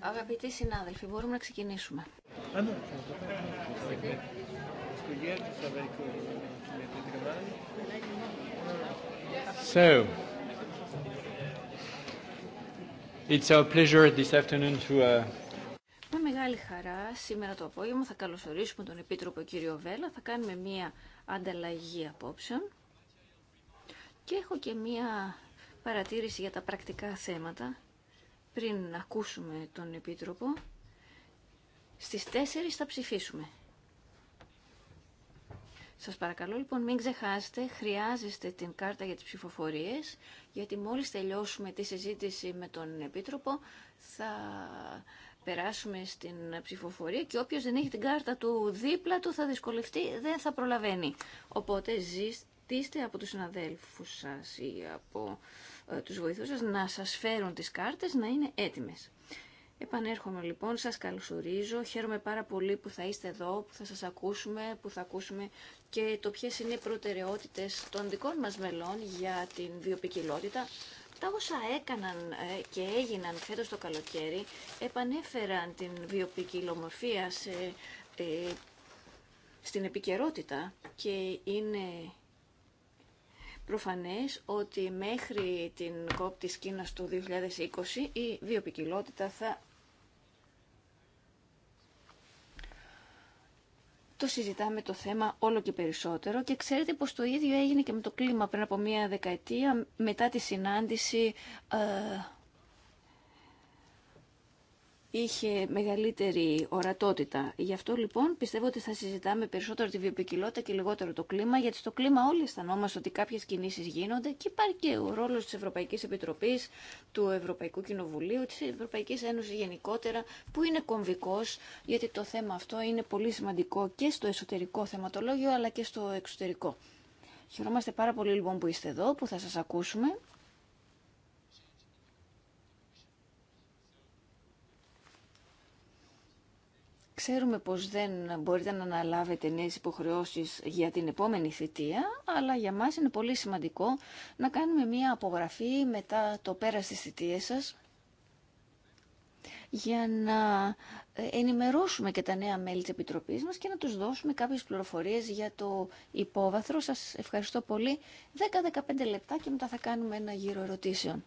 Αγαπητοί συνάδελφοι, μπορούμε να ξεκινήσουμε. So, it's our pleasure this afternoon to uh, Με μεγάλη χαρά, σήμερα το απόγευμα θα καλωσορίσουμε τον Επίτροπο κύριο Βέλα, θα κάνουμε μία ανταλλαγή απόψεων και έχω και μία παρατήρηση για τα πρακτικά θέματα πριν ακούσουμε τον Επίτροπο, στις 4 θα ψηφίσουμε. Σας παρακαλώ λοιπόν μην ξεχάσετε, χρειάζεστε την κάρτα για τις ψηφοφορίες, γιατί μόλις τελειώσουμε τη συζήτηση με τον Επίτροπο θα περάσουμε στην ψηφοφορία και όποιος δεν έχει την κάρτα του δίπλα του θα δυσκολευτεί, δεν θα προλαβαίνει. Οπότε ζητήστε από τους συναδέλφους σας ή από ε, τους βοηθούς σας να σας φέρουν τις κάρτες να είναι έτοιμες. Επανέρχομαι λοιπόν, σας καλωσορίζω, χαίρομαι πάρα πολύ που θα είστε εδώ, που θα σας ακούσουμε, που θα ακούσουμε και το ποιες είναι οι προτεραιότητες των δικών μας μελών για την βιοπικιλότητα. Τα όσα έκαναν ε, και έγιναν φέτος το καλοκαίρι επανέφεραν την βιοπικιλομορφία σε, ε, στην επικαιρότητα και είναι προφανές ότι μέχρι την κόπ της Κίνας το 2020 η βιοπικιλότητα θα το συζητάμε το θέμα όλο και περισσότερο και ξέρετε πως το ίδιο έγινε και με το κλίμα πριν από μία δεκαετία μετά τη συνάντηση ε, είχε μεγαλύτερη ορατότητα. Γι' αυτό λοιπόν πιστεύω ότι θα συζητάμε περισσότερο τη βιοποικιλότητα και λιγότερο το κλίμα, γιατί στο κλίμα όλοι αισθανόμαστε ότι κάποιε κινήσει γίνονται και υπάρχει και ο ρόλο τη Ευρωπαϊκή Επιτροπή, του Ευρωπαϊκού Κοινοβουλίου, τη Ευρωπαϊκή Ένωση γενικότερα, που είναι κομβικό, γιατί το θέμα αυτό είναι πολύ σημαντικό και στο εσωτερικό θεματολόγιο αλλά και στο εξωτερικό. Χαιρόμαστε πάρα πολύ λοιπόν που είστε εδώ, που θα σας ακούσουμε Ξέρουμε πως δεν μπορείτε να αναλάβετε νέες υποχρεώσεις για την επόμενη θητεία, αλλά για μας είναι πολύ σημαντικό να κάνουμε μία απογραφή μετά το πέρας της θητείας σας, για να ε, ενημερώσουμε και τα νέα μέλη της Επιτροπής μας και να τους δώσουμε κάποιες πληροφορίες για το υπόβαθρο. Σας ευχαριστώ πολύ. 10-15 λεπτά και μετά θα κάνουμε ένα γύρο ερωτήσεων.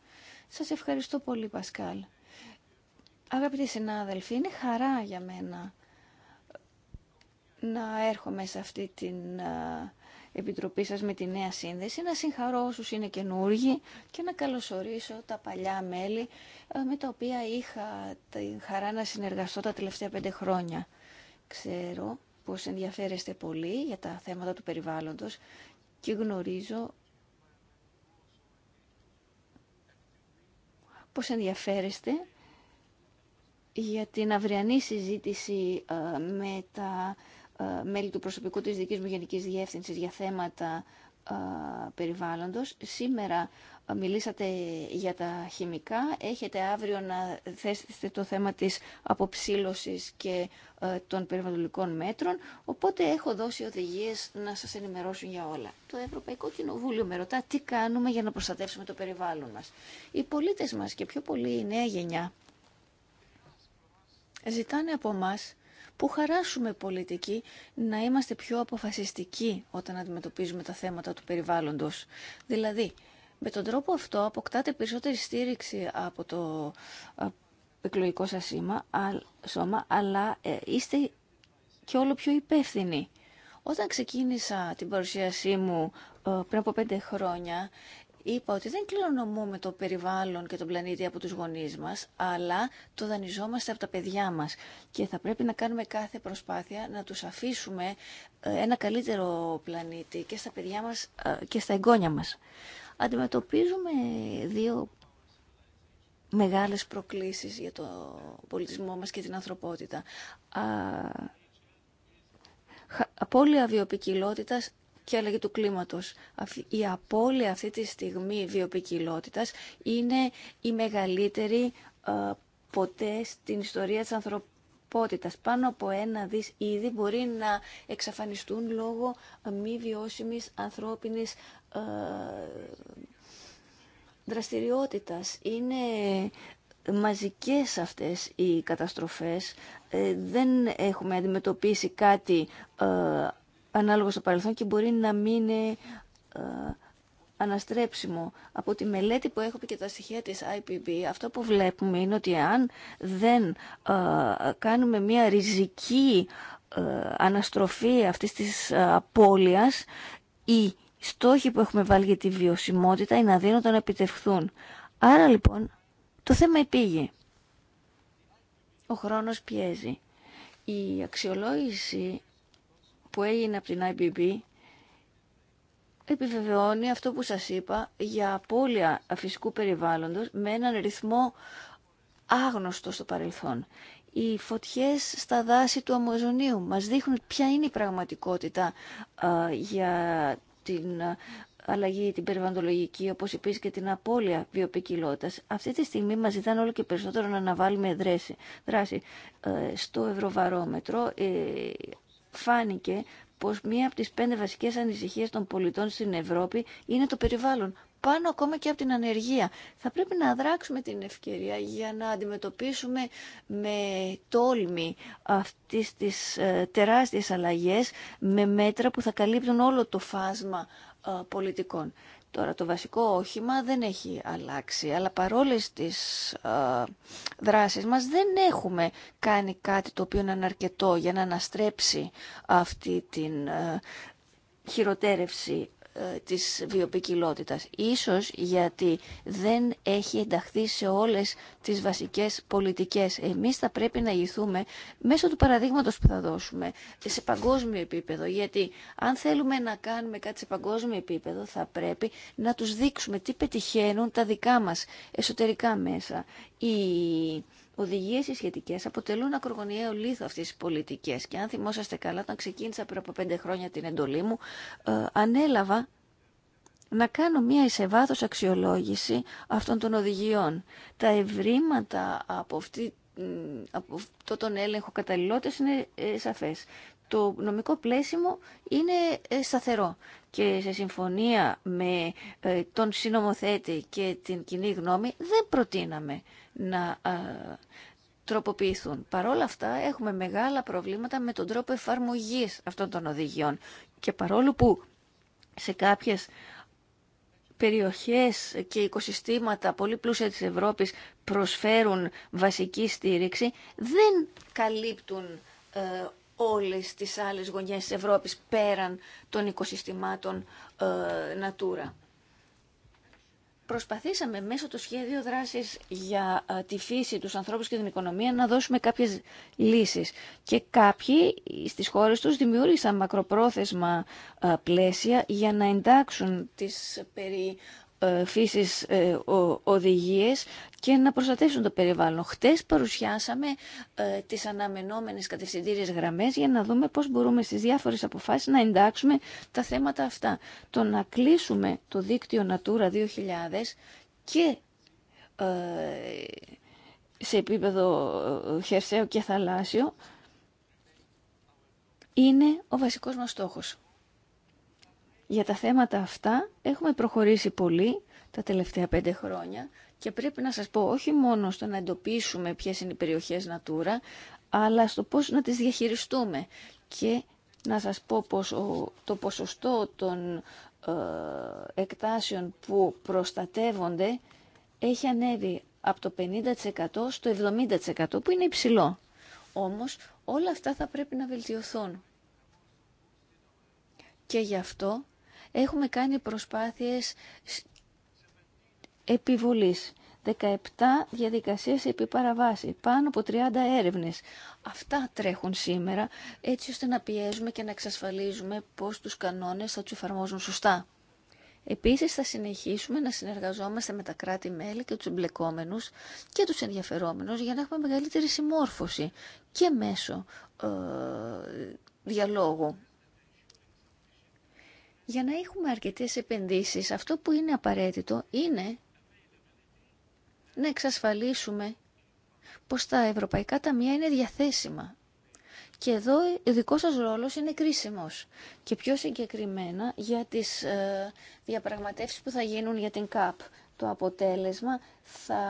Σας ευχαριστώ πολύ, Πασκάλ. Αγαπητοί συνάδελφοι, είναι χαρά για μένα να έρχομαι σε αυτή την επιτροπή σας με τη νέα σύνδεση, να συγχαρώ όσους είναι καινούργοι και να καλωσορίσω τα παλιά μέλη με τα οποία είχα τη χαρά να συνεργαστώ τα τελευταία πέντε χρόνια. Ξέρω πως ενδιαφέρεστε πολύ για τα θέματα του περιβάλλοντος και γνωρίζω πως ενδιαφέρεστε για την αυριανή συζήτηση με τα ε, μέλη του προσωπικού της δικής μου Γενικής Διεύθυνσης για θέματα ε, περιβάλλοντος. Σήμερα ε, μιλήσατε για τα χημικά. Έχετε αύριο να θέσετε το θέμα της αποψήλωσης και των περιβαλλοντικών μέτρων. Οπότε έχω δώσει οδηγίες να σας ενημερώσουν για όλα. Το Ευρωπαϊκό Κοινοβούλιο με ρωτά τι κάνουμε για να προστατεύσουμε το περιβάλλον μας. Οι πολίτες μας και πιο πολύ η νέα γενιά ζητάνε από μας που χαράσουμε πολιτικοί να είμαστε πιο αποφασιστικοί όταν αντιμετωπίζουμε τα θέματα του περιβάλλοντος. Δηλαδή, με τον τρόπο αυτό αποκτάτε περισσότερη στήριξη από το εκλογικό σας σώμα, αλλά ε, είστε και όλο πιο υπεύθυνοι. Όταν ξεκίνησα την παρουσίασή μου ε, πριν από πέντε χρόνια, είπα ότι δεν κληρονομούμε το περιβάλλον και τον πλανήτη από τους γονείς μας, αλλά το δανειζόμαστε από τα παιδιά μας. Και θα πρέπει να κάνουμε κάθε προσπάθεια να τους αφήσουμε ε, ένα καλύτερο πλανήτη και στα παιδιά μας ε, και στα εγγόνια μας. Αντιμετωπίζουμε δύο μεγάλες προκλήσεις για το πολιτισμό μας και την ανθρωπότητα. Απόλυα βιοπικιλότητας και αλλαγή του κλίματος. Η απώλεια αυτή τη στιγμή βιοπικιλότητας είναι η μεγαλύτερη ε, ποτέ στην ιστορία της ανθρωπότητας. Πάνω από ένα δις ήδη μπορεί να εξαφανιστούν λόγω ε, μη βιώσιμης ανθρώπινης ε, δραστηριότητας. Είναι μαζικές αυτές οι καταστροφές. Δεν έχουμε αντιμετωπίσει κάτι ανάλογα στο παρελθόν και μπορεί να μην είναι ε, αναστρέψιμο. Από τη μελέτη που έχω πει και τα στοιχεία της IPB, αυτό που βλέπουμε είναι ότι αν δεν ε, κάνουμε μια ριζική ε, αναστροφή αυτής της απώλειας, οι στόχοι που έχουμε βάλει για τη βιωσιμότητα είναι αδύνατο να επιτευχθούν. Άρα λοιπόν το θέμα επήγε. Ο χρόνος πιέζει. Η αξιολόγηση που έγινε από την IBB επιβεβαιώνει αυτό που σας είπα για απώλεια φυσικού περιβάλλοντος με έναν ρυθμό άγνωστο στο παρελθόν. Οι φωτιές στα δάση του Αμοζονίου... μας δείχνουν ποια είναι η πραγματικότητα για την αλλαγή την περιβαλλοντολογική, όπως επίσης και την απώλεια βιοπικιλότητας. Αυτή τη στιγμή μας ζητάνε όλο και περισσότερο να αναβάλουμε δράση. Ε, στο Ευρωβαρόμετρο ε, φάνηκε πως μία από τις πέντε βασικές ανησυχίες των πολιτών στην Ευρώπη είναι το περιβάλλον, πάνω ακόμα και από την ανεργία. Θα πρέπει να δράξουμε την ευκαιρία για να αντιμετωπίσουμε με τόλμη αυτές τις ε, τεράστιες αλλαγές με μέτρα που θα καλύπτουν όλο το φάσμα ε, πολιτικών. Τώρα το βασικό όχημα δεν έχει αλλάξει, αλλά παρόλες τις ε, δράσεις μας δεν έχουμε κάνει κάτι το οποίο είναι αρκετό για να αναστρέψει αυτή την ε, χειροτέρευση ε, της βιοπικιλότητας. Ίσως γιατί δεν έχει ενταχθεί σε όλες τις βασικές πολιτικές. Εμείς θα πρέπει να ηγηθούμε μέσω του παραδείγματος που θα δώσουμε σε παγκόσμιο επίπεδο. Γιατί αν θέλουμε να κάνουμε κάτι σε παγκόσμιο επίπεδο θα πρέπει να τους δείξουμε τι πετυχαίνουν τα δικά μας εσωτερικά μέσα οδηγίες οι σχετικές αποτελούν ακρογωνιαίο λίθο αυτής της πολιτικής. Και αν θυμόσαστε καλά, όταν ξεκίνησα πριν από πέντε χρόνια την εντολή μου, ε, ανέλαβα να κάνω μία εισεβάθος αξιολόγηση αυτών των οδηγιών. Τα ευρήματα από αυτή από αυτόν τον έλεγχο καταλληλότητας είναι ε, σαφές το νομικό πλαίσιο είναι ε, σταθερό. Και σε συμφωνία με ε, τον συνομοθέτη και την κοινή γνώμη δεν προτείναμε να ε, τροποποιηθούν. Παρ' αυτά έχουμε μεγάλα προβλήματα με τον τρόπο εφαρμογής αυτών των οδηγιών. Και παρόλο που σε κάποιες περιοχές και οικοσυστήματα πολύ πλούσια της Ευρώπης προσφέρουν βασική στήριξη, δεν καλύπτουν όλες τις άλλες γωνιές της Ευρώπης πέραν των οικοσυστημάτων ε, Natura. Προσπαθήσαμε μέσω του σχέδιου δράσης για ε, τη φύση, τους ανθρώπους και την οικονομία να δώσουμε κάποιες λύσεις. Και κάποιοι στις χώρες τους δημιούργησαν μακροπρόθεσμα ε, πλαίσια για να εντάξουν τις περί ε, φύσης ε, οδηγίες και να προστατεύσουν το περιβάλλον. Χτες παρουσιάσαμε ε, τις αναμενόμενες κατευθυντήριες γραμμές για να δούμε πώς μπορούμε στις διάφορες αποφάσεις να εντάξουμε τα θέματα αυτά. Το να κλείσουμε το δίκτυο Natura 2000 και σε επίπεδο χερσαίο και θαλάσσιο είναι ο βασικός μας στόχος. Για τα θέματα αυτά έχουμε προχωρήσει πολύ τα τελευταία πέντε χρόνια και πρέπει να σας πω όχι μόνο στο να εντοπίσουμε ποιες είναι οι περιοχές Natura, αλλά στο πώς να τις διαχειριστούμε. Και να σας πω πως το ποσοστό των ε, εκτάσεων που προστατεύονται έχει ανέβει από το 50% στο 70% που είναι υψηλό. Όμως όλα αυτά θα πρέπει να βελτιωθούν. Και γι' αυτό έχουμε κάνει προσπάθειες επιβολής. 17 διαδικασίες επί παραβάση, πάνω από 30 έρευνες. Αυτά τρέχουν σήμερα έτσι ώστε να πιέζουμε και να εξασφαλίζουμε πως τους κανόνες θα τους εφαρμόζουν σωστά. Επίσης θα συνεχίσουμε να συνεργαζόμαστε με τα κράτη-μέλη και τους εμπλεκόμενους και τους ενδιαφερόμενους για να έχουμε μεγαλύτερη συμμόρφωση και μέσω ε, διαλόγου για να έχουμε αρκετές επενδύσεις, αυτό που είναι απαραίτητο είναι να εξασφαλίσουμε πως τα ευρωπαϊκά ταμεία είναι διαθέσιμα. Και εδώ ο δικός σας ρόλος είναι κρίσιμος και πιο συγκεκριμένα για τις ε, διαπραγματεύσεις που θα γίνουν για την ΚΑΠ. Το αποτέλεσμα θα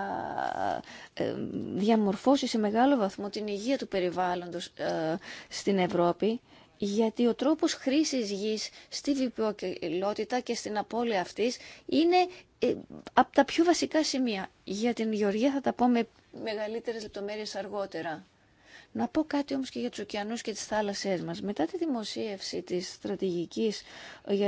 ε, διαμορφώσει σε μεγάλο βαθμό την υγεία του περιβάλλοντος ε, στην Ευρώπη γιατί ο τρόπος χρήσης γης στη βιβλιοκαιλότητα και στην απώλεια αυτής είναι ε, από τα πιο βασικά σημεία. Για την Γεωργία θα τα πω με μεγαλύτερες λεπτομέρειες αργότερα. Να πω κάτι όμως και για τους ωκεανούς και τις θάλασσές μας. Μετά τη δημοσίευση της στρατηγικής ε, για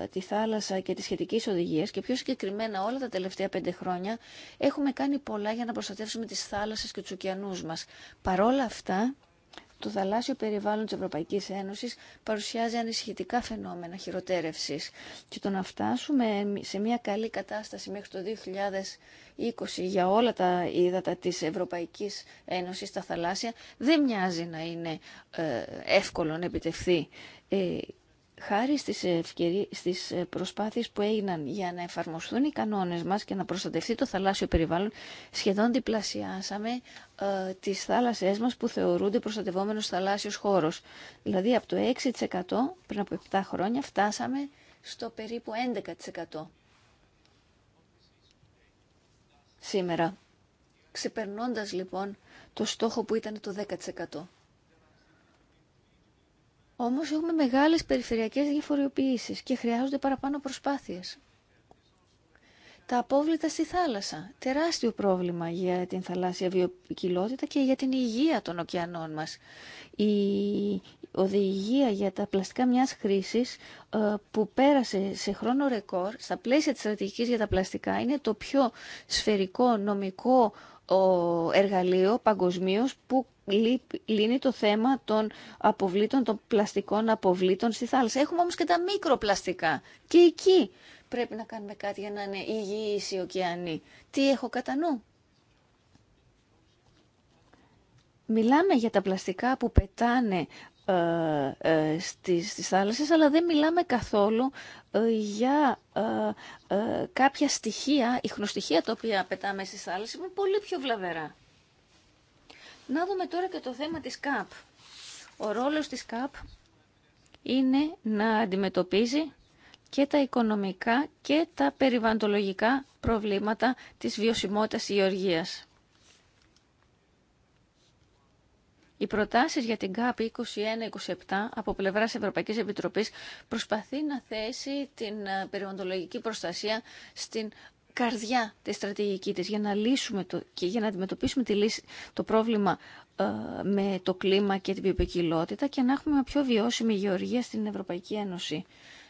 ε, τη θάλασσα και τις σχετικές οδηγίες και πιο συγκεκριμένα όλα τα τελευταία πέντε χρόνια έχουμε κάνει πολλά για να προστατεύσουμε τις θάλασσες και τους ωκεανούς μας. Παρόλα αυτά το θαλάσσιο περιβάλλον της Ευρωπαϊκής Ένωσης παρουσιάζει ανησυχητικά φαινόμενα χειροτέρευση και το να φτάσουμε σε μια καλή κατάσταση μέχρι το 2020 για όλα τα ύδατα της Ευρωπαϊκής Ένωσης, τα θαλάσσια, δεν μοιάζει να είναι ε, εύκολο να επιτευχθεί. Ε, χάρη στις, ευκαιρί... στις ε, προσπάθειες που έγιναν για να εφαρμοστούν οι κανόνες μας και να προστατευτεί το θαλάσσιο περιβάλλον, σχεδόν διπλασιάσαμε ε, τις θάλασσές μας που θεωρούνται προστατευόμενος θαλάσσιος χώρος. Δηλαδή από το 6% πριν από 7 χρόνια φτάσαμε στο περίπου 11% σήμερα. Ξεπερνώντας λοιπόν το στόχο που ήταν το 10%. Όμως έχουμε μεγάλες περιφερειακές διαφοροποιήσει και χρειάζονται παραπάνω προσπάθειες. Τα απόβλητα στη θάλασσα. Τεράστιο πρόβλημα για την θαλάσσια βιοποικιλότητα και για την υγεία των ωκεανών μας. Η οδηγία για τα πλαστικά μιας χρήσης ε, που πέρασε σε χρόνο ρεκόρ στα πλαίσια της στρατηγικής για τα πλαστικά είναι το πιο σφαιρικό νομικό εργαλείο παγκοσμίω που λύνει το θέμα των αποβλήτων, των πλαστικών αποβλήτων στη θάλασσα. Έχουμε όμως και τα μικροπλαστικά και εκεί πρέπει να κάνουμε κάτι για να είναι υγιείς οι ωκεανοί. Τι έχω κατά νου. Μιλάμε για τα πλαστικά που πετάνε ε, ε, στις, θάλασσες, αλλά δεν μιλάμε καθόλου ε, για ε, ε, κάποια στοιχεία, ηχνοστοιχεία τα οποία πετάμε στις θάλασσες, που είναι πολύ πιο βλαβερά. Να δούμε τώρα και το θέμα της ΚΑΠ. Ο ρόλος της ΚΑΠ είναι να αντιμετωπίζει και τα οικονομικά και τα περιβαντολογικά προβλήματα της βιωσιμότητας υγειοργίας. Οι προτάσεις για την ΚΑΠ 21-27 από πλευράς Ευρωπαϊκής Επιτροπής προσπαθεί να θέσει την ε, περιβαλλοντολογική προστασία στην καρδιά τη στρατηγική της για να λύσουμε το, και για να αντιμετωπίσουμε το πρόβλημα ε, με το κλίμα και την βιοποικιλότητα και να έχουμε μια πιο βιώσιμη γεωργία στην Ευρωπαϊκή Ένωση.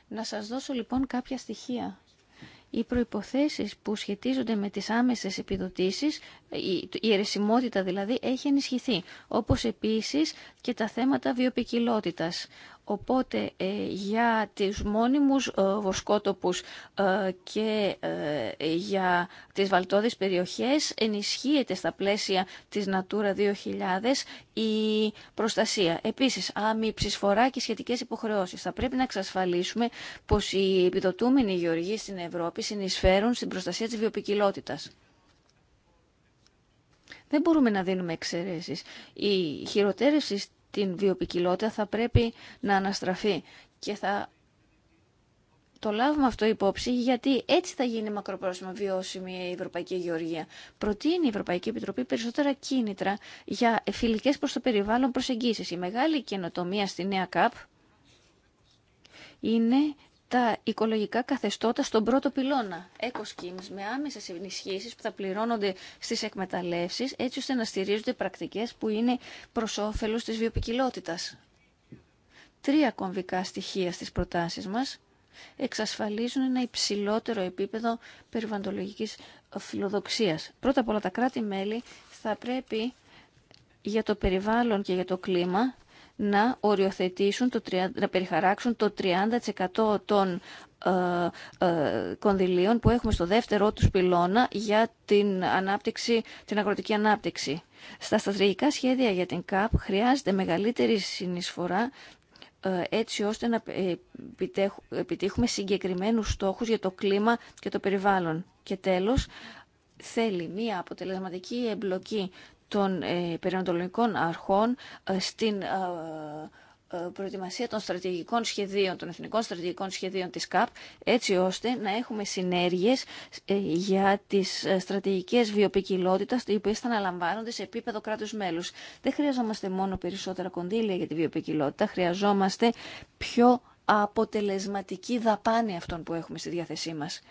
Να σας δώσω λοιπόν κάποια στοιχεία. Οι προϋποθέσεις που σχετίζονται με τις άμεσες επιδοτήσεις η ερεσιμότητα δηλαδή έχει ενισχυθεί, όπως επίσης και τα θέματα βιοπικιλότητας. Οπότε ε, ε, ε, για τις μόνιμους βοσκότοπους και για τις βαλτόδες περιοχές ενισχύεται στα πλαίσια της Natura 2000 η προστασία. Επίσης, άμυψης φορά και σχετικές υποχρεώσεις. Θα πρέπει να εξασφαλίσουμε πως οι επιδοτούμενοι γεωργοί στην Ευρώπη συνεισφέρουν στην προστασία της βιοπικιλότητας. Δεν μπορούμε να δίνουμε εξαιρέσεις. Η χειροτέρευση στην βιοπικιλότητα θα πρέπει να αναστραφεί και θα το λάβουμε αυτό υπόψη γιατί έτσι θα γίνει μακροπρόθεσμα βιώσιμη η Ευρωπαϊκή Γεωργία. Προτείνει η Ευρωπαϊκή Επιτροπή περισσότερα κίνητρα για φιλικέ προ το περιβάλλον προσεγγίσεις. Η μεγάλη καινοτομία στη νέα ΚΑΠ είναι τα οικολογικά καθεστώτα στον πρώτο πυλώνα. Eco schemes με άμεσε ενισχύσει που θα πληρώνονται στι εκμεταλλεύσει έτσι ώστε να στηρίζονται πρακτικέ που είναι προ όφελο τη βιοπικιλότητα. Τρία κομβικά στοιχεία στι προτάσει μα εξασφαλίζουν ένα υψηλότερο επίπεδο περιβαντολογικής φιλοδοξίας. Πρώτα απ' όλα τα κράτη-μέλη θα πρέπει για το περιβάλλον και για το κλίμα να οριοθετήσουν, το, να περιχαράξουν το 30% των ε, ε, κονδυλίων που έχουμε στο δεύτερο τους πυλώνα για την, ανάπτυξη, την αγροτική ανάπτυξη. Στα στρατηγικά σχέδια για την ΚΑΠ χρειάζεται μεγαλύτερη συνεισφορά ε, έτσι ώστε να επιτύχουμε συγκεκριμένους στόχους για το κλίμα και το περιβάλλον. Και τέλος, θέλει μία αποτελεσματική εμπλοκή των ε, περιοντολογικών αρχών ε, στην ε, προετοιμασία των στρατηγικών σχεδίων, των εθνικών στρατηγικών σχεδίων της ΚΑΠ, έτσι ώστε να έχουμε συνέργειες για τις στρατηγικές βιοπικιλότητας, οι οποίες θα αναλαμβάνονται σε επίπεδο κράτους μέλους. Δεν χρειαζόμαστε μόνο περισσότερα κονδύλια για τη βιοπικιλότητα, χρειαζόμαστε πιο αποτελεσματική δαπάνη αυτών που έχουμε στη διάθεσή μας.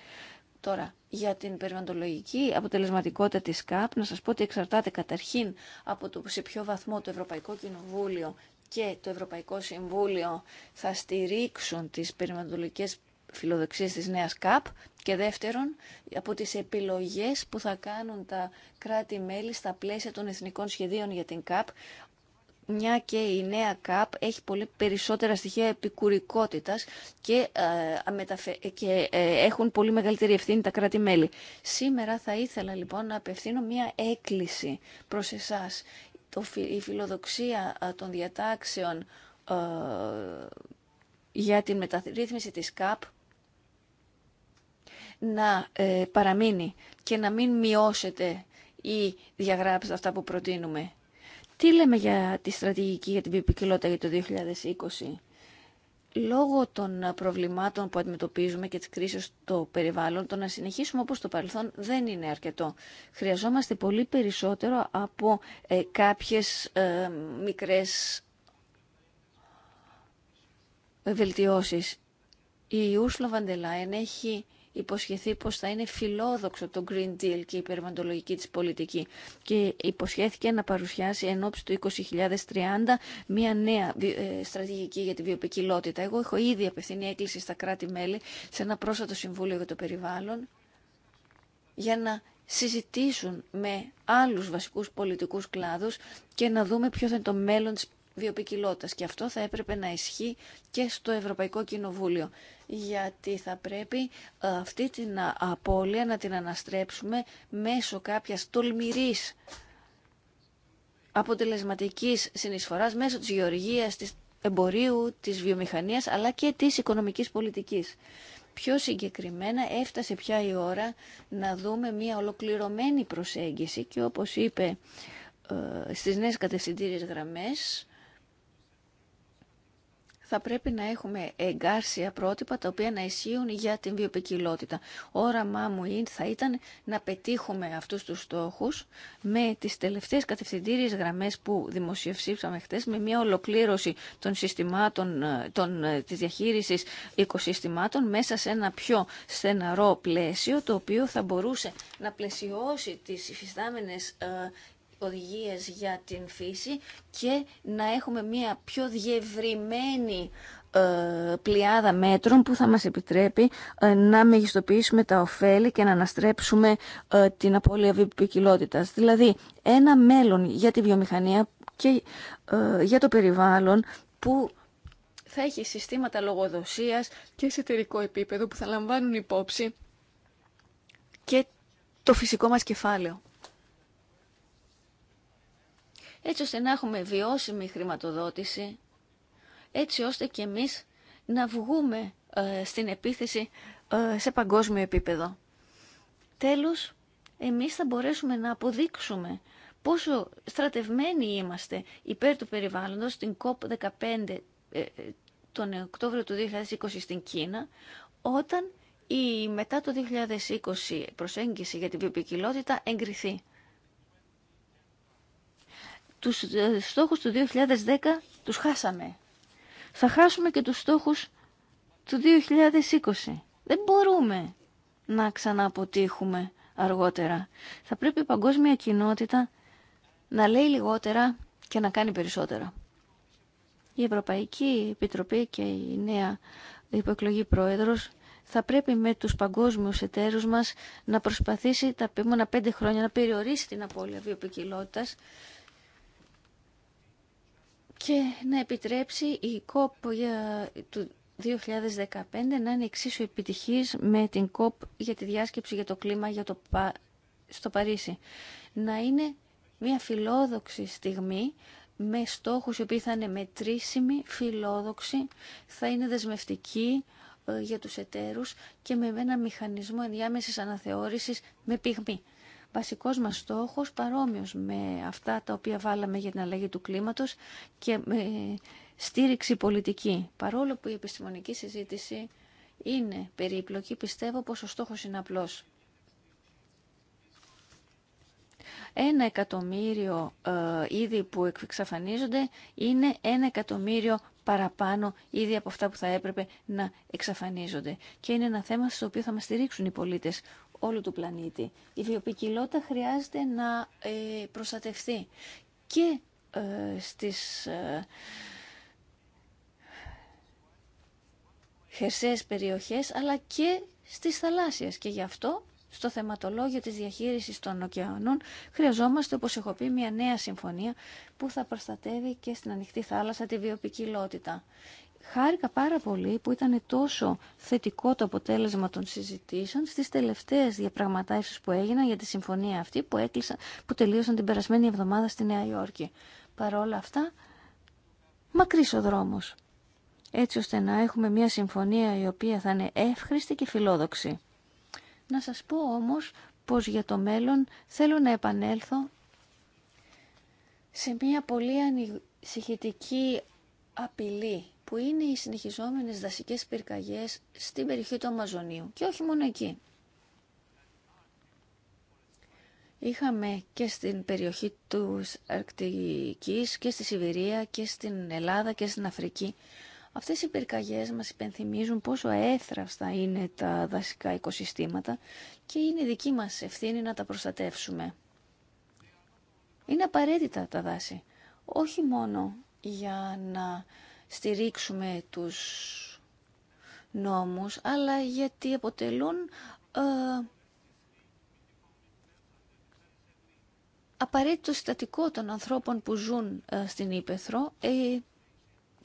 Τώρα, για την περιβαλλοντολογική αποτελεσματικότητα της ΚΑΠ, να σας πω ότι εξαρτάται καταρχήν από το σε ποιο βαθμό το Ευρωπαϊκό Κοινοβούλιο και το Ευρωπαϊκό Συμβούλιο θα στηρίξουν τις περιβαλλοντολογικές φιλοδοξίες της νέας ΚΑΠ και δεύτερον από τις επιλογές που θα κάνουν τα κράτη-μέλη στα πλαίσια των εθνικών σχεδίων για την ΚΑΠ μια και η νέα ΚΑΠ έχει πολύ περισσότερα στοιχεία επικουρικότητας και, ε, και ε, έχουν πολύ μεγαλύτερη ευθύνη τα κράτη-μέλη. Σήμερα θα ήθελα λοιπόν να απευθύνω μια έκκληση προς εσάς. Η φιλοδοξία ε, των διατάξεων για την μεταρρύθμιση της ΚΑΠ να παραμείνει και να μην μειώσετε ή διαγράψετε αυτά που προτείνουμε. Τι λέμε για τη στρατηγική για την ποικιλότητα για το 2020. Λόγω των προβλημάτων που αντιμετωπίζουμε και της κρίσης στο περιβάλλον, το να συνεχίσουμε όπως το παρελθόν δεν είναι αρκετό. Χρειαζόμαστε πολύ περισσότερο από ε, κάποιες ε, μικρές βελτιώσεις. Η Ursula Βαντελάιν έχει υποσχεθεί πως θα είναι φιλόδοξο το Green Deal και η περιβαλλοντολογική της πολιτική και υποσχέθηκε να παρουσιάσει εν ώψη του 2030 μια νέα ε, στρατηγική για τη βιοπικιλότητα. Εγώ έχω ήδη απευθύνει έκκληση στα κράτη-μέλη σε ένα πρόσφατο συμβούλιο για το περιβάλλον για να συζητήσουν με άλλους βασικούς πολιτικούς κλάδους και να δούμε ποιο θα είναι το μέλλον της βιοπικιλότητας και αυτό θα έπρεπε να ισχύει και στο Ευρωπαϊκό Κοινοβούλιο γιατί θα πρέπει ε, αυτή την απώλεια να την αναστρέψουμε μέσω κάποιας τολμηρής αποτελεσματικής συνεισφοράς μέσω της γεωργίας, της εμπορίου, της βιομηχανίας αλλά και της οικονομικής πολιτικής. Πιο συγκεκριμένα έφτασε πια η ώρα να δούμε μια ολοκληρωμένη προσέγγιση και όπως είπε ε, στις νέες κατευθυντήριες γραμμές θα πρέπει να έχουμε εγκάρσια πρότυπα τα οποία να ισχύουν για την βιοπικιλότητα. Όραμά μου θα ήταν να πετύχουμε αυτούς τους στόχους με τις τελευταίες κατευθυντήριες γραμμές που δημοσιευσήψαμε χτες, με μια ολοκλήρωση των συστημάτων, ε, των, ε, της διαχείρισης οικοσυστημάτων μέσα σε ένα πιο στεναρό πλαίσιο, το οποίο θα μπορούσε να πλαισιώσει τις υφιστάμενες ε, οδηγίες για την φύση και να έχουμε μια πιο διευρυμένη ε, πλειάδα μέτρων που θα μας επιτρέπει ε, να μεγιστοποιήσουμε τα ωφέλη και να αναστρέψουμε ε, την απώλεια βιοποικιλότητας. Δηλαδή, ένα μέλλον για τη βιομηχανία και για το περιβάλλον που θα έχει συστήματα λογοδοσίας και σε επίπεδο που θα λαμβάνουν υπόψη και το φυσικό μας κεφάλαιο έτσι ώστε να έχουμε βιώσιμη χρηματοδότηση, έτσι ώστε και εμείς να βγούμε ε, στην επίθεση ε, σε παγκόσμιο επίπεδο. Τέλος, εμείς θα μπορέσουμε να αποδείξουμε πόσο στρατευμένοι είμαστε υπέρ του περιβάλλοντος στην COP15 ε, τον Οκτώβριο του 2020 στην Κίνα, όταν η μετά το 2020 προσέγγιση για την βιοποικιλότητα εγκριθεί τους ε, στόχους του 2010 τους χάσαμε. Θα χάσουμε και τους στόχους του 2020. Δεν μπορούμε να ξανααποτύχουμε αργότερα. Θα πρέπει η παγκόσμια κοινότητα να λέει λιγότερα και να κάνει περισσότερα. Η Ευρωπαϊκή Επιτροπή και η νέα υποεκλογή πρόεδρος θα πρέπει με τους παγκόσμιους εταίρους μας να προσπαθήσει τα επόμενα πέντε χρόνια να περιορίσει την απώλεια βιοποικιλότητας και να επιτρέψει η COP για ε, του 2015 να είναι εξίσου επιτυχής με την COP για τη διάσκεψη για το κλίμα για το, στο Παρίσι. Να είναι μια φιλόδοξη στιγμή με στόχους οι οποίοι θα είναι μετρήσιμοι, φιλόδοξοι, θα είναι δεσμευτικοί ε, για τους εταίρους και με ένα μηχανισμό ενδιάμεσης αναθεώρησης με πυγμή βασικός μας στόχος παρόμοιος με αυτά τα οποία βάλαμε για την αλλαγή του κλίματος και με στήριξη πολιτική. Παρόλο που η επιστημονική συζήτηση είναι περίπλοκη, πιστεύω πως ο στόχος είναι απλός. Ένα εκατομμύριο ε, που εξαφανίζονται είναι ένα εκατομμύριο παραπάνω ήδη από αυτά που θα έπρεπε να εξαφανίζονται. Και είναι ένα θέμα στο οποίο θα μας στηρίξουν οι πολίτες, όλου του πλανήτη. Η βιοπικιλότητα χρειάζεται να ε, προστατευτεί και ε, στις ε, χερσαίες περιοχές αλλά και στις θαλάσσιες και γι' αυτό στο θεματολόγιο της διαχείρισης των ωκεανών χρειαζόμαστε, όπως έχω πει, μια νέα συμφωνία που θα προστατεύει και στην ανοιχτή θάλασσα τη βιοπικιλότητα. Χάρηκα πάρα πολύ που ήταν τόσο θετικό το αποτέλεσμα των συζητήσεων στις τελευταίες διαπραγματεύσεις που έγιναν για τη συμφωνία αυτή που, έκλεισα που τελείωσαν την περασμένη εβδομάδα στη Νέα Υόρκη. Παρ' όλα αυτά, μακρύς ο δρόμος, έτσι ώστε να έχουμε μια συμφωνία η οποία θα είναι εύχριστη και φιλόδοξη. Να σας πω όμως πως για το μέλλον θέλω να επανέλθω σε μια πολύ ανησυχητική απειλή που είναι οι συνεχιζόμενες δασικές πυρκαγιές στην περιοχή του Αμαζονίου και όχι μόνο εκεί. Είχαμε και στην περιοχή του Αρκτικής και στη Σιβηρία και στην Ελλάδα και στην Αφρική. Αυτές οι πυρκαγιές μας υπενθυμίζουν πόσο έθραυστα είναι τα δασικά οικοσυστήματα και είναι δική μας ευθύνη να τα προστατεύσουμε. Είναι απαραίτητα τα δάση, όχι μόνο για να στηρίξουμε τους νόμους, αλλά γιατί αποτελούν ε, απαραίτητο συστατικό των ανθρώπων που ζουν ε, στην Ήπεθρο. Ε,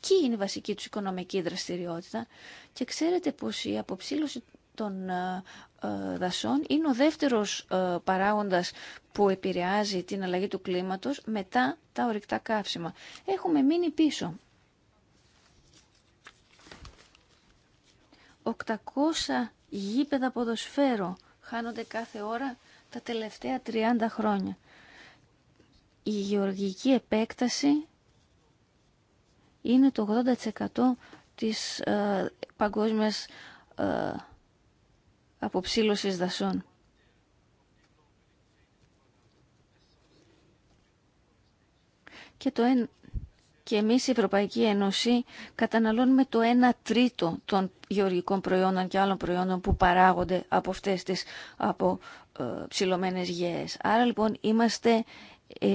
και είναι η βασική τους οικονομική δραστηριότητα. Και ξέρετε πως η αποψήλωση των ε, ε, δασών είναι ο δεύτερος παράγοντας που επηρεάζει την αλλαγή του κλίματος μετά τα ορυκτά καύσιμα. Έχουμε μείνει πίσω. 800 γήπεδα ποδοσφαίρου χάνονται κάθε ώρα τα τελευταία 30 χρόνια. Η γεωργική επέκταση είναι το 80% της ε, παγκόσμιας ε, αποψήλωσης δασών. Και το και εμείς η Ευρωπαϊκή Ένωση καταναλώνουμε το 1 τρίτο των γεωργικών προϊόντων και άλλων προϊόντων που παράγονται από αυτές τις από, ε, ψηλωμένες γέες. Άρα λοιπόν είμαστε ε,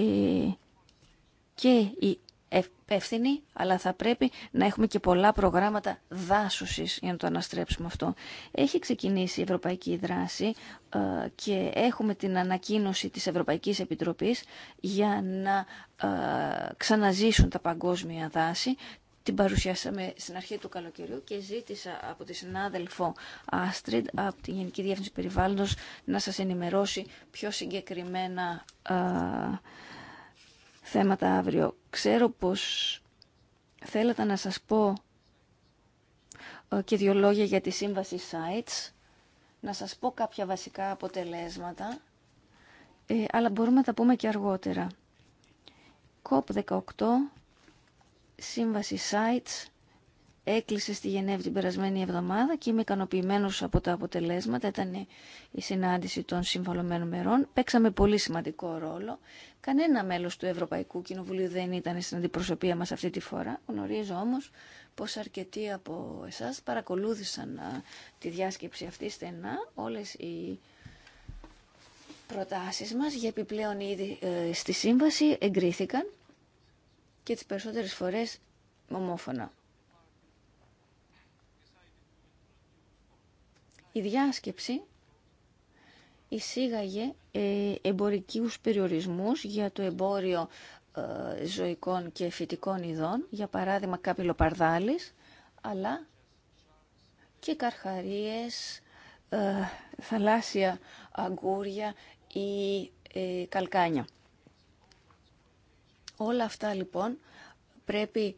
και η Ευθύνη, αλλά θα πρέπει να έχουμε και πολλά προγράμματα δάσωσης για να το αναστρέψουμε αυτό. Έχει ξεκινήσει η ευρωπαϊκή δράση ε, και έχουμε την ανακοίνωση της Ευρωπαϊκής Επιτροπής για να ε, ξαναζήσουν τα παγκόσμια δάση. Την παρουσιάσαμε στην αρχή του καλοκαιριού και ζήτησα από τη συνάδελφο Άστριντ από την Γενική Διεύθυνση Περιβάλλοντος να σας ενημερώσει πιο συγκεκριμένα ε, θέματα αύριο. Ξέρω πως θέλατε να σας πω ε, και δύο για τη σύμβαση sites, να σας πω κάποια βασικά αποτελέσματα, ε, αλλά μπορούμε να τα πούμε και αργότερα. COP18, σύμβαση sites, έκλεισε στη Γενέβη την περασμένη εβδομάδα και είμαι ικανοποιημένο από τα αποτελέσματα. Ήταν η συνάντηση των συμβαλωμένων μερών. Παίξαμε πολύ σημαντικό ρόλο. Κανένα μέλο του Ευρωπαϊκού Κοινοβουλίου δεν ήταν στην αντιπροσωπεία μα αυτή τη φορά. Γνωρίζω όμω πω αρκετοί από εσά παρακολούθησαν τη διάσκεψη αυτή στενά. Όλε οι προτάσεις μας για επιπλέον ήδη ε, στη σύμβαση εγκρίθηκαν και τις περισσότερες φορές ομόφωνα. η διάσκεψη εισήγαγε ε, εμπορικούς περιορισμούς για το εμπόριο ε, ζωικών και φυτικών ειδών, για παράδειγμα κάπιλοπαρδάλης, αλλά και καρχαρίες, ε, θαλάσσια αγκούρια ή καλκάνια. Όλα αυτά λοιπόν πρέπει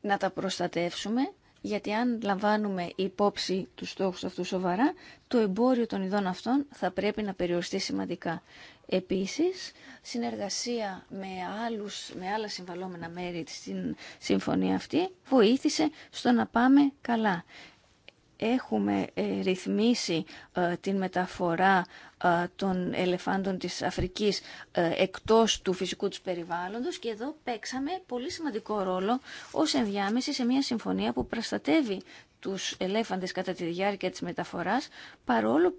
να τα προστατεύσουμε γιατί αν λαμβάνουμε υπόψη τους στόχους αυτού σοβαρά, το εμπόριο των ειδών αυτών θα πρέπει να περιοριστεί σημαντικά. Επίσης, συνεργασία με, άλλους, με άλλα συμβαλόμενα μέρη στην συμφωνία αυτή βοήθησε στο να πάμε καλά έχουμε ε, ρυθμίσει ε, την μεταφορά ε, των ελεφάντων της Αφρικής εκτός του φυσικού τους περιβάλλοντος και εδώ παίξαμε πολύ σημαντικό ρόλο ως ενδιάμεση σε μια συμφωνία που προστατεύει τους ελέφαντες κατά τη διάρκεια της μεταφοράς παρόλο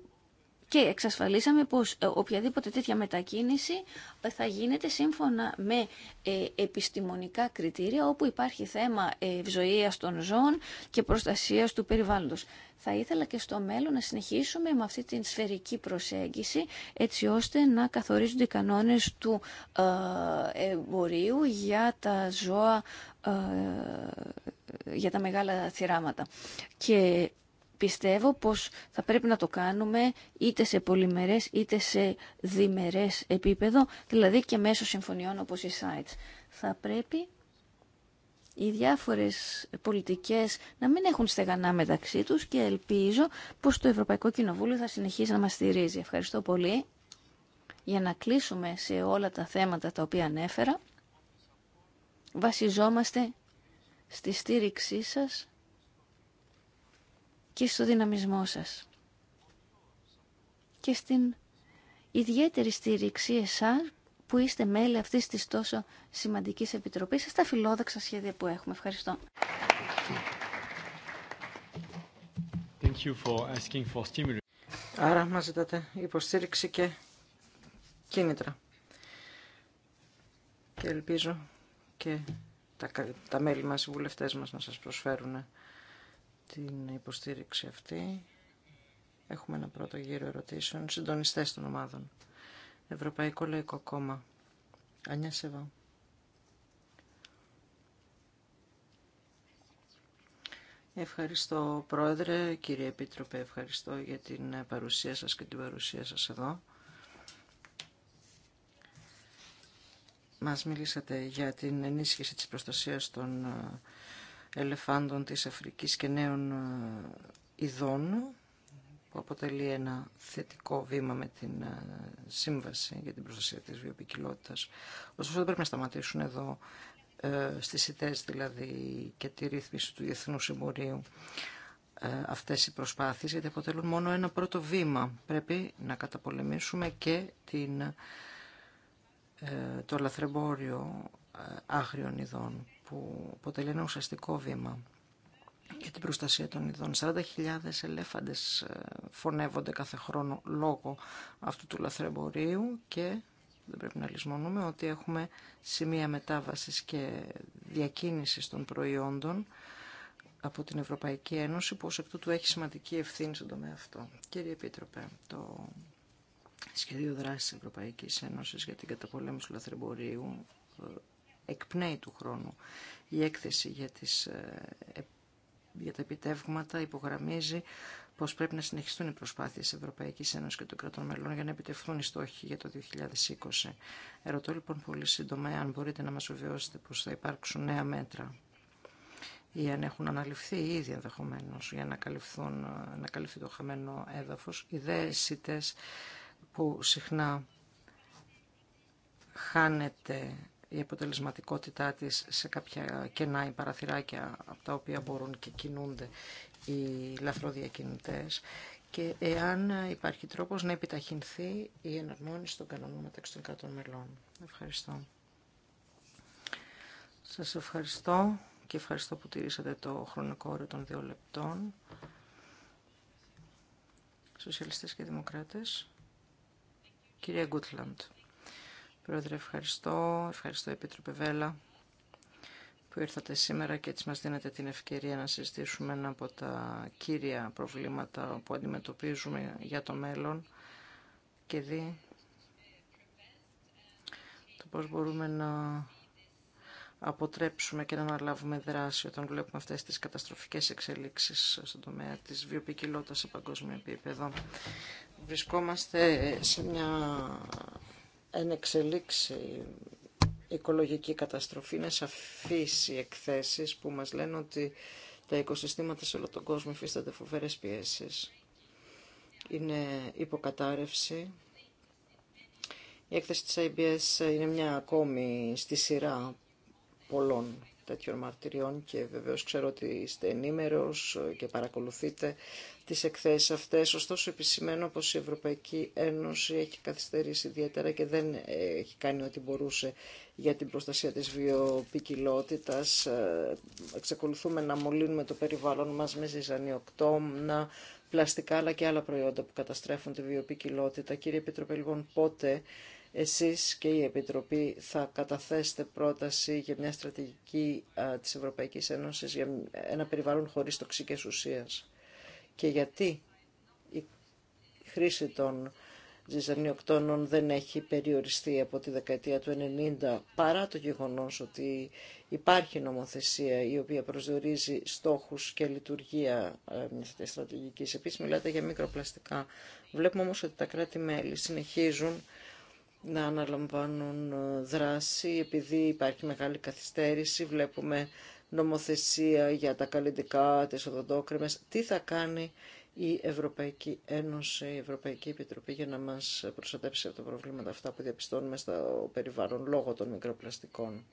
και εξασφαλίσαμε πως ε, οποιαδήποτε τέτοια μετακίνηση ε, θα γίνεται σύμφωνα με ε, επιστημονικά κριτήρια όπου υπάρχει θέμα ευζοίας των ζώων και προστασίας του περιβάλλοντος. Θα ήθελα και στο μέλλον να συνεχίσουμε με αυτή την σφαιρική προσέγγιση έτσι ώστε να καθορίζονται οι κανόνες του εμπορίου για τα ζώα, για τα μεγάλα θυράματα πιστεύω πως θα πρέπει να το κάνουμε είτε σε πολυμερές είτε σε διμερές επίπεδο, δηλαδή και μέσω συμφωνιών όπως οι sites. Θα πρέπει οι διάφορες πολιτικές να μην έχουν στεγανά μεταξύ τους και ελπίζω πως το Ευρωπαϊκό Κοινοβούλιο θα συνεχίσει να μας στηρίζει. Ευχαριστώ πολύ για να κλείσουμε σε όλα τα θέματα τα οποία ανέφερα. Βασιζόμαστε στη στήριξή σας και στο δυναμισμό σας και στην ιδιαίτερη στήριξη εσάς που είστε μέλη αυτής της τόσο σημαντικής επιτροπής στα φιλόδοξα σχέδια που έχουμε. Ευχαριστώ. Άρα μας ζητάτε υποστήριξη και κίνητρα. Και ελπίζω και τα, τα μέλη μας, οι βουλευτές μας να σας προσφέρουν την υποστήριξη αυτή. Έχουμε ένα πρώτο γύρο ερωτήσεων. Συντονιστές των ομάδων. Ευρωπαϊκό Λαϊκό Κόμμα. Ανιά Σεβά. Ευχαριστώ Πρόεδρε, κύριε Επίτροπε, ευχαριστώ για την παρουσία σας και την παρουσία σας εδώ. Μας μιλήσατε για την ενίσχυση της προστασίας των ε, ελεφάντων της Αφρικής και νέων ε, ειδών που αποτελεί ένα θετικό βήμα με την ε, Σύμβαση για την Προστασία της Βιοποικιλότητας. Ωστόσο δεν πρέπει να σταματήσουν εδώ ε, στις ιτές δηλαδή και τη ρύθμιση του διεθνού συμπορίου αυτές οι προσπάθειες γιατί αποτελούν μόνο ένα πρώτο βήμα. Πρέπει να καταπολεμήσουμε και την, το λαθρεμπόριο άγριων ειδών που αποτελεί ένα ουσιαστικό βήμα για την προστασία των ειδών. 40.000 ελέφαντες ε, φωνεύονται κάθε χρόνο λόγω αυτού του λαθρεμπορίου και δεν πρέπει να λησμονούμε ότι έχουμε σημεία μετάβασης και διακίνησης των προϊόντων από την Ευρωπαϊκή Ένωση που ως εκ τούτου έχει σημαντική ευθύνη στον τομέα αυτό. Κύριε Επίτροπε, το σχεδίο δράσης της Ευρωπαϊκής Ένωσης για την καταπολέμηση του λαθρεμπορίου ε, εκπνέει του χρόνου. Η έκθεση για, τις, ε, ε, για τα επιτεύγματα υπογραμμίζει πω πρέπει να συνεχιστούν οι προσπάθειε τη Ευρωπαϊκή Ένωση και των κρατών μελών για να επιτευχθούν οι στόχοι για το 2020. Ερωτώ λοιπόν πολύ σύντομα αν μπορείτε να μα βεβαιώσετε πω θα υπάρξουν νέα μέτρα ή αν έχουν αναλυφθεί ήδη ενδεχομένω για να, καλυφθούν, να καλυφθεί το χαμένο έδαφο. Οι δέσιτε που συχνά χάνεται η αποτελεσματικότητά της σε κάποια κενά ή παραθυράκια από τα οποία μπορούν και κινούνται οι λαθροδιακινητές και εάν υπάρχει τρόπος να επιταχυνθεί η εναρμόνιση των κανονών μεταξύ των κρατών μελών. Ευχαριστώ. Σας ευχαριστώ και ευχαριστώ που τηρήσατε το χρονικό όριο των δύο λεπτών. Σοσιαλιστές και Δημοκράτες. Κυρία Γκούτλαντ. Πρόεδρε, ευχαριστώ. Ευχαριστώ, Επίτροπε Βέλα, που ήρθατε σήμερα και έτσι μας δίνετε την ευκαιρία να συζητήσουμε ένα από τα κύρια προβλήματα που αντιμετωπίζουμε για το μέλλον και δει το πώς μπορούμε να αποτρέψουμε και να αναλάβουμε δράση όταν βλέπουμε αυτές τις καταστροφικές εξελίξεις στον τομέα της βιοποικιλότητας σε παγκόσμιο επίπεδο. Βρισκόμαστε σε μια εν εξελίξει οικολογική καταστροφή. Είναι σαφείς οι εκθέσεις που μας λένε ότι τα οικοσυστήματα σε όλο τον κόσμο υφίστανται φοβερές πιέσεις. Είναι υποκατάρρευση. Η έκθεση της IBS είναι μια ακόμη στη σειρά πολλών τέτοιων μαρτυριών και βεβαίως ξέρω ότι είστε ενημερό και παρακολουθείτε τις εκθέσεις αυτές. Ωστόσο επισημαίνω πως η Ευρωπαϊκή Ένωση έχει καθυστερήσει ιδιαίτερα και δεν έχει κάνει ό,τι μπορούσε για την προστασία της βιοπικιλότητας. Ε, εξακολουθούμε να μολύνουμε το περιβάλλον μας με ζυζανιοκτόμνα, πλαστικά αλλά και άλλα προϊόντα που καταστρέφουν τη βιοπικιλότητα. Κύριε Επίτροπε, λοιπόν, πότε εσείς και η Επιτροπή θα καταθέσετε πρόταση για μια στρατηγική της Ευρωπαϊκής Ένωσης για ένα περιβάλλον χωρίς τοξικές ουσίες. Και γιατί η χρήση των ζυζανιοκτώνων δεν έχει περιοριστεί από τη δεκαετία του 90 παρά το γεγονός ότι υπάρχει νομοθεσία η οποία προσδιορίζει στόχους και λειτουργία ε, μιας στρατηγικής. Επίσης μιλάτε για μικροπλαστικά. Βλέπουμε όμως ότι τα κράτη-μέλη συνεχίζουν να αναλαμβάνουν ε, δράση. Επειδή υπάρχει μεγάλη καθυστέρηση, βλέπουμε νομοθεσία για τα καλλιντικά, τις οδοντόκρεμες. Τι θα κάνει η Ευρωπαϊκή Ένωση, η Ευρωπαϊκή Επιτροπή για να μας προστατέψει από τα προβλήματα αυτά που διαπιστώνουμε στο περιβάλλον λόγω των μικροπλαστικών.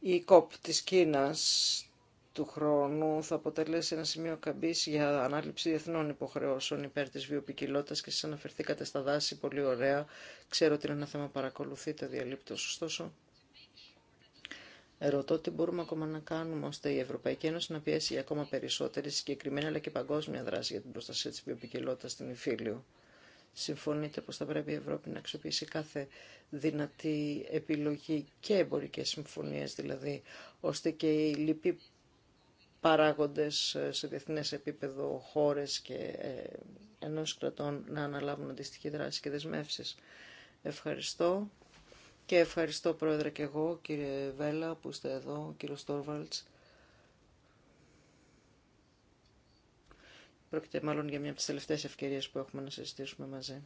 Η ΚΟΠ της Κίνας του χρόνου θα αποτελέσει ένα σημείο καμπής για ανάληψη διεθνών υποχρεώσεων υπέρ τη βιοπικιλότητα και σα αναφερθήκατε στα δάση πολύ ωραία. Ξέρω ότι είναι ένα θέμα παρακολουθείτε διαλύπτω, ωστόσο. ερωτώ τι μπορούμε ακόμα να κάνουμε ώστε η Ευρωπαϊκή Ένωση να πιέσει για ακόμα περισσότερη συγκεκριμένη αλλά και παγκόσμια δράση για την προστασία τη βιοπικιλότητα στην Ιφίλιο. Συμφωνείτε πως θα πρέπει η Ευρώπη να αξιοποιήσει κάθε δυνατή επιλογή και εμπορικέ συμφωνίες δηλαδή, ώστε και οι λοιποί παράγοντες ε, σε διεθνές επίπεδο χώρες και ε, ενός κρατών να αναλάβουν αντίστοιχη δράση και δεσμεύσεις. Ευχαριστώ και ευχαριστώ πρόεδρε και εγώ κύριε Βέλα που είστε εδώ, κύριο Στόρβαλτς. Πρόκειται μάλλον για μια από τις τελευταίες ευκαιρίες που έχουμε να συζητήσουμε μαζί.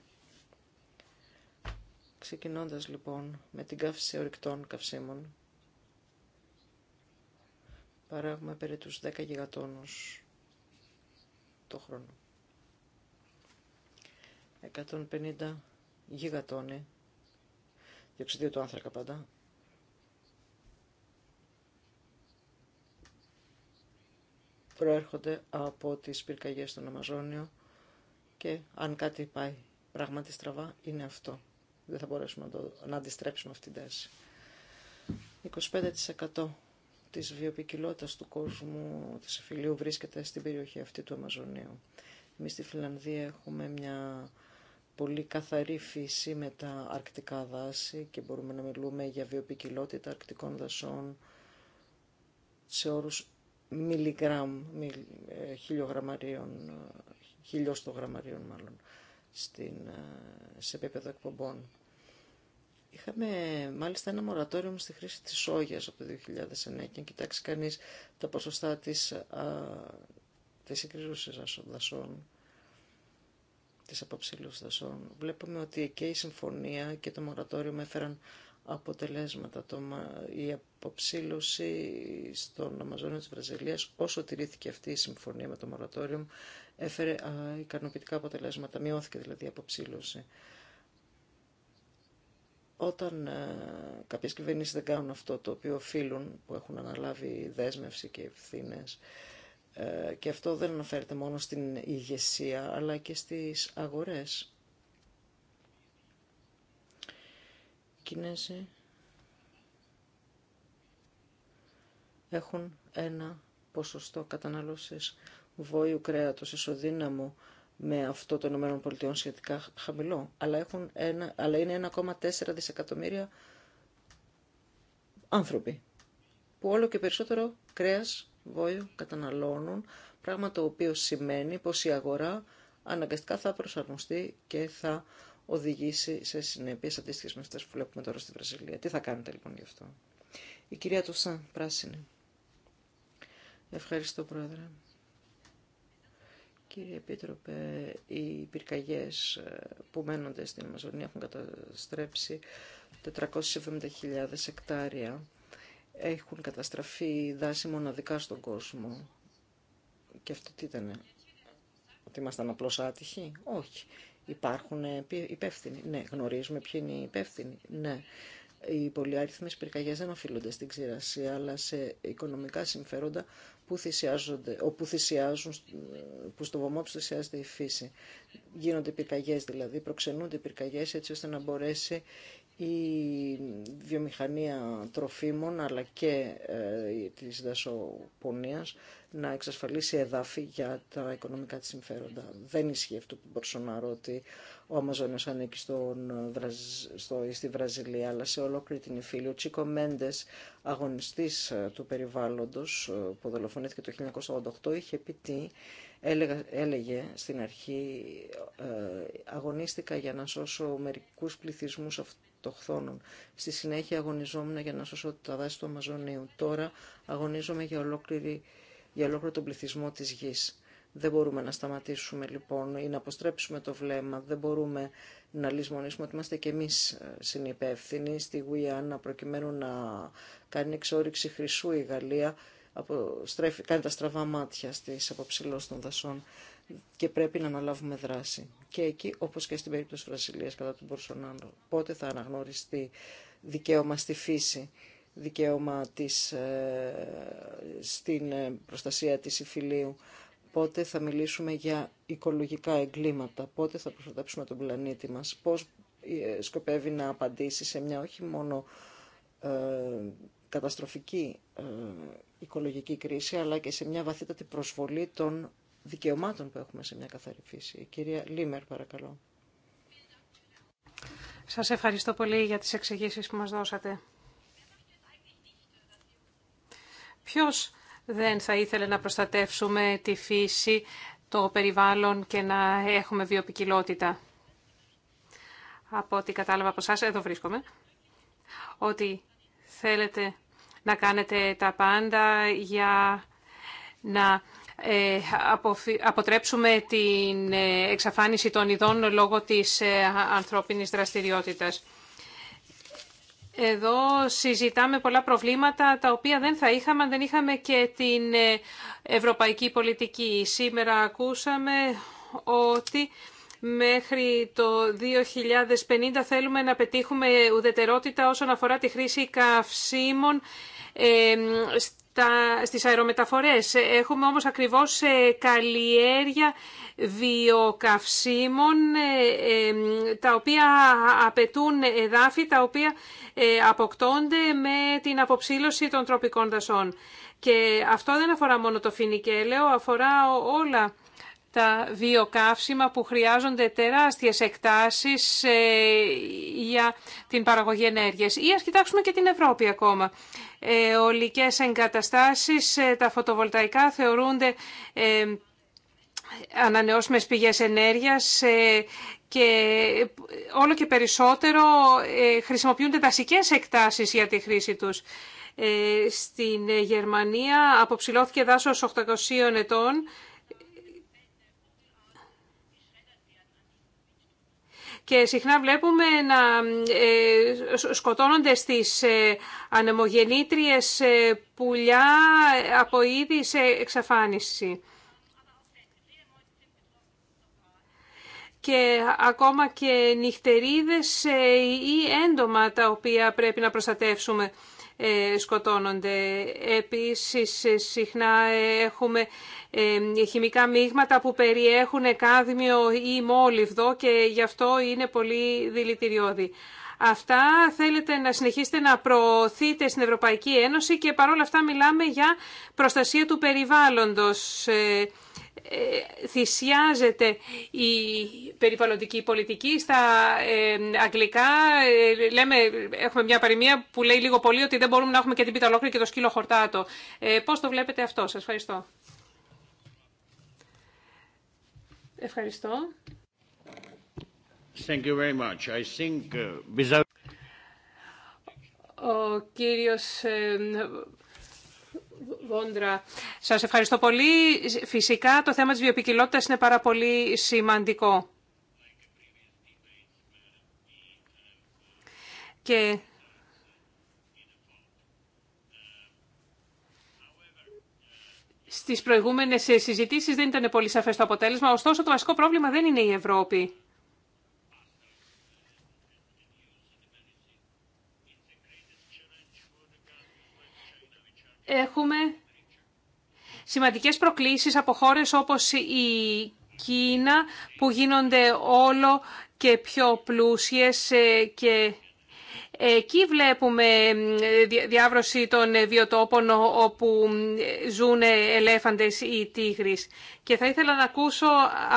Ξεκινώντας λοιπόν με την καύση ορυκτών καυσίμων, παράγουμε περί τους 10 γιγατόνους το χρόνο. 150 γιγατόνι διοξιδίου του άνθρακα πάντα. Προέρχονται από τις πυρκαγιές στον Αμαζόνιο και αν κάτι πάει πράγματι στραβά είναι αυτό. Δεν θα μπορέσουμε να, το, να αντιστρέψουμε αυτή την τάση. 25% της βιοπικιλότητας του κόσμου της Φιλίου βρίσκεται στην περιοχή αυτή του Αμαζονίου. Εμείς στη Φιλανδία έχουμε μια πολύ καθαρή φύση με τα αρκτικά δάση και μπορούμε να μιλούμε για βιοπικιλότητα αρκτικών δασών σε όρους μιλιγκράμμ, ε, χιλιοστογραμμαρίων ε, μάλλον, στην, ε, σε επίπεδο εκπομπών. Είχαμε μάλιστα ένα μορατόριο στη χρήση της σόγιας από το 2009 και αν κοιτάξει κανείς τα ποσοστά της, α, της δασών, της αποψηλούς δασών, βλέπουμε ότι και η συμφωνία και το μορατόριο έφεραν αποτελέσματα. Το, η αποψήλωση στον Αμαζόνιο της Βραζιλίας, όσο τηρήθηκε αυτή η συμφωνία με το μορατόριο, έφερε α, ικανοποιητικά αποτελέσματα, μειώθηκε δηλαδή η αποψήλωση όταν ε, κάποιες κυβερνήσεις δεν κάνουν αυτό το οποίο οφείλουν, που έχουν αναλάβει δέσμευση και ευθύνε. Ε, και αυτό δεν αναφέρεται μόνο στην ηγεσία, αλλά και στις αγορές. Κινέζοι έχουν ένα ποσοστό καταναλώσεις βόηου κρέατος ισοδύναμου με αυτό των ΗΠΑ σχετικά χαμηλό, αλλά, έχουν ένα, αλλά είναι 1,4 δισεκατομμύρια άνθρωποι που όλο και περισσότερο κρέας βόλιο καταναλώνουν, πράγμα το οποίο σημαίνει πως η αγορά αναγκαστικά θα προσαρμοστεί και θα οδηγήσει σε συνέπειες αντίστοιχε με αυτέ που βλέπουμε τώρα στη Βραζιλία. Τι θα κάνετε λοιπόν γι' αυτό. Η κυρία Τουσάν, πράσινη. Ευχαριστώ πρόεδρε. Κύριε Επίτροπε, οι πυρκαγιές ε, που μένονται στην Αμαζονία έχουν καταστρέψει 470.000 εκτάρια. Έχουν καταστραφεί δάση μοναδικά στον κόσμο. Και αυτό τι ήταν, ότι ήμασταν απλώς άτυχοι. Όχι. Υπάρχουν ε, υπεύθυνοι. Ναι, γνωρίζουμε ποιοι είναι οι υπεύθυνοι. Ναι. Οι πολυάριθμες πυρκαγιές δεν οφείλονται στην ξηρασία, αλλά σε οικονομικά συμφέροντα που, θυσιάζονται, όπου θυσιάζουν, που στο βωμό του θυσιάζεται η φύση. Γίνονται πυρκαγιές δηλαδή, προξενούνται πυρκαγιές έτσι ώστε να μπορέσει η βιομηχανία τροφίμων αλλά και ε, της δασοπονίας να εξασφαλίσει εδάφη για τα οικονομικά της συμφέροντα. Δεν ισχύει αυτό που μπορούσα να ότι ο Αμαζόνιος ανήκει ε, στο, στη Βραζιλία αλλά σε ολόκληρη την υφήλη. Ο Τσίκο Μέντες, αγωνιστής ε, του περιβάλλοντος ε, που δολοφονήθηκε το 1988, είχε πει τι έλεγε στην αρχή αγωνίστηκα για να σώσω μερικούς πληθυσμούς αυτού Στη συνέχεια αγωνιζόμουν για να σώσω τα δάση του Αμαζονίου. Τώρα αγωνίζομαι για, ολόκληρη, για ολόκληρο τον πληθυσμό της γης. Δεν μπορούμε να σταματήσουμε λοιπόν ή να αποστρέψουμε το βλέμμα. Δεν μπορούμε να λησμονήσουμε ότι είμαστε και εμείς ε, συνυπεύθυνοι στη Γουιάννα προκειμένου να κάνει εξόριξη χρυσού η Γαλλία. οτι ειμαστε και εμεί συνυπευθυνοι στη γουιαννα προκειμενου να κανει εξοριξη χρυσου η γαλλια κανει τα στραβά μάτια στις αποψηλώσεις των δασών και πρέπει να αναλάβουμε δράση. Και εκεί, όπως και στην περίπτωση Βρασιλίας κατά τον Μπορσονάνο, πότε θα αναγνωριστεί δικαίωμα στη φύση, δικαίωμα της, ε, στην ε, προστασία της υφηλίου, πότε θα μιλήσουμε για οικολογικά εγκλήματα, πότε θα προστατέψουμε τον πλανήτη μας, πώς ε, σκοπεύει να απαντήσει σε μια όχι μόνο καταστροφική οικολογική κρίση, αλλά και σε μια βαθύτατη προσβολή των δικαιωμάτων που έχουμε σε μια καθαρή φύση. κυρία Λίμερ, παρακαλώ. Σας ευχαριστώ πολύ για τις εξηγήσεις που μας δώσατε. Ποιος δεν θα ήθελε να προστατεύσουμε τη φύση, το περιβάλλον και να έχουμε βιοπικιλότητα. Από ό,τι κατάλαβα από εσάς, εδώ βρίσκομαι, ότι θέλετε να κάνετε τα πάντα για να ε, αποτρέψουμε την ε, εξαφάνιση των ειδών λόγω της ε, ανθρώπινης δραστηριότητας. Εδώ συζητάμε πολλά προβλήματα τα οποία δεν θα είχαμε αν δεν είχαμε και την ευρωπαϊκή πολιτική. Σήμερα ακούσαμε ότι μέχρι το 2050 θέλουμε να πετύχουμε ουδετερότητα όσον αφορά τη χρήση καυσίμων τα, στις αερομεταφορές. Έχουμε όμως ακριβώς ε, καλλιέργεια βιοκαυσίμων, ε, τα οποία απαιτούν εδάφη, τα οποία ε, αποκτώνται με την αποψήλωση των τροπικών δασών. Και αυτό δεν αφορά μόνο το φινικέλαιο, αφορά όλα τα βιοκαύσιμα που χρειάζονται τεράστιες εκτάσεις για την παραγωγή ενέργειας. Ή ας κοιτάξουμε και την Ευρώπη ακόμα. Ε, ολικές εγκαταστάσεις, ε, τα φωτοβολταϊκά θεωρούνται ε, ανανεώσιμες πηγές ενέργειας ε, και όλο και περισσότερο ε, χρησιμοποιούνται δασικές εκτάσεις για τη χρήση τους. Στην Γερμανία αποψηλώθηκε δάσος 800 ετών και συχνά βλέπουμε να ε, σκοτώνονται στις ε, ανεμογεννήτριες ε, πουλιά από ήδη σε εξαφάνιση. και ακόμα και νυχτερίδες ή έντομα τα οποία πρέπει να προστατεύσουμε σκοτώνονται. Επίσης συχνά έχουμε χημικά μείγματα που περιέχουν κάδμιο ή μόλιβδο και γι' αυτό είναι πολύ δηλητηριώδη. Αυτά θέλετε να συνεχίσετε να προωθείτε στην Ευρωπαϊκή Ένωση και παρόλα αυτά μιλάμε για προστασία του περιβάλλοντος. Ε, ε, θυσιάζεται η περιβαλλοντική πολιτική. Στα αγγλικά ε, λέμε, έχουμε μια παροιμία που λέει λίγο πολύ ότι δεν μπορούμε να έχουμε και την πίτα ολόκληρη και το σκύλο χορτάτο. Πώς το βλέπετε αυτό. Σας ευχαριστώ. Ευχαριστώ. Thank you very much. I think, uh, Ο κύριος ε, Βόντρα, σας ευχαριστώ πολύ. Φυσικά το θέμα της βιοπικιλότητας είναι πάρα πολύ σημαντικό. Και Στις προηγούμενες ε, συζητήσεις δεν ήταν πολύ σαφές το αποτέλεσμα, ωστόσο το βασικό πρόβλημα δεν είναι η Ευρώπη. Έχουμε σημαντικές προκλήσεις από χώρες όπως η Κίνα που γίνονται όλο και πιο πλούσιες ε, και Εκεί βλέπουμε διάβρωση των ε, βιοτόπων όπου ζουν ε, ελέφαντες ή τίγρεις. Και θα ήθελα να ακούσω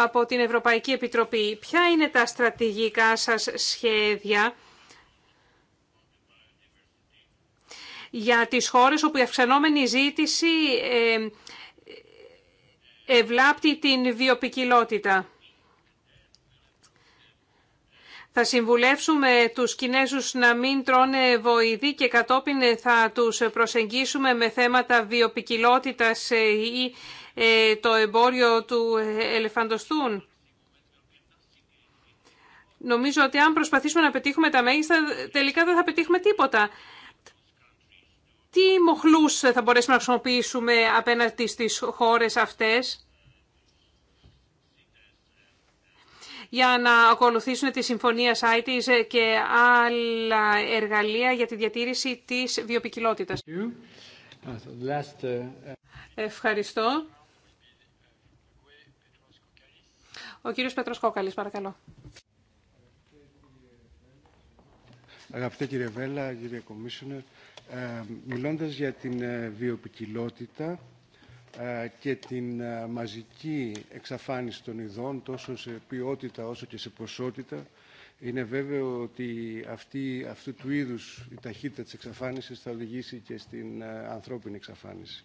από την Ευρωπαϊκή Επιτροπή ποια είναι τα στρατηγικά σας σχέδια για τις χώρες όπου η αυξανόμενη ζήτηση ε, ευλάπτει την βιοπικιλότητα. Θα συμβουλεύσουμε τους Κινέζους να μην τρώνε βοηδή και κατόπιν θα τους προσεγγίσουμε με θέματα βιοπικιλότητας ε, ή ε, το εμπόριο του ε, ελεφαντοστούν. Νομίζω ότι αν προσπαθήσουμε να πετύχουμε τα μέγιστα, τελικά δεν θα πετύχουμε τίποτα. Τι μοχλούς θα μπορέσουμε να χρησιμοποιήσουμε απέναντι στις χώρες αυτές για να ακολουθήσουν τη Συμφωνία ΣΑΙΤΙΣ και άλλα εργαλεία για τη διατήρηση της βιοπικιλότητας. Ευχαριστώ. Ο κύριος Πέτρος Κόκαλης, παρακαλώ. Αγαπητέ κύριε Βέλλα, κύριε Κομίσιονερ, ε, μιλώντας για την ε, βιοπικιλότητα, ε, και την ε, μαζική εξαφάνιση των ειδών τόσο σε ποιότητα όσο και σε ποσότητα. Είναι βέβαιο ότι αυτή, αυτού του είδους η ταχύτητα της εξαφάνισης θα οδηγήσει και στην ε, ανθρώπινη εξαφάνιση.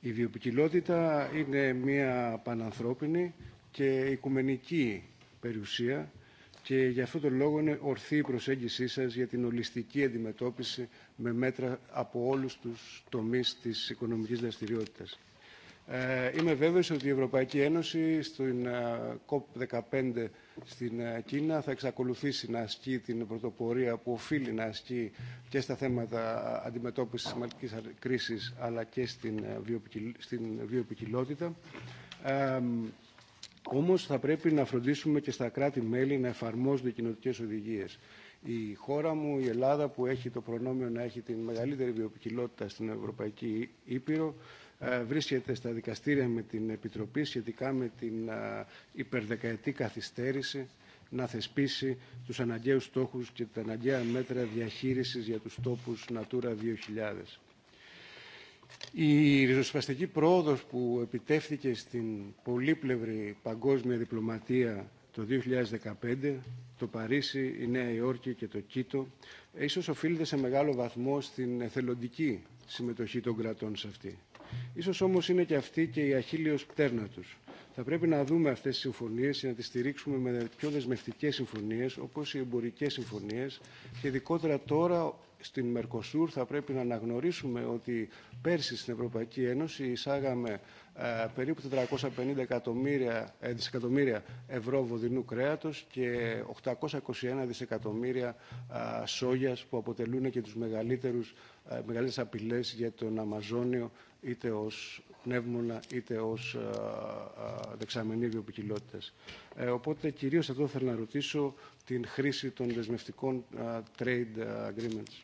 η βιοπικιλότητα είναι μια πανανθρώπινη και οικουμενική περιουσία και γι' αυτό τον λόγο είναι ορθή η προσέγγισή σας για την ολιστική αντιμετώπιση με μέτρα από όλους τους τομείς της οικονομικής δραστηριότητας. Ε, είμαι βέβαιος ότι η Ευρωπαϊκή Ένωση στην COP15 ε, στην ε, Κίνα θα εξακολουθήσει να ασκεί την πρωτοπορία που οφείλει να ασκεί και στα θέματα αντιμετώπισης της μαλικής κρίσης αλλά και στην, στην βιοπικιλότητα. Όμω θα πρέπει να φροντίσουμε και στα κράτη-μέλη να εφαρμόζονται κοινωτικέ οδηγίες. Η χώρα μου, η Ελλάδα, που έχει το προνόμιο να έχει την μεγαλύτερη βιοποικιλότητα στην Ευρωπαϊκή Ήπειρο, ε, βρίσκεται στα δικαστήρια με την Επιτροπή σχετικά με την ε, υπερδεκαετή καθυστέρηση να θεσπίσει τους αναγκαίους στόχους και τα αναγκαία μέτρα διαχείρισης για τους τόπους Natura 2000. Η ριζοσπαστική πρόοδος που επιτεύθηκε στην πολύπλευρη παγκόσμια διπλωματία το 2015, το Παρίσι, η Νέα Υόρκη και το Κίτο, ίσως οφείλεται σε μεγάλο βαθμό στην εθελοντική συμμετοχή των κρατών σε αυτή. Ίσως όμως είναι και αυτή και η αχίλιος πτέρνα τους. Θα πρέπει να δούμε αυτές τις συμφωνίες και να τις στηρίξουμε με πιο δεσμευτικές συμφωνίες, όπως οι εμπορικές συμφωνίες και ειδικότερα τώρα στην Μερκοσούρ θα πρέπει να αναγνωρίσουμε ότι πέρσι στην Ευρωπαϊκή Ένωση εισάγαμε ε, περίπου 450 εκατομμύρια, ε, δισεκατομμύρια ευρώ βοδινού κρέατος και 821 δισεκατομμύρια ε, σόγιας που αποτελούν και τους μεγαλύτερους, ε, μεγαλύτερες απειλές για τον Αμαζόνιο είτε ως πνεύμονα είτε ως δεξαμενή βιοποικιλότητας. Οπότε κυρίως αυτό θέλω να ρωτήσω την χρήση των δεσμευτικών trade agreements.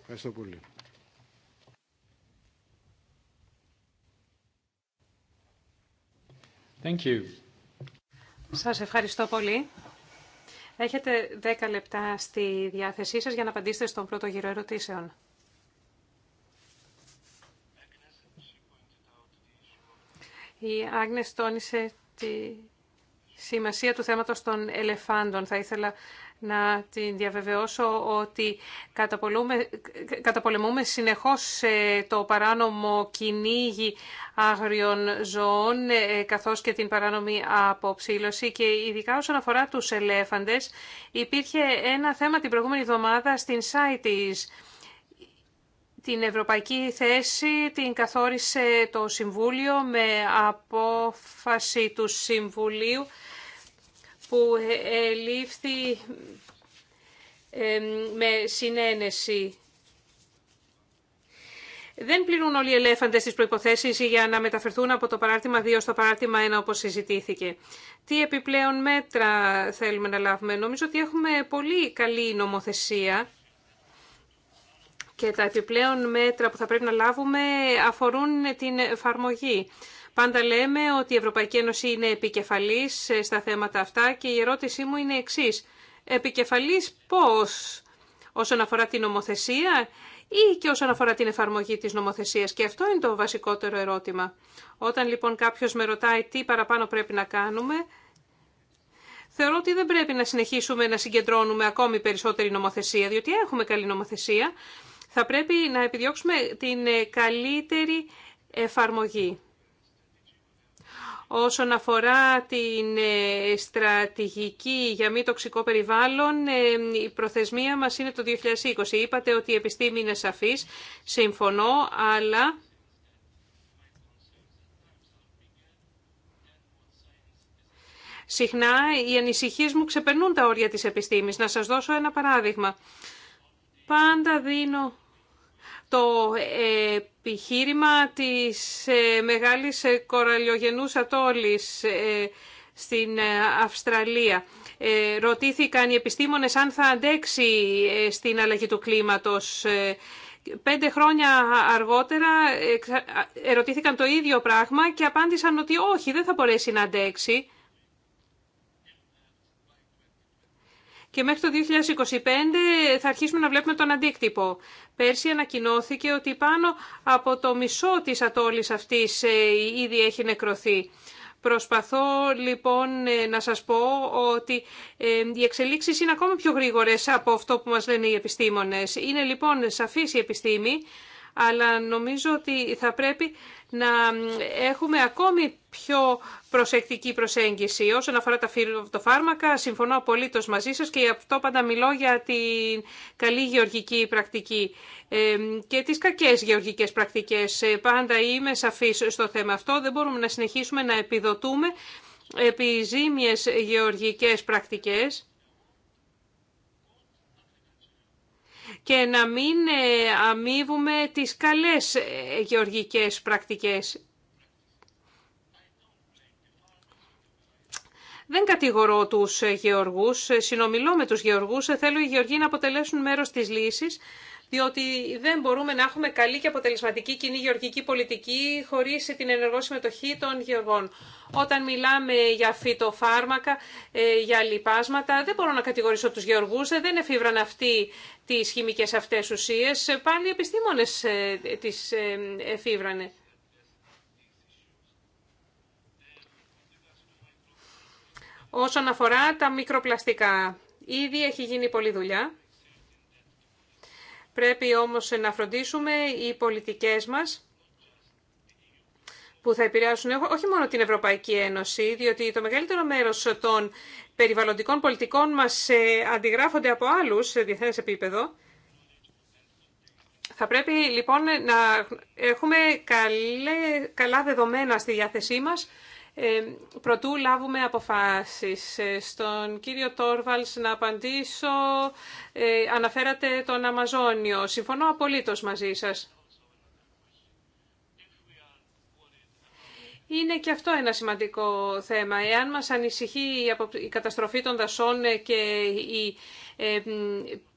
Ευχαριστώ πολύ. Thank you. Σας ευχαριστώ πολύ. Έχετε 10 λεπτά στη διάθεσή σας για να απαντήσετε στον πρώτο γύρο ερωτήσεων. Η Άγνες τόνισε τη σημασία του θέματος των ελεφάντων. Θα ήθελα να την διαβεβαιώσω ότι καταπολεμούμε συνεχώς ε, το παράνομο κυνήγι άγριων ζώων ε, καθώς και την παράνομη αποψήλωση και ειδικά όσον αφορά τους ελέφαντες υπήρχε ένα θέμα την προηγούμενη εβδομάδα στην site την ευρωπαϊκή θέση την καθόρισε το Συμβούλιο με απόφαση του Συμβουλίου που ελήφθη με συνένεση. Δεν πληρούν όλοι οι ελέφαντες τις προϋποθέσεις για να μεταφερθούν από το παράρτημα 2 στο παράρτημα 1, όπως συζητήθηκε. Τι επιπλέον μέτρα θέλουμε να λάβουμε. Νομίζω ότι έχουμε πολύ καλή νομοθεσία και τα επιπλέον μέτρα που θα πρέπει να λάβουμε αφορούν την εφαρμογή. Πάντα λέμε ότι η Ευρωπαϊκή Ένωση είναι επικεφαλής στα θέματα αυτά και η ερώτησή μου είναι εξή: Επικεφαλής πώς όσον αφορά την νομοθεσία ή και όσον αφορά την εφαρμογή της νομοθεσίας. Και αυτό είναι το βασικότερο ερώτημα. Όταν λοιπόν κάποιος με ρωτάει τι παραπάνω πρέπει να κάνουμε, θεωρώ ότι δεν πρέπει να συνεχίσουμε να συγκεντρώνουμε ακόμη περισσότερη νομοθεσία, διότι έχουμε καλή νομοθεσία, θα πρέπει να επιδιώξουμε την ε, καλύτερη εφαρμογή. Όσον αφορά την ε, στρατηγική για μη τοξικό περιβάλλον, ε, η προθεσμία μας είναι το 2020. Είπατε ότι η επιστήμη είναι σαφής, συμφωνώ, αλλά... Συχνά οι ανησυχίες μου ξεπερνούν τα όρια της επιστήμης. Να σας δώσω ένα παράδειγμα. Πάντα δίνω το ε, επιχείρημα της ε, μεγάλης ε, κοραλιογενούς ατόλης στην Αυστραλία. Ρωτήθηκαν οι επιστήμονες αν θα αντέξει στην αλλαγή του κλίματος. Πέντε χρόνια αργότερα ερωτήθηκαν το ίδιο πράγμα και απάντησαν ότι όχι, δεν θα μπορέσει να αντέξει. και μέχρι το 2025 θα αρχίσουμε να βλέπουμε τον αντίκτυπο. Πέρσι ανακοινώθηκε ότι πάνω από το μισό της ατόλης αυτής ε, ήδη έχει νεκρωθεί. Προσπαθώ λοιπόν ε, να σας πω ότι ε, οι εξελίξεις είναι ακόμα πιο γρήγορες από αυτό που μας λένε οι επιστήμονες. Είναι λοιπόν σαφής η επιστήμη, αλλά νομίζω ότι θα πρέπει να έχουμε ακόμη πιο προσεκτική προσέγγιση. Όσον αφορά τα φάρμακα, συμφωνώ απολύτως μαζί σας και αυτό πάντα μιλώ για την καλή γεωργική πρακτική και τις κακές γεωργικές πρακτικές. Ε, πάντα είμαι σαφής στο θέμα αυτό. Δεν μπορούμε να συνεχίσουμε να επιδοτούμε επιζήμιες γεωργικές πρακτικές και να μην ε, αμείβουμε τις καλές ε, γεωργικές πρακτικές. Δεν κατηγορώ τους ε, γεωργούς, συνομιλώ με τους γεωργούς, θέλω οι γεωργοί να αποτελέσουν μέρος της λύσης, διότι δεν μπορούμε να έχουμε καλή και αποτελεσματική κοινή γεωργική πολιτική χωρίς την ενεργό συμμετοχή των γεωργών. Όταν μιλάμε για φυτοφάρμακα, ε, για λιπάσματα, δεν μπορώ να κατηγορήσω τους γεωργούς, ε, δεν εφήβραν αυτοί τις χημικές αυτές ουσίες, ε, πάλι οι επιστήμονες τις εφήβρανε. Όσον αφορά τα μικροπλαστικά, ήδη έχει γίνει πολλή δουλειά. Πρέπει όμως να φροντίσουμε οι πολιτικές μας που θα επηρεάσουν όχι μόνο την Ευρωπαϊκή Ένωση, διότι το μεγαλύτερο μέρος των περιβαλλοντικών πολιτικών μας ε, αντιγράφονται από άλλους σε διεθνές επίπεδο. Θα πρέπει λοιπόν να έχουμε καλά δεδομένα στη διάθεσή μας ε, προτού λάβουμε αποφάσεις. Ε, στον κύριο Τόρβαλς να απαντήσω, ε, αναφέρατε τον Αμαζόνιο. Συμφωνώ απολύτως μαζί σας. Είναι και αυτό ένα σημαντικό θέμα. Εάν μας ανησυχεί η καταστροφή των δασών και οι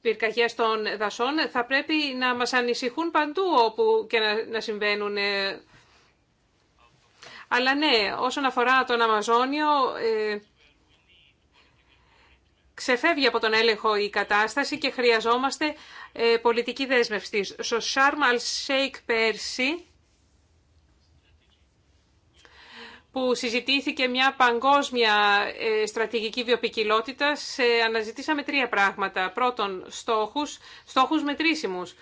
πυρκαγιές των δασών, θα πρέπει να μας ανησυχούν παντού όπου και να συμβαίνουν αλλά ναι, όσον αφορά τον Αμαζόνιο, ε, ξεφεύγει από τον έλεγχο η κατάσταση και χρειαζόμαστε ε, πολιτική δέσμευση. Στο Σάρμαλ Σέικ πέρσι, που συζητήθηκε μια παγκόσμια ε, στρατηγική ε, αναζητήσαμε τρία πράγματα. Πρώτον, στόχους, στόχους μετρήσιμους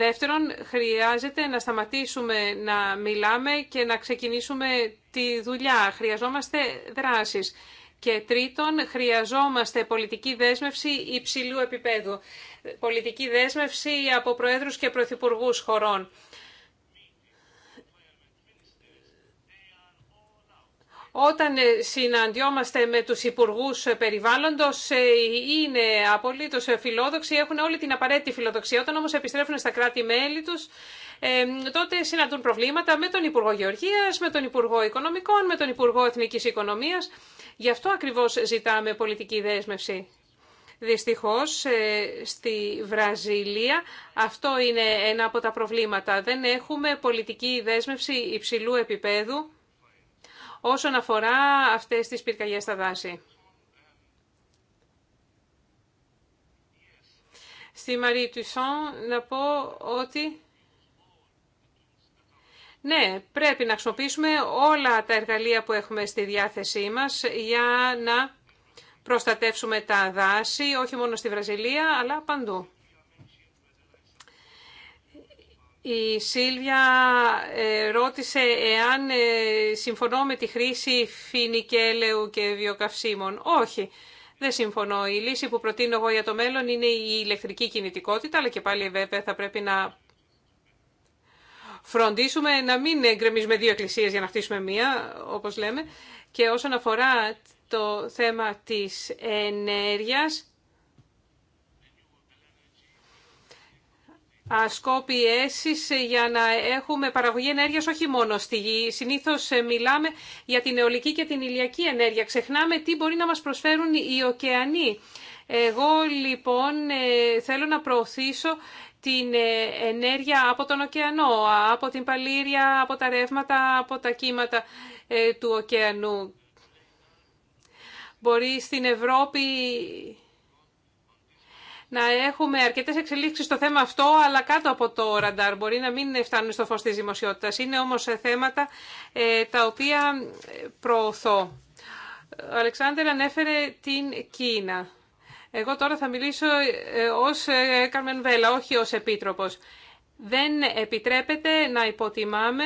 Δεύτερον, χρειάζεται να σταματήσουμε να μιλάμε και να ξεκινήσουμε τη δουλειά. Χρειαζόμαστε δράσεις. Και τρίτον, χρειαζόμαστε πολιτική δέσμευση υψηλού επίπεδου. Πολιτική δέσμευση από προέδρους και πρωθυπουργούς χωρών. Όταν ε, συναντιόμαστε με τους υπουργούς ε, περιβάλλοντος ε, είναι απολύτως φιλόδοξοι, έχουν όλη την απαραίτητη φιλοδοξία. Όταν όμως επιστρέφουν στα κράτη-μέλη τους, τότε συναντούν προβλήματα με τον Υπουργό Γεωργίας, με τον Υπουργό Οικονομικών, με τον Υπουργό Εθνικής Οικονομίας. Γι' αυτό ακριβώς ζητάμε πολιτική δέσμευση. Δυστυχώς στη Βραζιλία αυτό είναι ένα από τα προβλήματα. Δεν έχουμε πολιτική δέσμευση υψηλού επίπεδου όσον αφορά αυτές τις πυρκαγιές στα δάση. Στη Μαρή Τουσόν να πω ότι ναι, πρέπει να χρησιμοποιήσουμε όλα τα εργαλεία που έχουμε στη διάθεσή μας για να προστατεύσουμε τα δάση, όχι μόνο στη Βραζιλία, αλλά παντού. Η Σίλβια ε, ρώτησε εάν ε, συμφωνώ με τη χρήση φινικέλεου και βιοκαυσίμων. Όχι, δεν συμφωνώ. Η λύση που προτείνω εγώ για το μέλλον είναι η ηλεκτρική κινητικότητα, αλλά και πάλι βέβαια θα πρέπει να φροντίσουμε να μην εγκρεμίζουμε δύο εκκλησίες για να χτίσουμε μία, όπως λέμε. Και όσον αφορά το θέμα της ενέργειας, ασκώ πιέσει για να έχουμε παραγωγή ενέργειας όχι μόνο στη γη. Συνήθως ε, μιλάμε για την αιωλική και την ηλιακή ενέργεια. Ξεχνάμε τι μπορεί να μας προσφέρουν οι ωκεανοί. Εγώ λοιπόν ε, θέλω να προωθήσω την ε, ενέργεια από τον ωκεανό, από την παλήρια, από τα ρεύματα, από τα κύματα του ωκεανού. Μπορεί στην Ευρώπη να έχουμε αρκετές εξελίξεις στο θέμα αυτό, αλλά κάτω από το ραντάρ μπορεί να μην φτάνουν στο φω τη δημοσιότητα. Είναι όμως θέματα ε, τα οποία ε, προωθώ. Ο Αλεξάνδρ ανέφερε την Κίνα. Εγώ τώρα θα μιλήσω ε, ως Καρμεν Βέλα, όχι ως Επίτροπος. Δεν επιτρέπεται να υποτιμάμε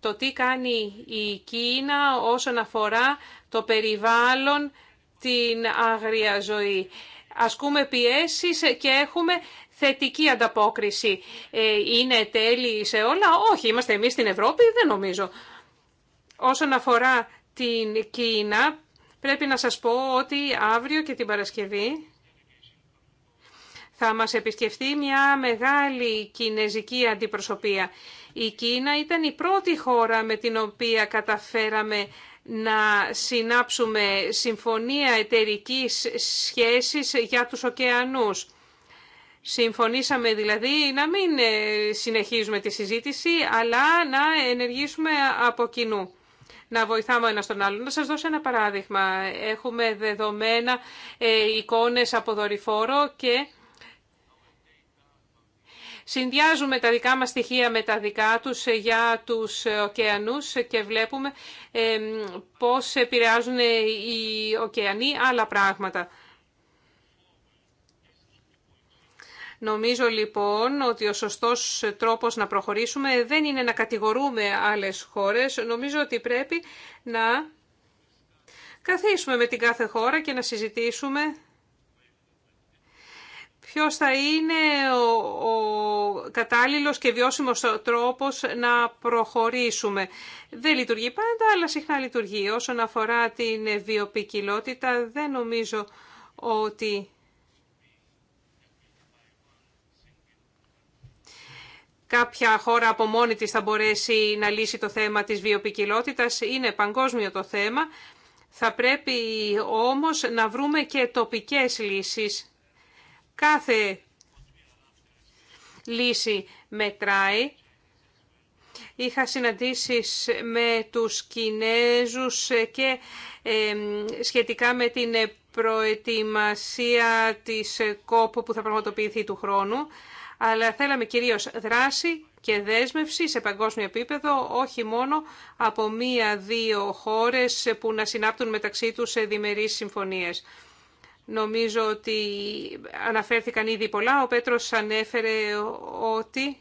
το τι κάνει η Κίνα όσον αφορά το περιβάλλον, την άγρια ζωή ασκούμε πιέσεις και έχουμε θετική ανταπόκριση. Ε, είναι τέλειοι σε όλα. Όχι, είμαστε εμείς στην Ευρώπη, δεν νομίζω. Όσον αφορά την Κίνα, πρέπει να σας πω ότι αύριο και την Παρασκευή θα μας επισκεφτεί μια μεγάλη κινέζικη αντιπροσωπεία. Η Κίνα ήταν η πρώτη χώρα με την οποία καταφέραμε να συνάψουμε συμφωνία εταιρικής σχέσης για τους ωκεανούς. Συμφωνήσαμε δηλαδή να μην ε, συνεχίζουμε τη συζήτηση, αλλά να ενεργήσουμε από κοινού. Να βοηθάμε ένα τον άλλον. Να σας δώσω ένα παράδειγμα. Έχουμε δεδομένα ε, εικόνες από δορυφόρο και Συνδυάζουμε τα δικά μας στοιχεία με τα δικά τους ε, για τους ε, ωκεανούς ε, και βλέπουμε πώς επηρεάζουν οι ωκεανοί άλλα πράγματα. Νομίζω λοιπόν ότι ο σωστός τρόπος να προχωρήσουμε δεν είναι να κατηγορούμε άλλες χώρες. Νομίζω ότι πρέπει να καθίσουμε με την κάθε χώρα και να συζητήσουμε ποιος θα είναι ο, ο κατάλληλος και βιώσιμος τρόπος να προχωρήσουμε. Δεν λειτουργεί πάντα, αλλά συχνά λειτουργεί. Όσον αφορά την βιοπικιλότητα, δεν νομίζω ότι... Κάποια χώρα από μόνη της θα μπορέσει να λύσει το θέμα της βιοπικιλότητας. Είναι παγκόσμιο το θέμα. Θα πρέπει όμως να βρούμε και τοπικές λύσεις. Κάθε λύση μετράει. Είχα συναντήσεις με τους Κινέζους και σχετικά με την προετοιμασία της κόπο που θα πραγματοποιηθεί του χρόνου, αλλά θέλαμε κυρίως δράση και δέσμευση σε παγκόσμιο επίπεδο, όχι μόνο από μία-δύο χώρες που να συνάπτουν μεταξύ τους διμερείς συμφωνίες. Νομίζω ότι αναφέρθηκαν ήδη πολλά. Ο Πέτρος ανέφερε ότι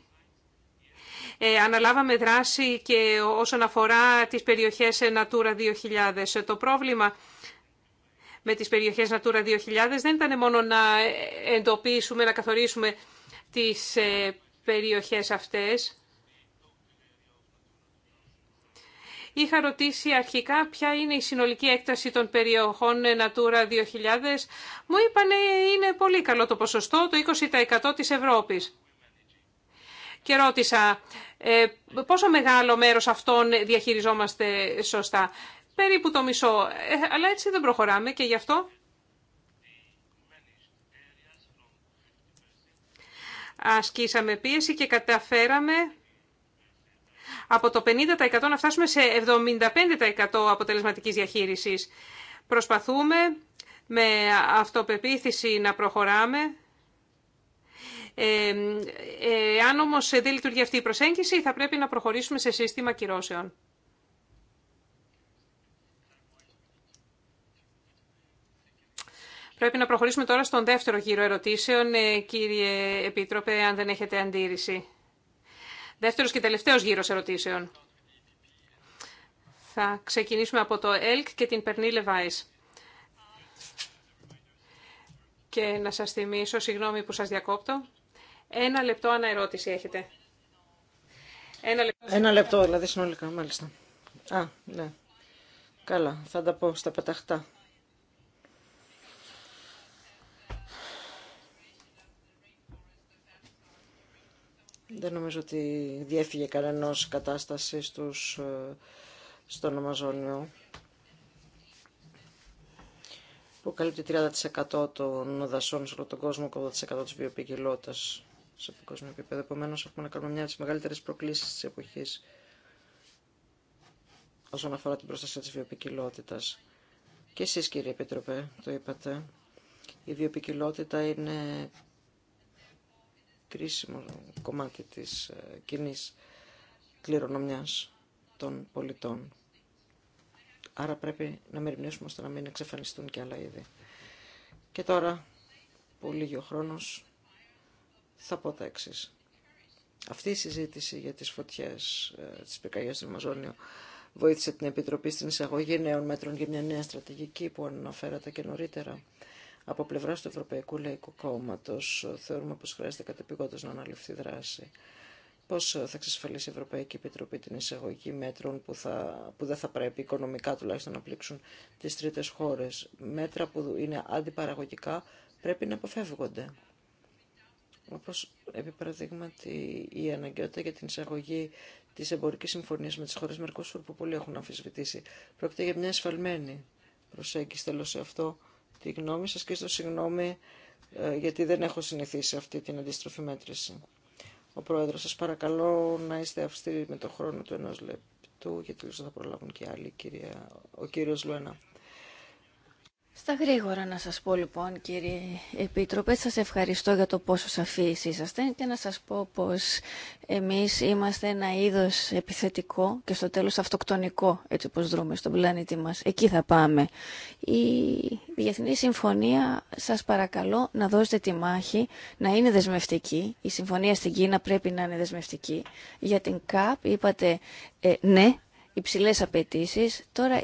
ε, αναλάβαμε δράση και όσον αφορά τις περιοχές ε, Natura 2000. Το πρόβλημα με τις περιοχές Natura 2000 δεν ήταν μόνο να εντοπίσουμε, να καθορίσουμε τις ε, περιοχές αυτές. Είχα ρωτήσει αρχικά ποια είναι η συνολική έκταση των περιοχών Natura 2000. Μου είπαν είναι πολύ καλό το ποσοστό, το 20% της Ευρώπης. Και ρώτησα ε, πόσο μεγάλο μέρος αυτών διαχειριζόμαστε σωστά. Περίπου το μισό. Ε, αλλά έτσι δεν προχωράμε και γι' αυτό... Ασκήσαμε πίεση και καταφέραμε από το 50% να φτάσουμε σε 75% αποτελεσματικής διαχείρισης. Προσπαθούμε με αυτοπεποίθηση να προχωράμε. Ε, όμω ε, όμως δεν λειτουργεί αυτή η προσέγγιση, θα πρέπει να προχωρήσουμε σε σύστημα κυρώσεων. Πρέπει να προχωρήσουμε τώρα στον δεύτερο γύρο ερωτήσεων. Ε, κύριε Επίτροπε, αν δεν έχετε αντίρρηση. Δεύτερος και τελευταίος γύρος ερωτήσεων. Θα ξεκινήσουμε από το ΕΛΚ και την Περνή Λεβάης. Και να σας θυμίσω, συγγνώμη που σας διακόπτω, ένα λεπτό αναερώτηση έχετε. Ένα λεπτό, ένα λεπτό δηλαδή συνολικά, μάλιστα. Α, ναι. Καλά, θα τα πω στα πεταχτά. Δεν νομίζω ότι διέφυγε κανένας κατάσταση στους, ε, στον Αμαζόνιο που καλύπτει 30% των δασών σε όλο τον κόσμο και 80% της βιοποικιλότητας σε παγκόσμιο επίπεδο. Επομένω, έχουμε να κάνουμε μια από τι μεγαλύτερε προκλήσει τη εποχή όσον αφορά την προστασία της βιοπικιλότητα. Και εσεί, κύριε Επίτροπε, το είπατε. Η βιοπικιλότητα είναι κρίσιμο κομμάτι της ε, κοινή κληρονομιάς των πολιτών. Άρα πρέπει να μεριμνήσουμε ώστε να μην εξαφανιστούν και άλλα είδη. Και τώρα, που λίγει ο χρόνος, θα πω τα εξής. Αυτή η συζήτηση για τις φωτιές, ε, της πυρκαγιάς του Μαζόνιο, βοήθησε την Επιτροπή στην εισαγωγή νέων μέτρων για μια νέα στρατηγική που αναφέρατε και νωρίτερα από πλευρά του Ευρωπαϊκού Λαϊκού Κόμματο, Θεωρούμε πω χρειάζεται κατεπηγόντως να αναλυφθεί δράση. Πώ ε, θα εξασφαλίσει η Ευρωπαϊκή Επιτροπή την εισαγωγή μέτρων που, θα, που δεν θα πρέπει οικονομικά τουλάχιστον να πλήξουν τις τρίτες χώρες. Μέτρα που είναι αντιπαραγωγικά πρέπει να αποφεύγονται Όπω επί παραδείγματι η αναγκαιότητα για την εισαγωγή τη εμπορική συμφωνία με τι χώρε Μερκοσούρ που πολλοί έχουν αμφισβητήσει. Πρόκειται για μια εσφαλμένη προσέγγιση σε αυτό τη γνώμη σας και στο συγγνώμη ε, γιατί δεν έχω συνηθίσει αυτή την αντίστροφη μέτρηση. Ο Πρόεδρος, σας παρακαλώ να είστε αυστηροί με το χρόνο του ενός λεπτού, γιατί θα προλάβουν και άλλοι, κυρία, ο κύριος Λουένα. Στα γρήγορα να σας πω λοιπόν κύριε Επίτροπε, σας ευχαριστώ για το πόσο σαφείς είσαστε και να σας πω πως εμείς είμαστε ένα είδος επιθετικό και στο τέλος αυτοκτονικό έτσι όπως δρούμε στον πλανήτη μας. Εκεί θα πάμε. Η Διεθνή Συμφωνία σας παρακαλώ να δώσετε τη μάχη, να είναι δεσμευτική. Η Συμφωνία στην Κίνα πρέπει να είναι δεσμευτική. Για την ΚΑΠ είπατε ε, ναι, υψηλές απαιτήσει, τώρα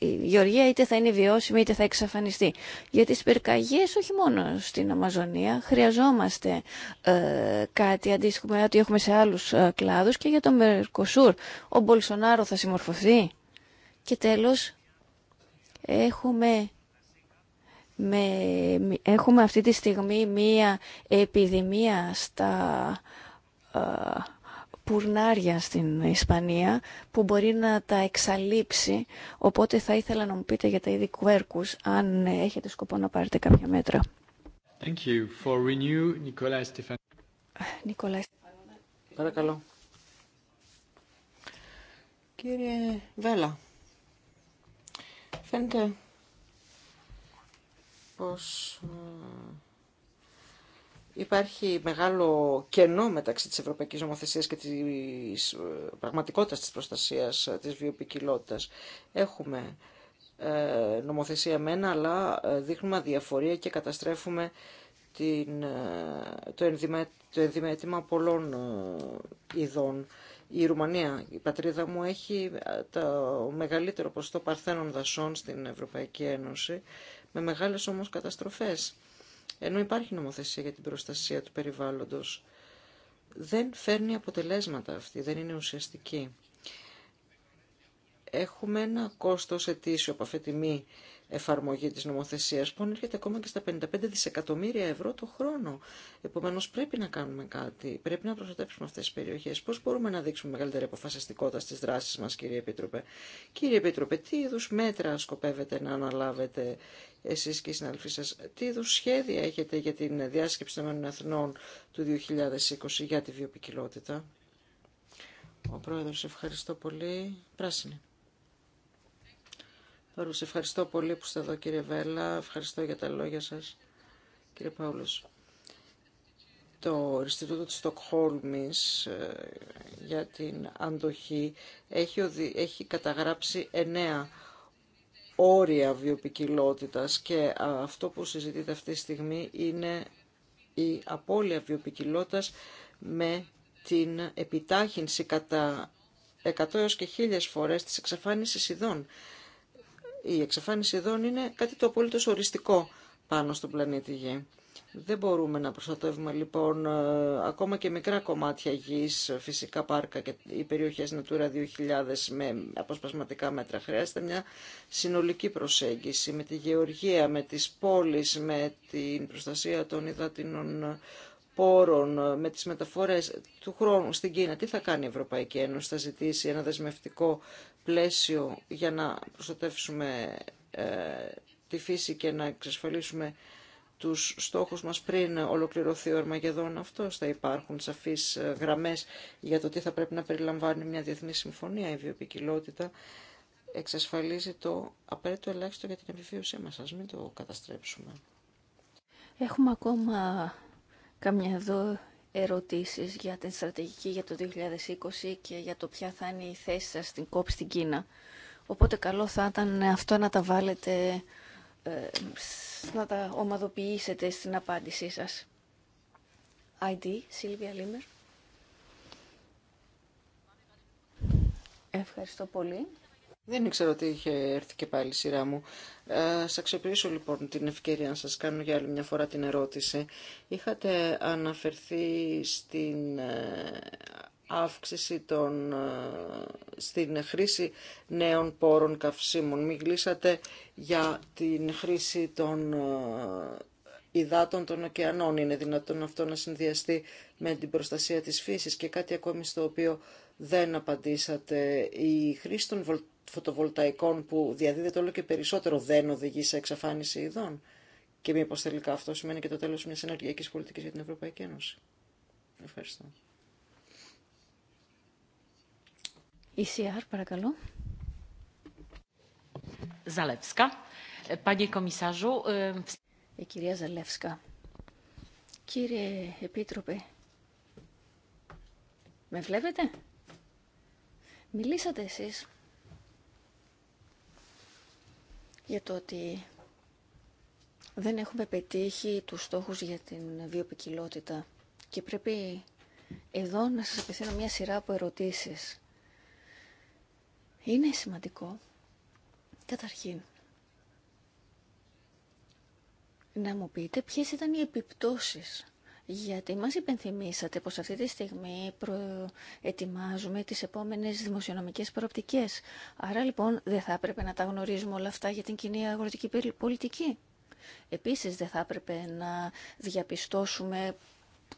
η γεωργία είτε θα είναι βιώσιμη είτε θα εξαφανιστεί. Για τι πυρκαγιέ, όχι μόνο στην Αμαζονία, χρειαζόμαστε ε, κάτι αντίστοιχο με ό,τι έχουμε σε άλλους ε, κλάδους και για το Μερκοσούρ. Ο Μπολσονάρο θα συμμορφωθεί. Και τέλος, έχουμε... Με, έχουμε αυτή τη στιγμή μία επιδημία στα πουρνάρια στην Ισπανία που μπορεί να τα εξαλείψει, οπότε θα ήθελα να μου πείτε για τα είδη κουέρκους, αν έχετε σκοπό να πάρετε κάποια μέτρα. Thank you. For renew, Nicolas Stefan. Nicolas. Παρακαλώ. Κύριε Βέλα, φαίνεται πως ε, Υπάρχει μεγάλο κενό μεταξύ της ευρωπαϊκής νομοθεσίας και της ε, πραγματικότητας της προστασίας ε, της βιοποικιλότητας. Έχουμε ε, νομοθεσία μένα, αλλά δείχνουμε διαφορία και καταστρέφουμε την, το, ενδυμα, το πολλών ειδών. Η Ρουμανία, η πατρίδα μου, έχει το μεγαλύτερο ποσοστό παρθένων δασών στην Ευρωπαϊκή Ένωση, με μεγάλες όμως καταστροφές ενώ υπάρχει νομοθεσία για την προστασία του περιβάλλοντος. Δεν φέρνει αποτελέσματα αυτή, δεν είναι ουσιαστική. Έχουμε ένα κόστος ετήσιο από μη, εφαρμογή της νομοθεσίας που ανέρχεται ακόμα και στα 55 δισεκατομμύρια ευρώ το χρόνο. Επομένως πρέπει να κάνουμε κάτι, πρέπει να προστατεύσουμε αυτές τις περιοχές. Πώς μπορούμε να δείξουμε μεγαλύτερη αποφασιστικότητα στις δράσεις μας κύριε Επίτροπε. Κύριε Επίτροπε, τι είδου μέτρα σκοπεύετε να αναλάβετε εσείς και οι συναδελφοί σας, τι είδου σχέδια έχετε για την διάσκεψη των Εθνών του 2020 για τη βιοπικιλότητα. Ο Πρόεδρος, ευχαριστώ πολύ. Πράσινη. Ευχαριστώ πολύ που είστε εδώ κύριε Βέλα. Ευχαριστώ για τα λόγια σας κύριε Παύλος. Το Ινστιτούτο της Στοκχόλμης ε, για την αντοχή έχει, έχει καταγράψει εννέα όρια βιοπικιλότητας και αυτό που συζητείτε αυτή τη στιγμή είναι η απώλεια βιοπικιλότητας με την επιτάχυνση κατά 100 και 1000 φορές της εξαφάνισης ειδών. Η εξαφάνιση ειδών είναι κάτι το απολύτως οριστικό πάνω στον πλανήτη Γη. Δεν μπορούμε να προστατεύουμε λοιπόν ε, ακόμα και μικρά κομμάτια γης, φυσικά πάρκα και οι περιοχές Natura 2000 με αποσπασματικά μέτρα. Χρειάζεται μια συνολική προσέγγιση με τη γεωργία, με τις πόλεις, με την προστασία των υδατινών πόρων, ε, με τις μεταφορές του χρόνου στην Κίνα, τι θα κάνει η Ευρωπαϊκή Ένωση, θα ζητήσει ένα δεσμευτικό πλαίσιο για να προστατεύσουμε ε, τη φύση και να εξασφαλίσουμε τους στόχους μας πριν ολοκληρωθεί ο ερμαγεδόν αυτός. Θα υπάρχουν σαφείς ε, γραμμές για το τι θα πρέπει να περιλαμβάνει μια διεθνή συμφωνία. Η βιοπικιλότητα εξασφαλίζει το απαραίτητο ελάχιστο για την επιβίωσή μας. Ας μην το καταστρέψουμε. Έχουμε ακόμα καμιά εδώ ερωτήσεις για την στρατηγική για το 2020 και για το ποια θα είναι η θέση σας στην ΚΟΠ στην Κίνα. Οπότε καλό θα ήταν αυτό να τα βάλετε, ε, να τα ομαδοποιήσετε στην απάντησή σας. ID, Σίλβια Λίμερ. Ευχαριστώ πολύ. Δεν ήξερα ότι είχε έρθει και πάλι η σειρά μου. Ε, σας αξιοποιήσω λοιπόν την ευκαιρία να σας κάνω για άλλη μια φορά την ερώτηση. Είχατε αναφερθεί στην ε, αύξηση των, ε, στην χρήση νέων πόρων καυσίμων. Μιλήσατε για την χρήση των ε, υδάτων των ωκεανών. Είναι δυνατόν αυτό να συνδυαστεί με την προστασία της φύσης και κάτι ακόμη στο οποίο δεν απαντήσατε. Η χρήση των φωτοβολταϊκών που διαδίδεται όλο και περισσότερο δεν οδηγεί σε εξαφάνιση ειδών. Και μήπω τελικά αυτό σημαίνει και το τέλο μια ενεργειακή πολιτική για την Ευρωπαϊκή Ένωση. Ευχαριστώ. ECR, παρακαλώ. Ζαλεύσκα. Κομισάζου. κυρία Ζαλεύσκα. Κύριε Επίτροπε, με βλέπετε? Μιλήσατε εσείς για το ότι δεν έχουμε πετύχει τους στόχους για την βιοπικιλότητα και πρέπει εδώ να σας απευθύνω μια σειρά από ερωτήσεις. Είναι σημαντικό, καταρχήν, να μου πείτε ποιες ήταν οι επιπτώσεις γιατί μας υπενθυμίσατε πως αυτή τη στιγμή προετοιμάζουμε τις επόμενες δημοσιονομικές προοπτικές. Άρα λοιπόν δεν θα έπρεπε να τα γνωρίζουμε όλα αυτά για την κοινή αγροτική πολιτική. Επίσης δεν θα έπρεπε να διαπιστώσουμε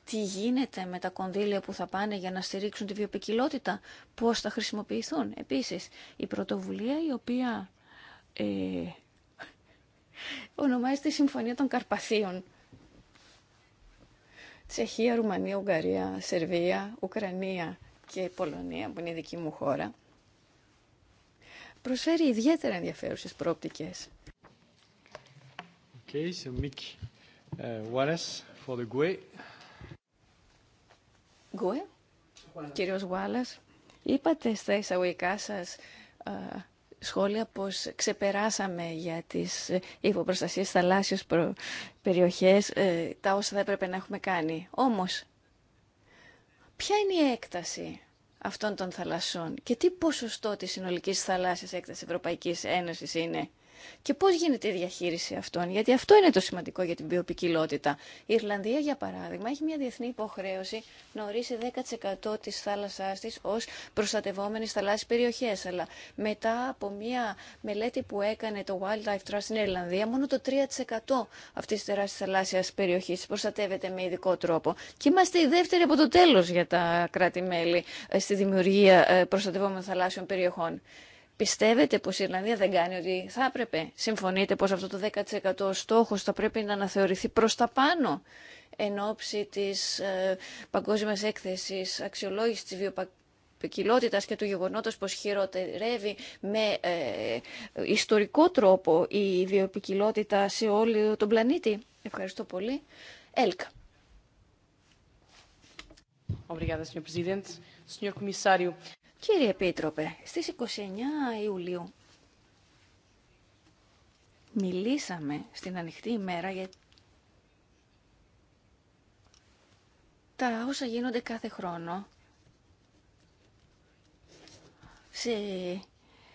τι γίνεται με τα κονδύλια που θα πάνε για να στηρίξουν τη βιοπικιλότητα, πώς θα χρησιμοποιηθούν. Επίσης, η πρωτοβουλία η οποία ε, ονομάζεται Συμφωνία των Καρπαθίων Τσεχία, Ρουμανία, Ουγγαρία, Σερβία, Ουκρανία και Πολωνία, που είναι η δική μου χώρα, προσφέρει ιδιαίτερα ενδιαφέρουσες πρόπτικες. Okay, so Mick uh, for the e. e? κύριος είπατε στα εισαγωγικά σας uh, σχόλια πως ξεπεράσαμε για τις ε, υποπροστασίες θαλάσσιες περιοχές ε, τα όσα θα έπρεπε να έχουμε κάνει. Όμως, ποια είναι η έκταση αυτών των θαλασσών και τι ποσοστό της συνολικής θαλάσσιας έκτασης Ευρωπαϊκής Ένωσης είναι. Και πώς γίνεται η διαχείριση αυτών, γιατί αυτό είναι το σημαντικό για την βιοποικιλότητα. Η Ιρλανδία, για παράδειγμα, έχει μια διεθνή υποχρέωση να ορίσει 10% της θάλασσάς της ως προστατευόμενες θαλάσσιες περιοχές. Αλλά μετά από μια μελέτη που έκανε το Wildlife Trust στην Ιρλανδία, μόνο το 3% αυτής της τεράστιας θαλάσσιας περιοχής προστατεύεται με ειδικό τρόπο. Και είμαστε οι δεύτεροι από το τέλος για τα κράτη-μέλη ε, στη δημιουργία ε, προστατευόμενων θαλάσσιων περιοχών. Πιστεύετε πως η Ιρλανδία δεν κάνει ότι θα έπρεπε. Συμφωνείτε πως αυτό το 10% στόχος θα πρέπει να αναθεωρηθεί προς τα πάνω εν ώψη της ε, παγκόσμιας έκθεσης αξιολόγησης της και του γεγονότος πως χειροτερεύει με ε, ιστορικό τρόπο η βιοπικιλότητα σε όλο τον πλανήτη. Ευχαριστώ πολύ. Έλκα. Κύριε Επίτροπε, στις 29 Ιουλίου μιλήσαμε στην ανοιχτή ημέρα για τα όσα γίνονται κάθε χρόνο σε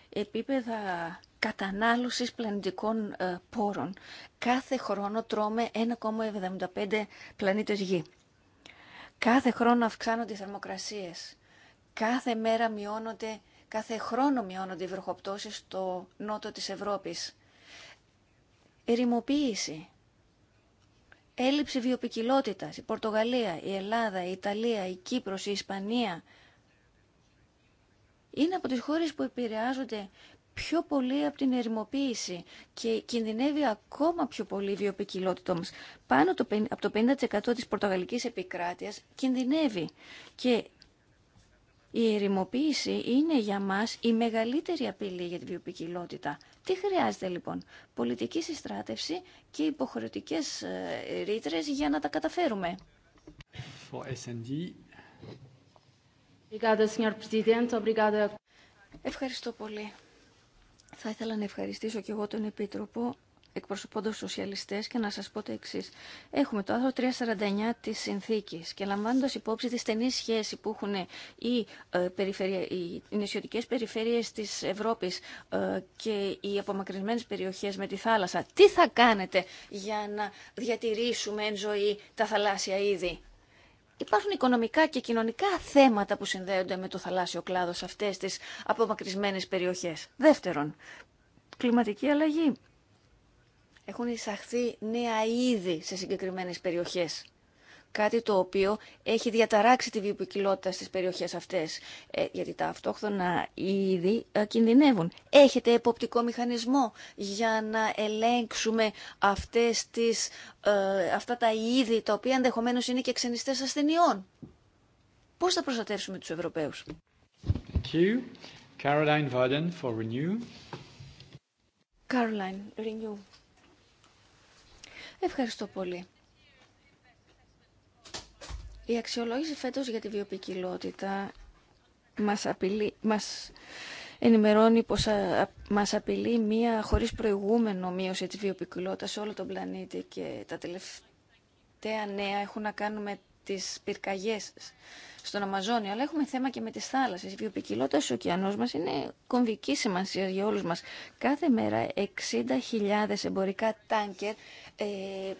επίπεδα κατανάλωσης πλανητικών ε, πόρων. Κάθε χρόνο τρώμε 1,75 πλανήτες γη. Κάθε χρόνο αυξάνονται οι θερμοκρασίες. Κάθε μέρα μειώνονται, κάθε χρόνο μειώνονται οι βροχοπτώσεις στο νότο της Ευρώπης. Ερημοποίηση. Έλλειψη βιοπικιλότητας. Η Πορτογαλία, η Ελλάδα, η Ιταλία, η Κύπρος, η Ισπανία. Είναι από τις χώρες που επηρεάζονται πιο πολύ από την ερημοποίηση και κινδυνεύει ακόμα πιο πολύ η βιοπικιλότητα μας. Πάνω από το 50% της πορτογαλικής επικράτειας κινδυνεύει και η ερημοποίηση είναι για μας η μεγαλύτερη απειλή για την βιοπικιλότητα. Τι χρειάζεται λοιπόν, πολιτική συστράτευση και υποχρεωτικές ε, ρήτρε για να τα καταφέρουμε. Ευχαριστώ πολύ. Θα ήθελα να ευχαριστήσω και εγώ τον Επίτροπο εκπροσωπώντα του σοσιαλιστές και να σα πω το εξή. Έχουμε το άρθρο 349 τη συνθήκη και λαμβάνοντα υπόψη τη στενή σχέση που έχουν οι, ε, οι νησιωτικές περιφέρειες της Ευρώπης ε, και οι απομακρυσμένες περιοχέ με τη θάλασσα, τι θα κάνετε για να διατηρήσουμε εν ζωή τα θαλάσσια είδη. Υπάρχουν οικονομικά και κοινωνικά θέματα που συνδέονται με το θαλάσσιο κλάδο σε αυτές τις απομακρυσμένες περιοχές. Δεύτερον, κλιματική αλλαγή έχουν εισαχθεί νέα είδη σε συγκεκριμένες περιοχές. Κάτι το οποίο έχει διαταράξει τη βιοποικιλότητα στις περιοχές αυτές, ε, γιατί τα αυτόχθονα είδη ε, κινδυνεύουν. Έχετε εποπτικό μηχανισμό για να ελέγξουμε αυτές τις, ε, αυτά τα είδη, τα οποία ενδεχομένω είναι και ξενιστές ασθενειών. Πώς θα προστατεύσουμε τους Ευρωπαίους. Caroline Renew. Caroline, Renew. Ευχαριστώ πολύ. Η αξιολόγηση φέτος για τη βιοπικιλότητα μας, απειλεί, μας ενημερώνει πως μας απειλεί μία χωρίς προηγούμενο μείωση της βιοπικιλότητας σε όλο τον πλανήτη και τα τελευταία νέα έχουν να κάνουν με τις πυρκαγιές στον Αμαζόνιο, αλλά έχουμε θέμα και με τις θάλασσες. Η βιοπικιλότητα στους ωκεανούς μας είναι κομβική σημασία για όλους μας. Κάθε μέρα 60.000 εμπορικά τάνκερ ε,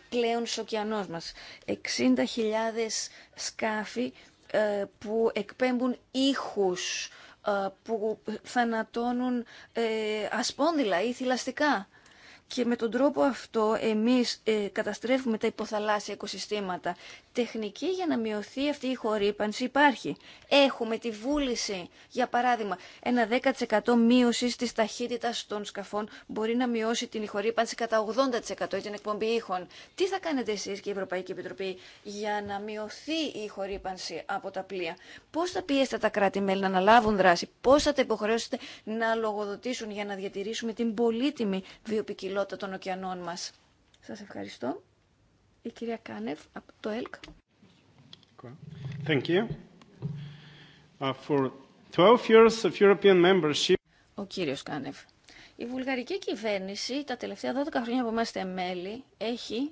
πλέον στους ωκεανούς μας. 60.000 σκάφη ε, που εκπέμπουν ήχους, ε, που θανατώνουν ε, ασπόνδυλα ή θηλαστικά. Και με τον τρόπο αυτό εμείς ε, καταστρέφουμε τα υποθαλάσσια οικοσυστήματα. Τεχνική για να μειωθεί αυτή η χορύπανση υπάρχει. Έχουμε τη βούληση, για παράδειγμα, ένα 10% μείωση της ταχύτητας των σκαφών μπορεί να μειώσει την χορύπανση κατά 80% ή την εκπομπή ήχων. Τι θα κάνετε εσείς και η Ευρωπαϊκή Επιτροπή για να μειωθεί η χορύπανση από τα πλοία. Πώς θα πιέσετε τα κράτη-μέλη να αναλάβουν δράση, πώς θα τα υποχρεώσετε να λογοδοτήσουν για να διατηρήσουμε την πολύτιμη βιοπικιλότητα ποιότητα των ωκεανών μας. Σας ευχαριστώ. Η κυρία Κάνευ από το ΕΛΚ. Thank you. Uh, for 12 years of European membership... Ο κύριος Κάνευ. Η βουλγαρική κυβέρνηση τα τελευταία 12 χρόνια που είμαστε μέλη έχει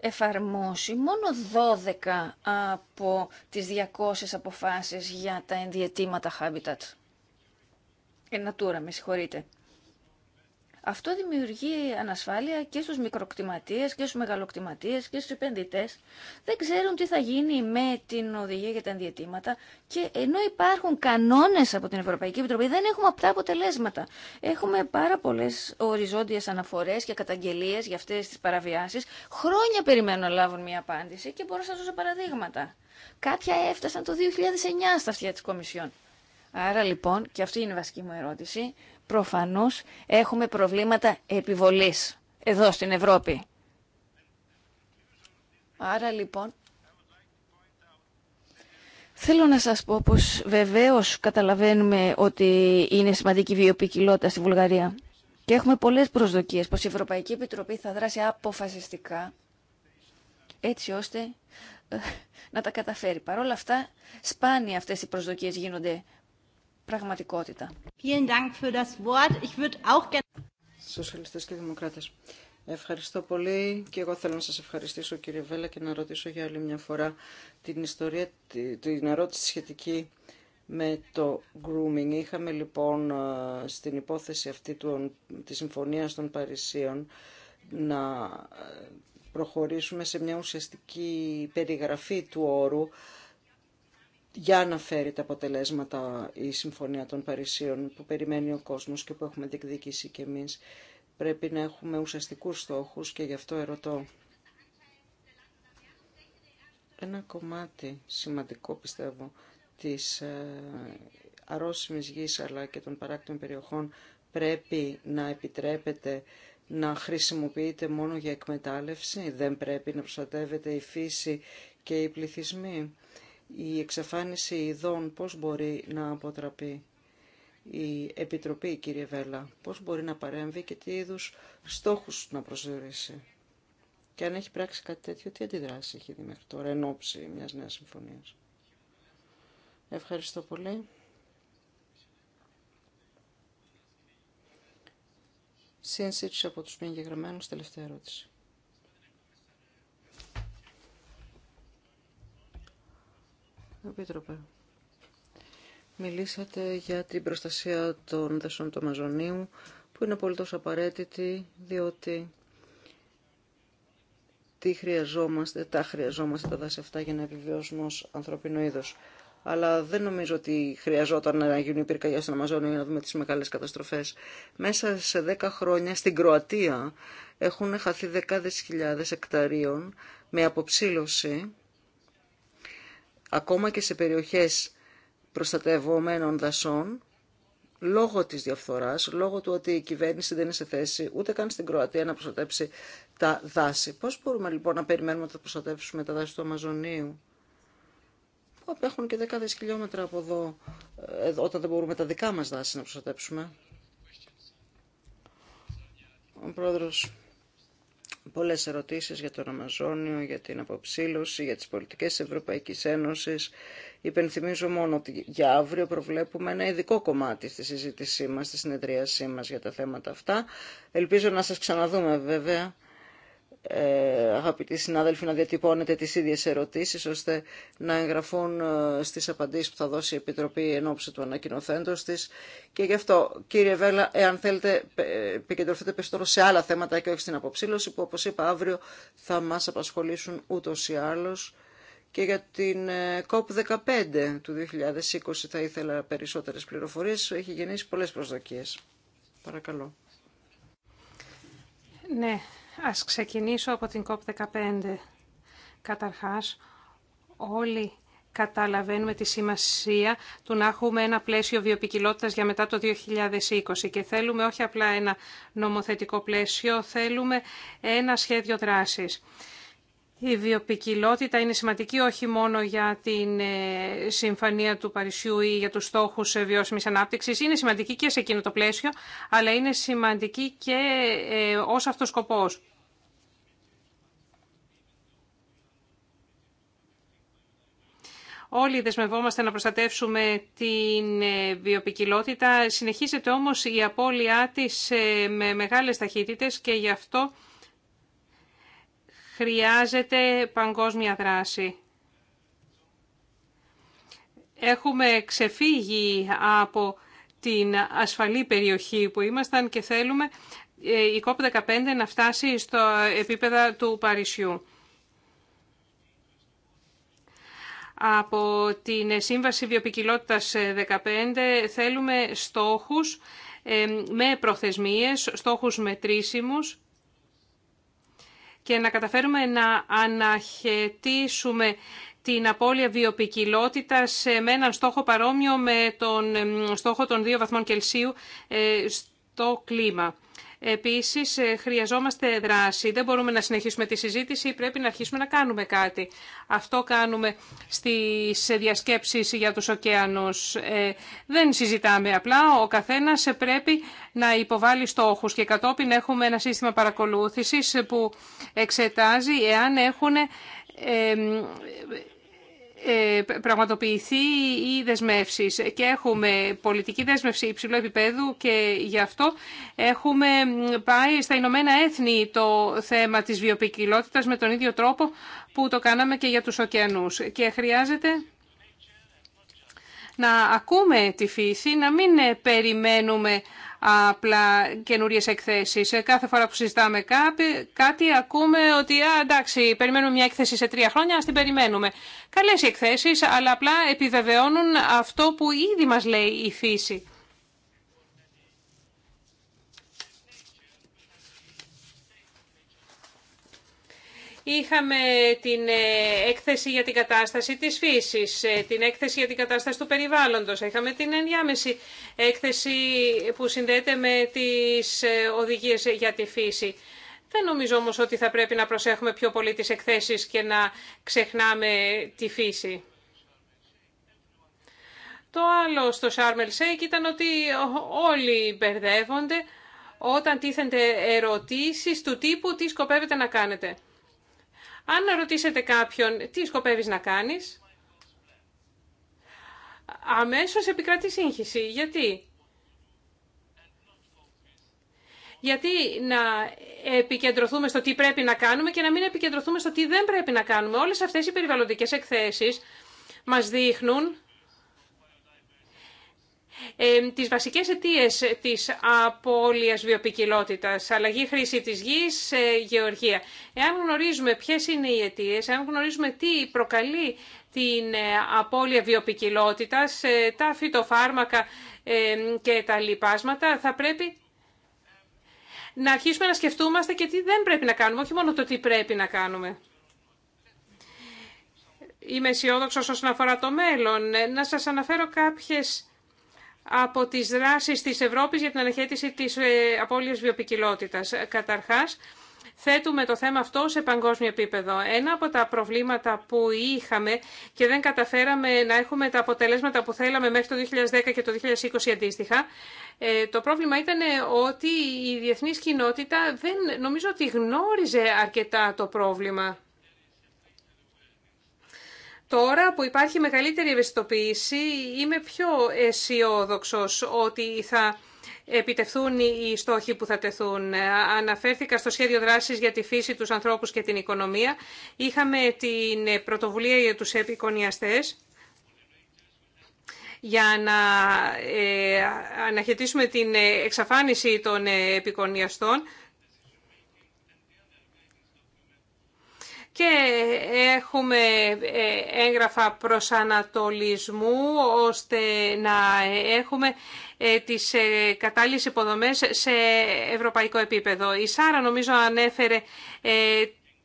εφαρμόσει μόνο 12 από τις 200 αποφάσεις για τα ενδιαιτήματα Habitat natura, ε, με συγχωρείτε. Αυτό δημιουργεί ανασφάλεια και στους μικροκτηματίες και στους μεγαλοκτηματίες και στους επενδυτές. Δεν ξέρουν τι θα γίνει με την οδηγία για τα ενδιατήματα και ενώ υπάρχουν κανόνες από την Ευρωπαϊκή Επιτροπή δεν έχουμε αυτά αποτελέσματα. Έχουμε πάρα πολλές οριζόντιες αναφορές και καταγγελίες για αυτές τις παραβιάσεις. Χρόνια περιμένω να λάβουν μια απάντηση και μπορώ να σας δώσω παραδείγματα. Κάποια έφτασαν το 2009 στα αυτιά της Κομισιόν. Άρα λοιπόν, και αυτή είναι η βασική μου ερώτηση, προφανώς έχουμε προβλήματα επιβολής εδώ στην Ευρώπη. Άρα λοιπόν, Θέλω να σας πω πως βεβαίως καταλαβαίνουμε ότι είναι σημαντική βιοποικιλότητα στη Βουλγαρία και έχουμε πολλές προσδοκίες πως η Ευρωπαϊκή Επιτροπή θα δράσει αποφασιστικά έτσι ώστε ε, να τα καταφέρει. Παρ' όλα αυτά σπάνια αυτές οι προσδοκίες γίνονται πραγματικότητα. και δημοκράτε, Ευχαριστώ πολύ και εγώ θέλω να σας ευχαριστήσω κύριε Βέλα και να ρωτήσω για άλλη μια φορά την, ιστορία, την ερώτηση σχετική με το grooming. Είχαμε λοιπόν ε, στην υπόθεση αυτή του, της Συμφωνίας των Παρισίων να ε, προχωρήσουμε σε μια ουσιαστική περιγραφή του όρου για να φέρει τα αποτελέσματα η Συμφωνία των Παρισίων που περιμένει ο κόσμος και που έχουμε διεκδικήσει κι εμείς. Πρέπει να έχουμε ουσιαστικούς στόχους και γι' αυτό ερωτώ. Ένα κομμάτι σημαντικό πιστεύω της ε, αρρώσιμης γης αλλά και των παράκτων περιοχών πρέπει να επιτρέπεται να χρησιμοποιείται μόνο για εκμετάλλευση, δεν πρέπει να προστατεύεται η φύση και οι πληθυσμοί η εξαφάνιση ειδών πώς μπορεί να αποτραπεί η Επιτροπή, κύριε Βέλα, πώς μπορεί να παρέμβει και τι είδους στόχους να προσδιορίσει. Και αν έχει πράξει κάτι τέτοιο, τι αντιδράσει έχει δει μέχρι τώρα εν ώψη μιας νέας συμφωνίας. Ευχαριστώ πολύ. Σύνσήτηση από τους μη εγγεγραμμένους, τελευταία ερώτηση. Επίτροπε, μιλήσατε για την προστασία των δασών του Αμαζονίου, που είναι τόσο απαραίτητη, διότι τι χρειαζόμαστε, τα χρειαζόμαστε τα δάση αυτά για να επιβιώσουμε ως ανθρωπίνο είδος. Αλλά δεν νομίζω ότι χρειαζόταν να γίνουν πυρκαγιά στην Αμαζόνιο για να δούμε τι μεγάλε καταστροφέ. Μέσα σε 10 χρόνια στην Κροατία έχουν χαθεί δεκάδε χιλιάδε εκταρίων με αποψήλωση ακόμα και σε περιοχές προστατευόμενων δασών, λόγω της διαφθοράς, λόγω του ότι η κυβέρνηση δεν είναι σε θέση ούτε καν στην Κροατία να προστατέψει τα δάση. Πώς μπορούμε λοιπόν να περιμένουμε να τα προστατεύσουμε τα δάση του Αμαζονίου, που απέχουν και δεκάδες χιλιόμετρα από εδώ, ε, όταν δεν μπορούμε τα δικά μας δάση να προστατέψουμε. Ο πρόεδρος πολλές ερωτήσεις για τον Αμαζόνιο, για την αποψήλωση, για τις πολιτικές της Ευρωπαϊκής Ένωσης. Υπενθυμίζω μόνο ότι για αύριο προβλέπουμε ένα ειδικό κομμάτι στη συζήτησή μας, στη συνεδρίασή μας για τα θέματα αυτά. Ελπίζω να σας ξαναδούμε βέβαια ε, αγαπητοί συνάδελφοι, να διατυπώνετε τις ίδιες ερωτήσεις, ώστε να εγγραφούν ε, στις απαντήσεις που θα δώσει η Επιτροπή εν ώψη του ανακοινοθέντος της. Και γι' αυτό, κύριε Βέλα, εάν θέλετε, επικεντρωθείτε περισσότερο σε άλλα θέματα και όχι στην αποψήλωση, που όπως είπα αύριο θα μας απασχολήσουν ούτως ή άλλως. Και για την COP15 ε, του 2020 θα ήθελα περισσότερες πληροφορίες. Έχει γεννήσει πολλές προσδοκίες. Παρακαλώ. Ναι, Ας ξεκινήσω από την COP15. Καταρχάς, όλοι καταλαβαίνουμε τη σημασία του να έχουμε ένα πλαίσιο βιοπικιλότητας για μετά το 2020 και θέλουμε όχι απλά ένα νομοθετικό πλαίσιο, θέλουμε ένα σχέδιο δράσης. Η βιοπικιλότητα είναι σημαντική όχι μόνο για την ε, Συμφωνία του Παρισιού ή για τους στόχους ε, βιώσιμης ανάπτυξης. Είναι σημαντική και σε εκείνο το πλαίσιο, αλλά είναι σημαντική και ε, ως αυτός σκοπός. Όλοι δεσμευόμαστε να προστατεύσουμε την βιοπικιλότητα. Συνεχίζεται όμως η απώλειά της με μεγάλες ταχύτητες και γι' αυτό χρειάζεται παγκόσμια δράση. Έχουμε ξεφύγει από την ασφαλή περιοχή που ήμασταν και θέλουμε ε, η COP15 να φτάσει στο επίπεδο του Παρισιού. Από την Σύμβαση Βιοπικιλότητας 15 ε, θέλουμε στόχους ε, με προθεσμίες, στόχους μετρήσιμους και να καταφέρουμε να αναχαιτήσουμε την απώλεια βιοπικιλότητα ε, με έναν στόχο παρόμοιο με τον ε, στόχο των δύο βαθμών Κελσίου ε, στο κλίμα. Επίσης, ε, χρειαζόμαστε δράση. Δεν μπορούμε να συνεχίσουμε τη συζήτηση, πρέπει να αρχίσουμε να κάνουμε κάτι. Αυτό κάνουμε στι διασκέψεις για τους ωκεανούς. Ε, δεν συζητάμε απλά, ο καθένας πρέπει να υποβάλει στόχους και κατόπιν έχουμε ένα σύστημα παρακολούθησης που εξετάζει εάν έχουν ε, ε, πραγματοποιηθεί η δεσμεύσει και έχουμε πολιτική δέσμευση υψηλού επίπεδου και γι' αυτό έχουμε πάει στα Ηνωμένα Έθνη το θέμα της βιοποικιλότητας με τον ίδιο τρόπο που το κάναμε και για τους ωκεανούς. Και χρειάζεται να ακούμε τη φύση, να μην περιμένουμε απλά καινούριε εκθέσει. Κάθε φορά που συζητάμε κάτι, ακούμε ότι α, εντάξει, περιμένουμε μια έκθεση σε τρία χρόνια, α την περιμένουμε. Καλέ οι εκθέσει, αλλά απλά επιβεβαιώνουν αυτό που ήδη μα λέει η φύση. Είχαμε την ε, έκθεση για την κατάσταση της φύσης, ε, την έκθεση για την κατάσταση του περιβάλλοντος. Είχαμε την ενδιάμεση έκθεση που συνδέεται με τις ε, οδηγίες για τη φύση. Δεν νομίζω όμως ότι θα πρέπει να προσέχουμε πιο πολύ τις εκθέσεις και να ξεχνάμε τη φύση. Το άλλο στο Σάρμελ Σέικ ήταν ότι όλοι μπερδεύονται όταν τίθενται ερωτήσεις του τύπου τι σκοπεύετε να κάνετε. Αν ρωτήσετε κάποιον τι σκοπεύεις να κάνεις, αμέσως επικρατεί σύγχυση. Γιατί? Γιατί να επικεντρωθούμε στο τι πρέπει να κάνουμε και να μην επικεντρωθούμε στο τι δεν πρέπει να κάνουμε. Όλες αυτές οι περιβαλλοντικές εκθέσεις μας δείχνουν τις βασικές αιτίες της απώλειας βιοπικιλότητας, αλλαγή χρήση της γης, ε, γεωργία. Εάν γνωρίζουμε ποιες είναι οι αιτίες, εάν γνωρίζουμε τι προκαλεί την ε, απώλεια βιοπικιλότητας, ε, τα φυτοφάρμακα και τα λοιπάσματα, θα πρέπει να αρχίσουμε να σκεφτούμαστε και τι δεν πρέπει να κάνουμε, όχι μόνο το τι πρέπει να κάνουμε. Είμαι αισιόδοξο όσον αφορά το μέλλον. Να σας αναφέρω κάποιες από τις δράσεις της Ευρώπης για την αναχέτηση της ε, απώλειας βιοπικιλότητας. Ε, καταρχάς, θέτουμε το θέμα αυτό σε παγκόσμιο επίπεδο. Ένα από τα προβλήματα που είχαμε και δεν καταφέραμε να έχουμε τα αποτελέσματα που θέλαμε μέχρι το 2010 και το 2020 αντίστοιχα, ε, το πρόβλημα ήταν ότι η διεθνής κοινότητα δεν νομίζω ότι γνώριζε αρκετά το πρόβλημα. Τώρα που υπάρχει μεγαλύτερη ευαισθητοποίηση είμαι πιο αισιόδοξο ότι θα επιτευθούν οι στόχοι που θα τεθούν. Αναφέρθηκα στο σχέδιο δράσης για τη φύση, τους ανθρώπους και την οικονομία. Είχαμε την πρωτοβουλία για τους επικονιαστές για να ε, αναχαιτήσουμε την εξαφάνιση των επικονιαστών και έχουμε ε, έγγραφα προσανατολισμού ώστε να έχουμε ε, τις ε, κατάλληλες υποδομές σε ευρωπαϊκό επίπεδο. Η Σάρα νομίζω ανέφερε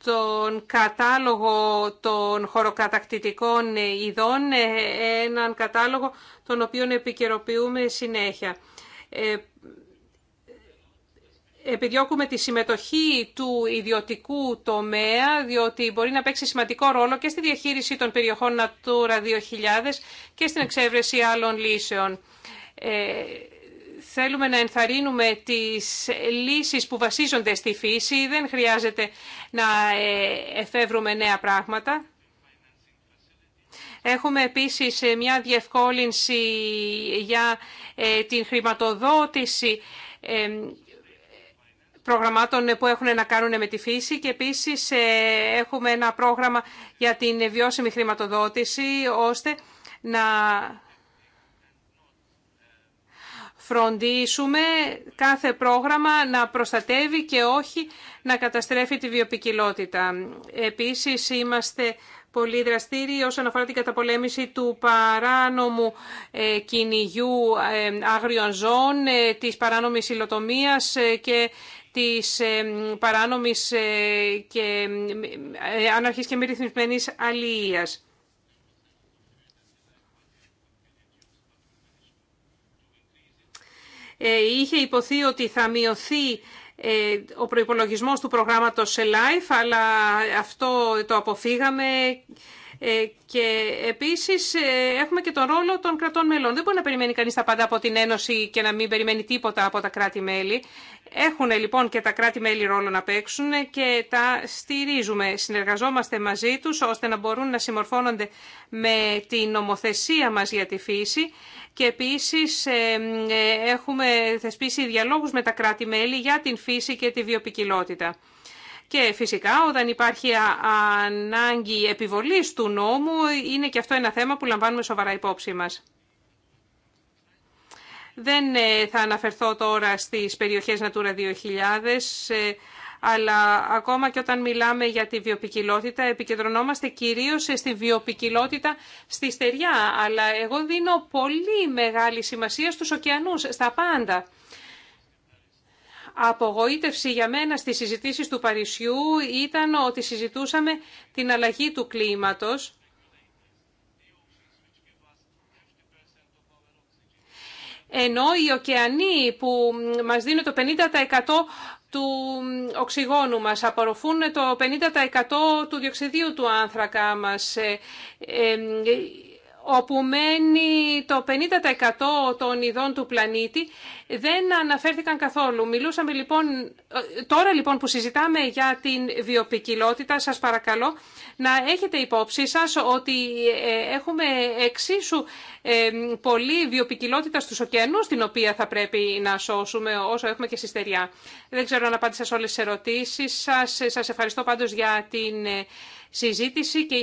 τον κατάλογο των χωροκατακτητικών ειδών, έναν κατάλογο τον οποίο επικαιροποιούμε συνέχεια επιδιώκουμε τη συμμετοχή του ιδιωτικού τομέα, διότι μπορεί να παίξει σημαντικό ρόλο και στη διαχείριση των περιοχών Natura 2000 και στην εξέβρεση άλλων λύσεων. Ε, θέλουμε να ενθαρρύνουμε τις λύσεις που βασίζονται στη φύση, δεν χρειάζεται να ε, εφεύρουμε νέα πράγματα. Έχουμε επίσης ε, μια διευκόλυνση για την χρηματοδότηση προγραμμάτων που έχουν να κάνουν με τη φύση και επίσης ε, έχουμε ένα πρόγραμμα για την βιώσιμη χρηματοδότηση ώστε να φροντίσουμε κάθε πρόγραμμα να προστατεύει και όχι να καταστρέφει τη βιοπικιλότητα. Επίσης είμαστε πολύ δραστήριοι όσον αφορά την καταπολέμηση του παράνομου ε, κυνηγιού ε, άγριων ζώων, της παράνομης υλοτομίας και της ε, παράνομης ε, και αναρχής ε, και μη ρυθμισμένης αλληλείας. Είχε υποθεί ότι θα μειωθεί ο προϋπολογισμός του προγράμματος σε αλλά αυτό το αποφύγαμε και επίσης έχουμε και τον ρόλο των κρατών μελών. Δεν μπορεί να περιμένει κανείς τα πάντα από την Ένωση και να μην περιμένει τίποτα από τα κράτη-μέλη. Έχουν λοιπόν και τα κράτη-μέλη ρόλο να παίξουν και τα στηρίζουμε. Συνεργαζόμαστε μαζί τους ώστε να μπορούν να συμμορφώνονται με την νομοθεσία μας για τη φύση και επίσης ε, ε, έχουμε θεσπίσει διαλόγους με τα κράτη-μέλη για την φύση και τη βιοπικιλότητα. Και φυσικά όταν υπάρχει ανάγκη επιβολής του νόμου είναι και αυτό ένα θέμα που λαμβάνουμε σοβαρά υπόψη μας. Δεν ε, θα αναφερθώ τώρα στις περιοχές Natura 2000, ε, αλλά ακόμα και όταν μιλάμε για τη βιοπικιλότητα, επικεντρωνόμαστε κυρίως στη βιοπικιλότητα στη στεριά, αλλά εγώ δίνω πολύ μεγάλη σημασία στους ωκεανούς, στα πάντα. Απογοήτευση για μένα στις συζητήσεις του Παρισιού ήταν ότι συζητούσαμε την αλλαγή του κλίματος, ενώ οι ωκεανοί που μας δίνουν το 50% του οξυγόνου μας, απορροφούν το 50% του διοξιδίου του άνθρακα μας, ε, ε, όπου μένει το 50% των ειδών του πλανήτη, δεν αναφέρθηκαν καθόλου. Μιλούσαμε λοιπόν, ε, τώρα λοιπόν που συζητάμε για την βιοπικιλότητα, σας παρακαλώ να έχετε υπόψη σας ότι ε, έχουμε εξίσου ε, πολλή βιοπικιλότητα στους ωκεανούς, την οποία θα πρέπει να σώσουμε όσο έχουμε και στη στεριά. Δεν ξέρω αν απάντησα σε όλες τις ερωτήσεις σας. Σας ευχαριστώ πάντως για την συζήτηση και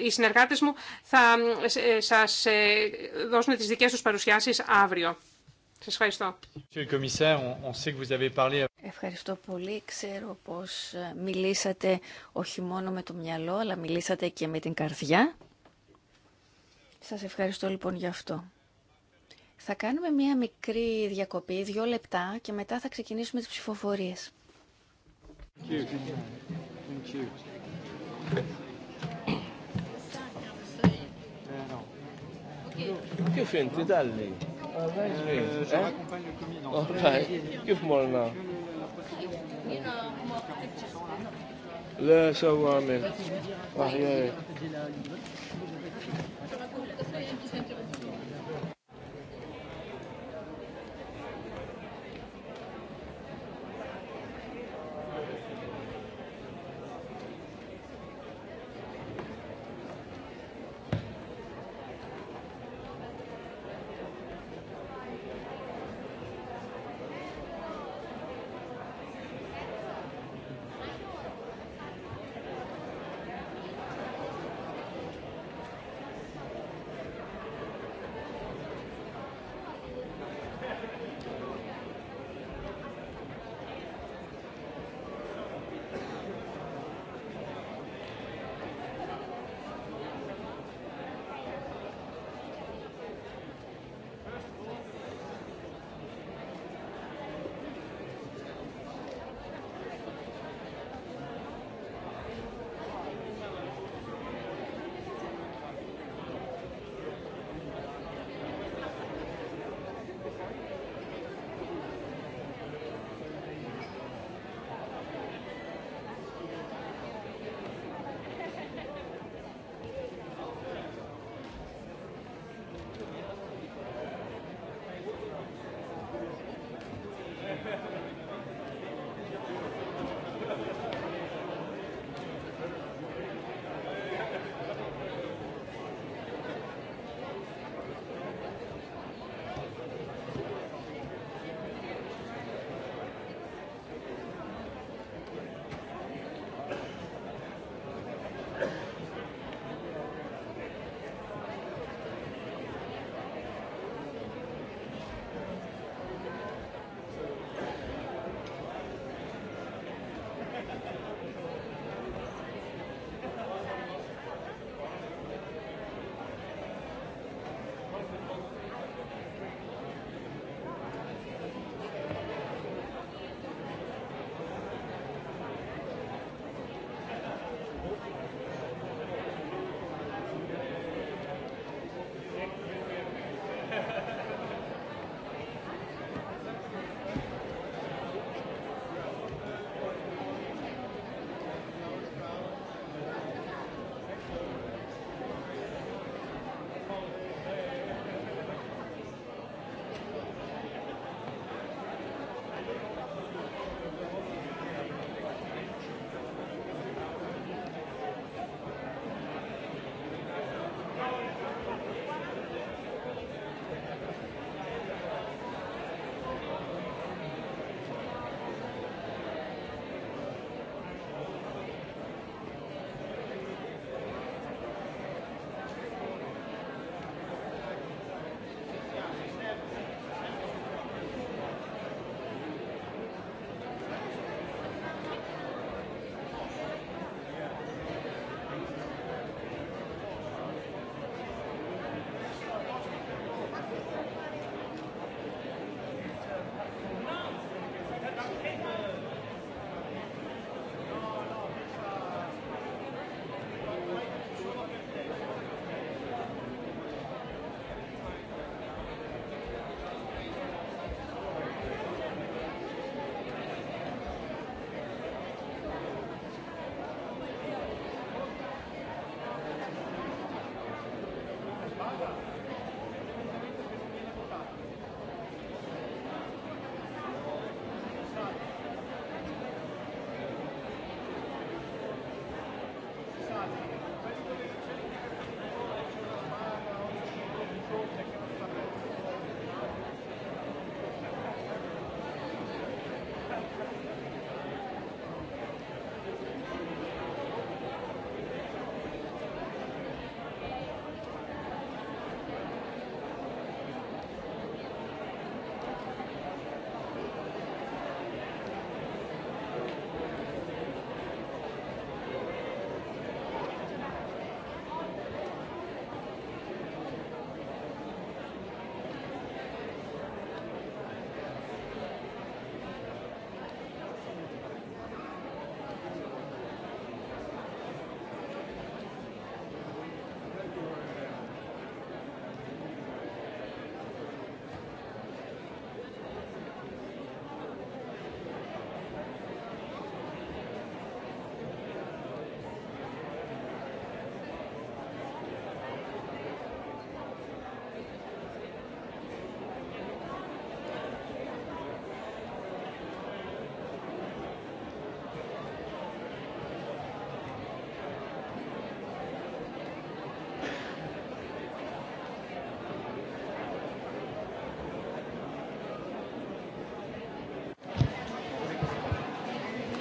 οι συνεργάτες μου θα ε, σας ε, δώσουν τις δικές τους παρουσιάσεις αύριο. Σας ευχαριστώ. Ευχαριστώ πολύ. Ξέρω πως ε, μιλήσατε όχι μόνο με το μυαλό, αλλά μιλήσατε και με την καρδιά. Σας ευχαριστώ λοιπόν για αυτό. Θα κάνουμε μία μικρή διακοπή, δύο λεπτά, και μετά θα ξεκινήσουμε τις ψηφοφορίες. Kif inti dalli? Kif morna? لا Le من وحياي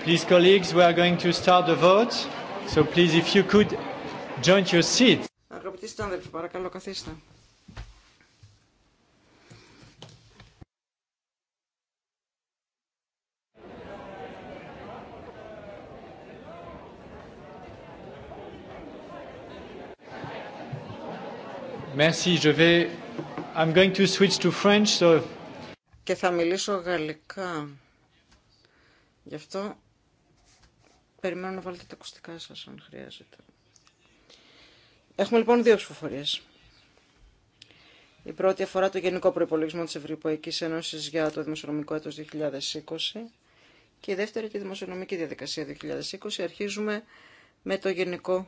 Please, colleagues, we are going to start the vote. So please, if you could join your seat. Αγαπητοί συνάδελφοι, παρακαλώ καθίστε. Merci, je vais... I'm going to switch to French, so... Και θα μιλήσω γαλλικά. Γι' αυτό περιμένω να βάλετε τα ακουστικά σας αν χρειάζεται. Έχουμε λοιπόν δύο ψηφοφορίε. Η πρώτη αφορά το Γενικό Προπολογισμό τη Ευρωπαϊκή Ένωση για το Δημοσιονομικό έτος 2020 και η δεύτερη τη Δημοσιονομική Διαδικασία 2020. Αρχίζουμε με το Γενικό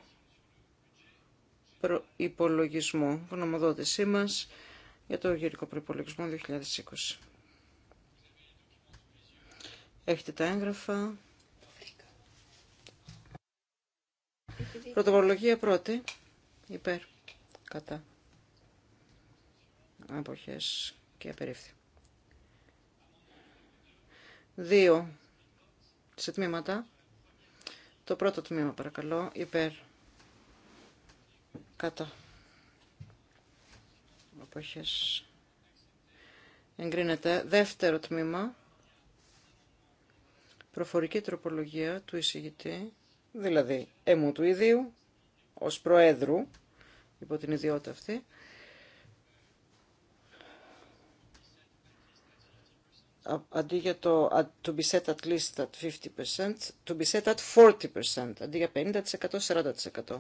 Προπολογισμό. Γνωμοδότησή μα για το Γενικό Προπολογισμό 2020. Έχετε τα έγγραφα. Πρωτοβολογία πρώτη. Υπέρ. Κατά. Αποχές και απερίφθη. Δύο. Σε τμήματα. Το πρώτο τμήμα παρακαλώ. Υπέρ. Κατά. Αποχές. Εγκρίνεται. Δεύτερο τμήμα. Προφορική τροπολογία του εισηγητή δηλαδή εμού του ιδίου, ως προέδρου, υπό την ιδιότητα αυτή, αντί για το to be set at least at 50%, to be set at 40%, αντί για 50%, 40%.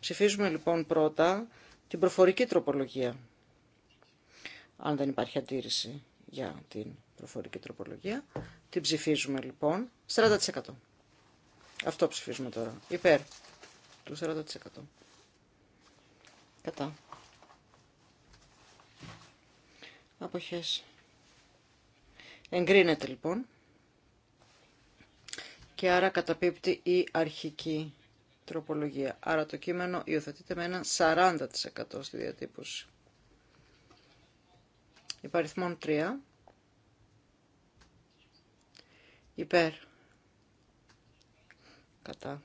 Ψηφίζουμε λοιπόν πρώτα την προφορική τροπολογία, αν δεν υπάρχει αντίρρηση για την προφορική τροπολογία. Την ψηφίζουμε λοιπόν 40%. Αυτό ψηφίζουμε τώρα. Υπέρ του 40%. Κατά. Αποχές. Εγκρίνεται λοιπόν. Και άρα καταπίπτει η αρχική τροπολογία. Άρα το κείμενο υιοθετείται με ένα 40% στη διατύπωση. Υπαριθμόν 3. Υπέρ κατά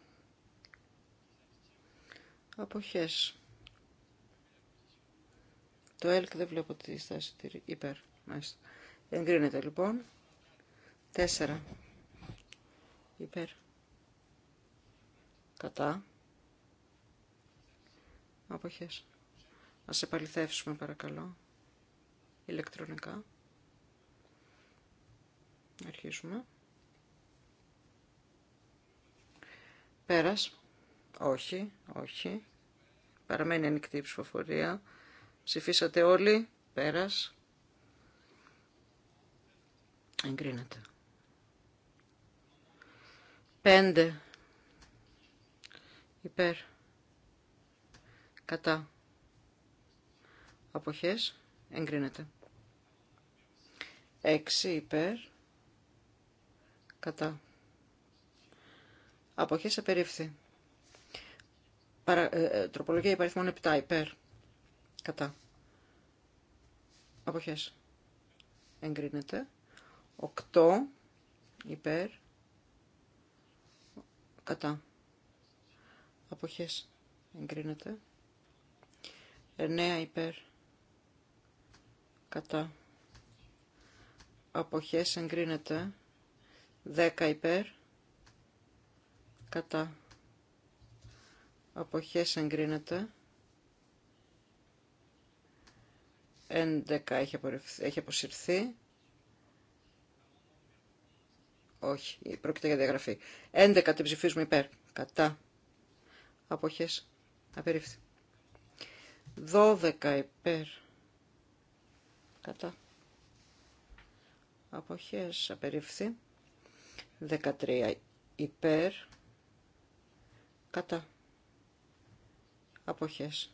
αποχές το ΕΛΚ δεν βλέπω τη στάση υπέρ μάλιστα εγκρίνεται λοιπόν τέσσερα υπέρ κατά αποχές σε επαληθεύσουμε παρακαλώ ηλεκτρονικά αρχίζουμε Πέρας. Όχι, όχι. Παραμένει ανοιχτή η ψηφοφορία. Ψηφίσατε όλοι. Πέρας. Εγκρίνεται. Πέντε. Υπέρ. Κατά. Αποχές. Εγκρίνεται. Έξι υπέρ. Κατά. Αποχέ απερίφθη. Παρα, ε, ε τροπολογία υπαριθμών 7 υπέρ. Κατά. Αποχέ. Εγκρίνεται. 8 υπέρ. Κατά. Αποχές. Εγκρίνεται. 9 υπέρ. Κατά. Αποχές εγκρίνεται. 10 υπέρ κατά αποχές εγκρίνεται 11 έχει, έχει αποσυρθεί όχι, πρόκειται για διαγραφή 11 την ψηφίζουμε υπέρ κατά αποχές απερίφθη 12 υπέρ κατά αποχές απερίφθη 13 υπέρ κατά αποχές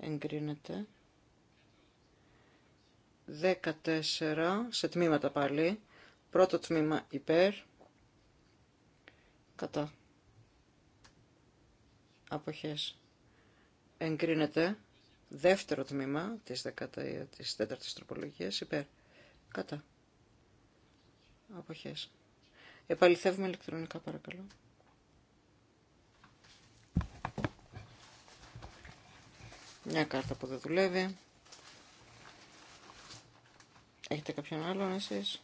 εγκρίνεται 14 σε τμήματα πάλι πρώτο τμήμα υπέρ κατά αποχές εγκρίνεται δεύτερο τμήμα της, δεκάτα της τέταρτης τροπολογίας υπέρ κατά αποχές επαληθεύουμε ηλεκτρονικά παρακαλώ Μια κάρτα που δεν δουλεύει. Έχετε κάποιον άλλον εσείς.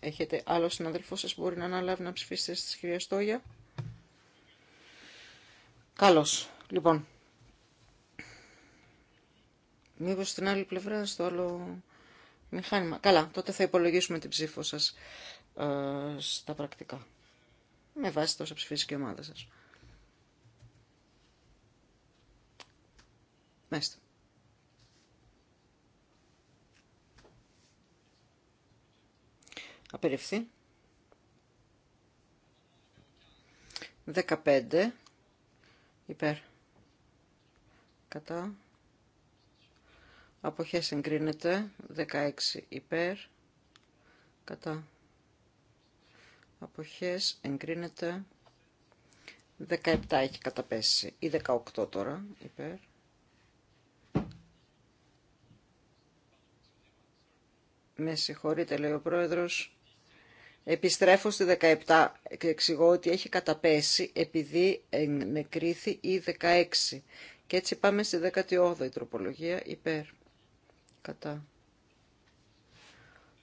Έχετε άλλο συναδελφό σας που μπορεί να αναλάβει να ψηφίσετε στις κυρία Στόγια. Καλώς. Λοιπόν. Μήπως στην άλλη πλευρά, στο άλλο μηχάνημα. Καλά, τότε θα υπολογίσουμε την ψήφο σας. Ε, στα πρακτικά. Με βάση τόσα ψηφίσεις και ομάδα σας. Μέστε. Απεριφθεί. 15 υπέρ κατά αποχές εγκρίνεται 16 υπέρ κατά αποχές εγκρίνεται 17 έχει καταπέσει ή 18 τώρα υπέρ με συγχωρείτε λέει ο πρόεδρος επιστρέφω στη 17 και εξηγώ ότι έχει καταπέσει επειδή νεκρήθη η 16 και έτσι πάμε στη 18η τροπολογία υπέρ κατά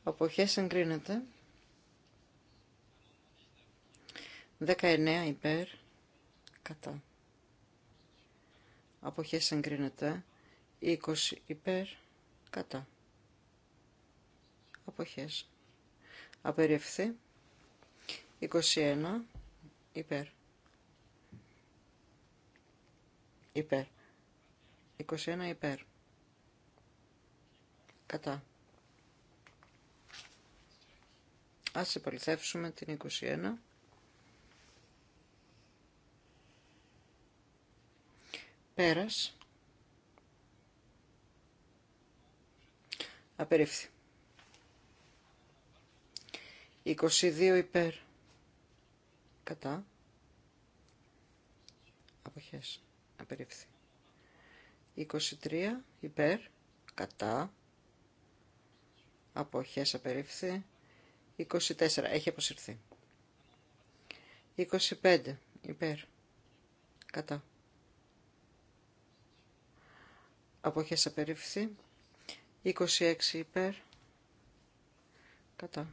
αποχές εγκρίνεται 19 υπέρ κατά. Αποχές εγκρίνεται. 20 υπέρ κατά. Αποχές. Απεριευθεί. 21 υπέρ. Υπέρ. 21 υπέρ. Κατά. Ας επαληθεύσουμε την 21. Πέρας. Απερίφθη. 22 υπέρ. Κατά. Αποχές. Απερίφθη. 23 υπέρ. Κατά. Αποχές απερίφθη. 24. Έχει αποσυρθεί. 25 υπέρ. Κατά. αποχές απερίφθη 26 υπέρ κατά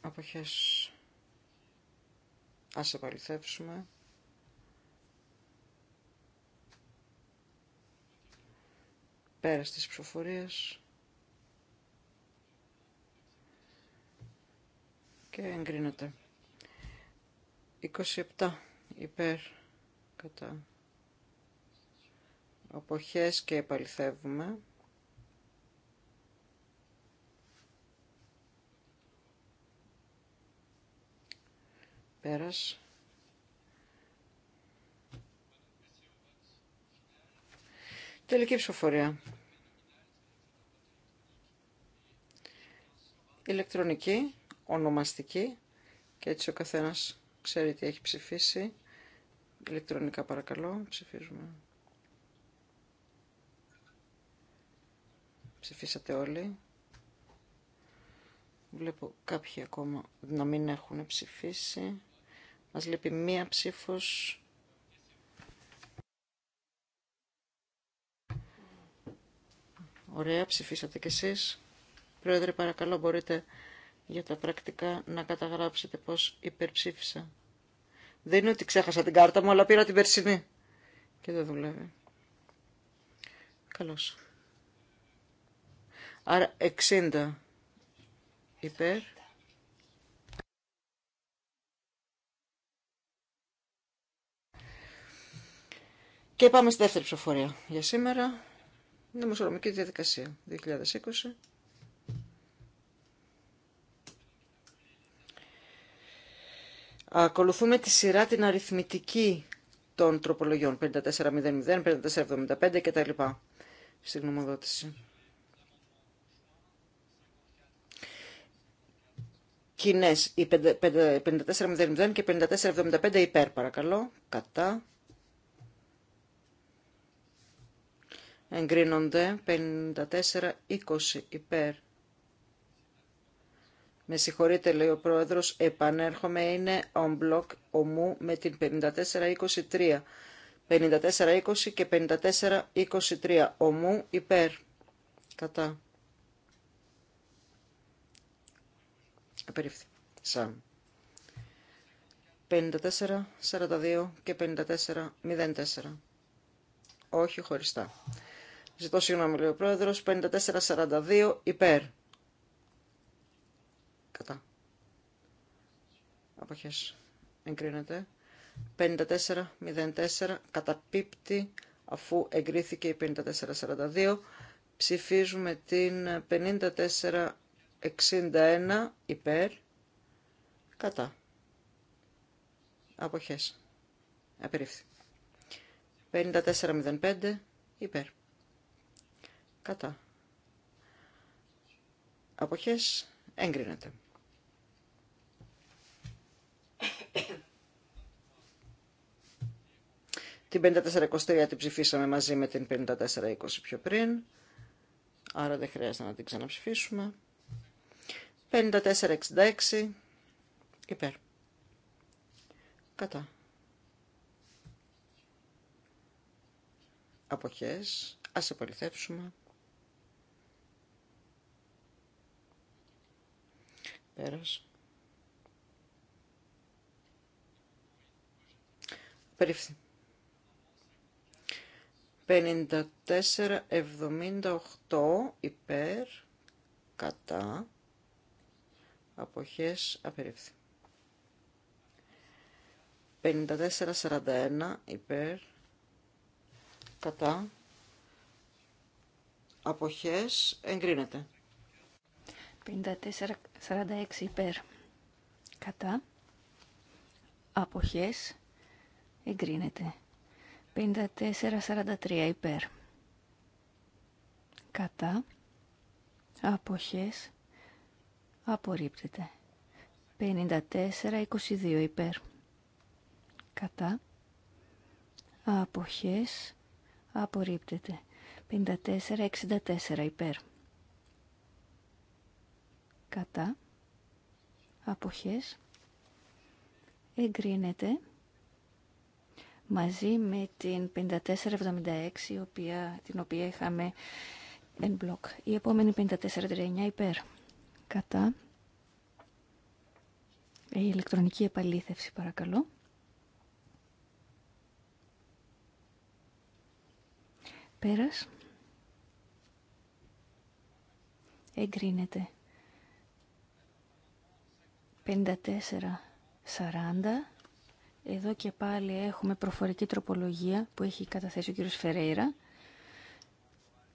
αποχές ας επαληθεύσουμε πέρα στις ψηφοφορίες και εγκρίνεται 27 υπέρ κατά Αποχές και επαληθεύουμε. Πέρας. Τελική ψηφοφορία. Ηλεκτρονική, ονομαστική και έτσι ο καθένας ξέρει τι έχει ψηφίσει. Ηλεκτρονικά παρακαλώ, ψηφίζουμε. Ψηφίσατε όλοι. Βλέπω κάποιοι ακόμα να μην έχουν ψηφίσει. Μας λείπει μία ψήφος. Ωραία, ψηφίσατε κι εσείς. Πρόεδρε, παρακαλώ, μπορείτε για τα πρακτικά να καταγράψετε πώς υπερψήφισα. Δεν είναι ότι ξέχασα την κάρτα μου, αλλά πήρα την περσινή. Και δεν δουλεύει. Καλώς. Άρα 60 υπέρ. Και πάμε στη δεύτερη ψηφοφορία για σήμερα. Νομοσονομική διαδικασία 2020. Ακολουθούμε τη σειρά την αριθμητική των τροπολογιών 5400, 5475 κτλ. Στην γνωμοδότηση. κοινέ οι 5400 και 5475 υπέρ παρακαλώ. Κατά. Εγκρίνονται 5420 υπέρ. Με συγχωρείτε λέει ο πρόεδρος, επανέρχομαι, είναι on block ομού με την 5423. 5420 και 5423 ομού υπέρ. Κατά. Απερίφθη. Σαν. 54, 42 και 54, 04. Όχι χωριστά. Ζητώ συγγνώμη, λέει ο πρόεδρος. 54, 42 υπέρ. Κατά. Αποχές. Εγκρίνεται. 54, 04 καταπίπτει αφού εγκρίθηκε η 54-42. Ψηφίζουμε την 54 61 υπέρ κατά αποχές απερίφθη 5405 υπέρ κατά αποχές εγκρίνεται Την 54-23 την ψηφίσαμε μαζί με την 54-20 πιο πριν, άρα δεν χρειάζεται να την ξαναψηφίσουμε. 54-66 υπέρ. Κατά. Αποχές. Ας επαληθεύσουμε. Πέρας. Περίφθη. 54-78 υπέρ. Κατά αποχές απερίφθη. 54-41 υπέρ κατά αποχές εγκρίνεται. 54-46 υπέρ κατά αποχές εγκρίνεται. 54-43 υπέρ κατά αποχές απορρίπτεται. 54-22 υπέρ. Κατά. Αποχές απορρίπτεται. 54-64 υπέρ. Κατά. Αποχές εγκρίνεται μαζί με την 54-76, την οποία είχαμε εν μπλοκ. Η επόμενη 5439 υπέρ. Κατά. Η ηλεκτρονική επαλήθευση παρακαλώ. Πέρας. Εγκρίνεται. 54-40. Εδώ και πάλι έχουμε προφορική τροπολογία που έχει καταθέσει ο κύριος Φερέιρα.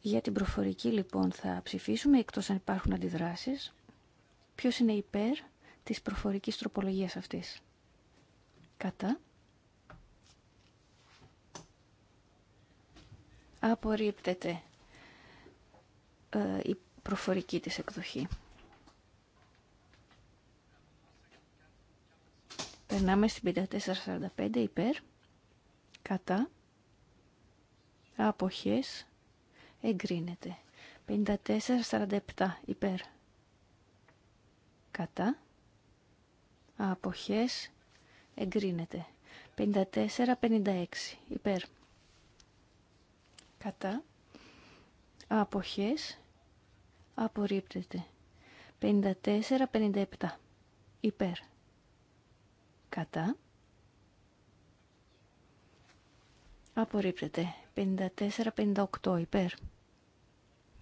Για την προφορική λοιπόν θα ψηφίσουμε εκτός αν υπάρχουν αντιδράσεις. Ποιο είναι υπέρ της προφορικής τροπολογίας αυτής. Κατά. Απορρίπτεται ε, η προφορική της εκδοχή. Περνάμε στην 5445 υπέρ. Κατά. Αποχές. Εγκρίνεται. 5447 υπέρ κατά, αποχές, εγκρίνεται. 54-56 υπέρ, κατά, αποχές, απορρίπτεται. 54-57 υπέρ, κατά, απορρίπτεται. 54-58 υπέρ,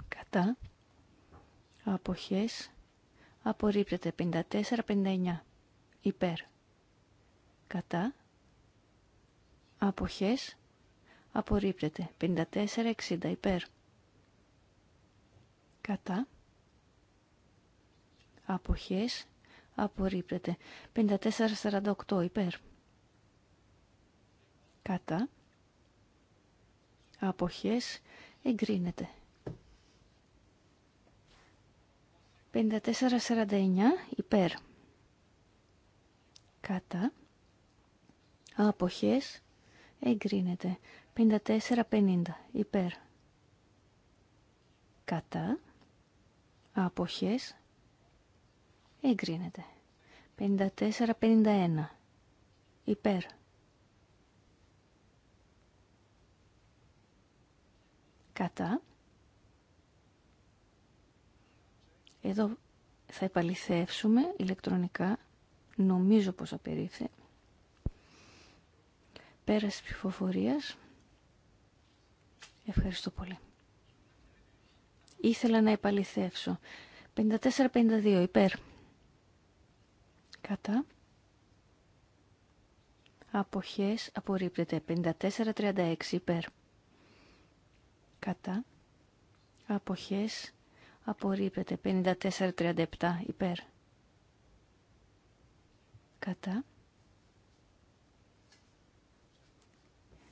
κατά, αποχές, Απορρίπτεται 54-59. Υπέρ. Κατά. Αποχές. Απορρίπτεται 54-60. Υπέρ. Κατά. Αποχές. Απορρίπτεται 54-48. Υπέρ. Κατά. Αποχές. Εγκρίνεται 5449 υπέρ κατά αποχές εγκρίνεται 5450 υπέρ κατά αποχές εγκρίνεται 5451 υπέρ κατά Εδώ θα επαληθεύσουμε ηλεκτρονικά. Νομίζω πως απερίφθη. Πέραση ψηφοφορίας. Ευχαριστώ πολύ. Ήθελα να επαληθεύσω. 54-52 υπέρ. Κατά. Αποχές απορρίπτεται. 54-36 υπέρ. Κατά. Αποχές απορριπεται 54 54-37 υπέρ κατά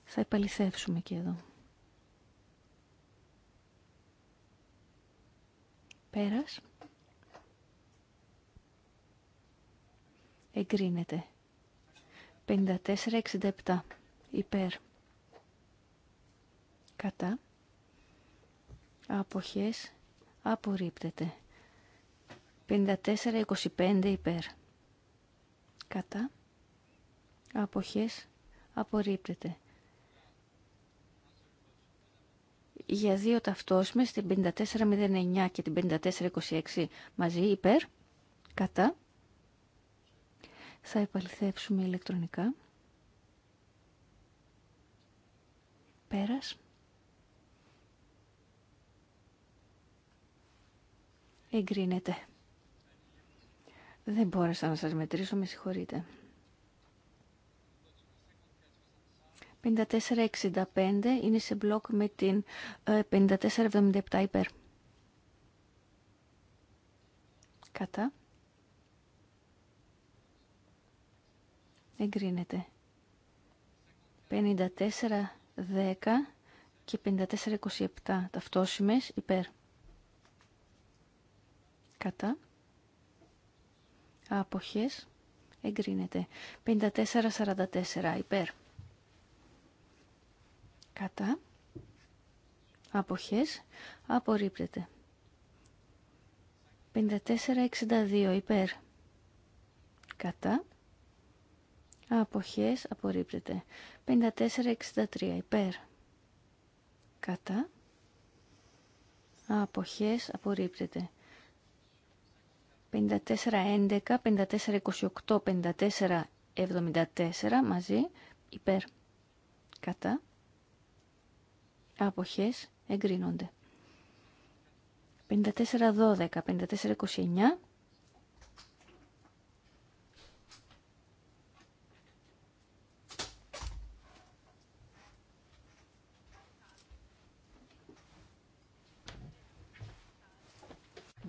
θα επαληθεύσουμε και εδώ πέρας εγκρίνεται 54-67 υπέρ κατά αποχές απορρίπτεται. 54-25 υπέρ. Κατά. Αποχές απορρίπτεται. Για δύο ταυτόσμες, την 5409 και την 5426 μαζί υπέρ. Κατά. Θα επαληθεύσουμε ηλεκτρονικά. Πέρας. Εγκρίνεται. Δεν μπόρεσα να σας μετρήσω, με συγχωρείτε. 54-65 είναι σε μπλοκ με την 54-77 ε, υπέρ. Κατά. Εγκρίνεται. 54-10 και 54-27 ταυτόσημες υπέρ κατά αποχές εγκρίνεται 54-44 υπέρ κατά αποχές απορρίπτεται 54-62 υπέρ κατά αποχές απορρίπτεται 54-63 υπέρ κατά αποχές απορρίπτεται 54-74 μαζί μαζί υπέρ κατά αποχές εγκρίνονται. 5412, 54-29...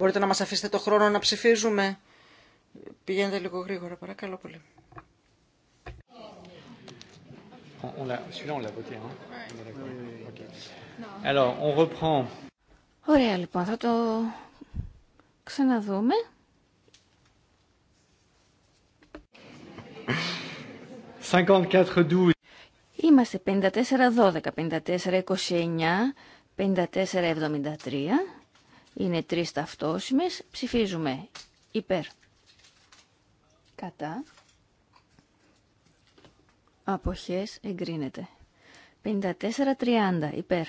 Μπορείτε να μας αφήσετε το χρόνο να ψηφίζουμε. Πηγαίνετε λίγο γρήγορα, παρακαλώ πολύ. Ωραία, λοιπόν, θα το ξαναδούμε. Είμαστε 54-12, 54-29, 54-73. Είναι τρεις ταυτόσιμες. Ψηφίζουμε υπέρ. Κατά. Αποχές εγκρίνεται. 54-30 υπέρ.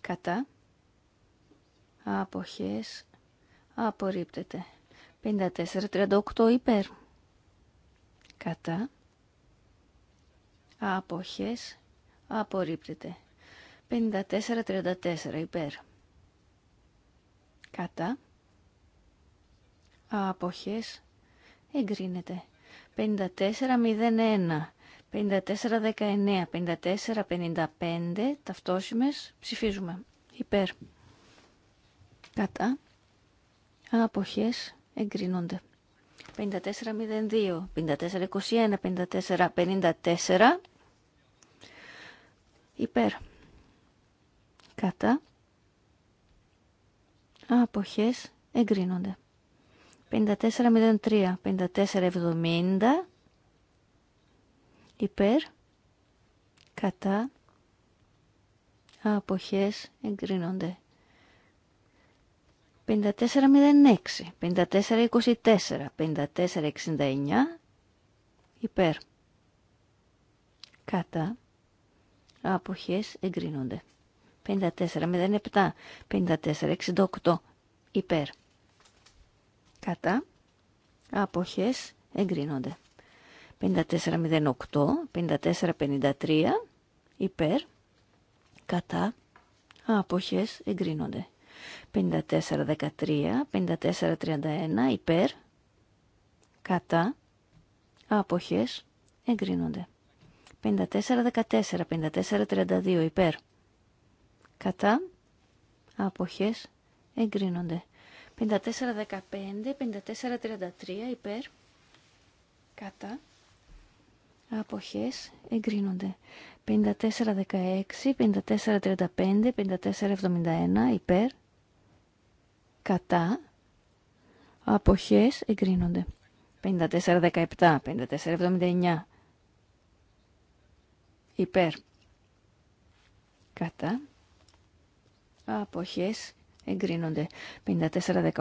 Κατά. Αποχές απορρίπτεται. 54-38 υπέρ. Κατά. Αποχές απορρίπτεται. 54-34 υπέρ κατά αποχές εγκρίνεται 54-01 54-19 54-55 ταυτόσιμες ψηφίζουμε υπέρ κατά αποχές εγκρίνονται 54-02 54-21 54-54 υπέρ κατά 54-03 αποχές εγκρίνονται. 5403, 5470 υπέρ, κατά, αποχές εγκρίνονται. 5406, 5424, 5469 υπέρ, κατά, αποχές εγκρίνονται. 54-07-54-68 υπέρ. Κατά, αποχές εγκρίνονται. 54-08-54-53 υπέρ. Κατά, αποχές εγκρίνονται. 54-13-54-31 υπέρ. Κατά, αποχές εγκρίνονται. 54-14-54-32 υπέρ κατά αποχές εγκρίνονται. 54-15, 54-33 υπέρ, κατά αποχές εγκρίνονται. 54-16, 54-35, 54-71 υπέρ, κατά αποχές εγκρίνονται. 54-17, 54-79 υπέρ, κατά αποχές εγκρίνονται 54-18,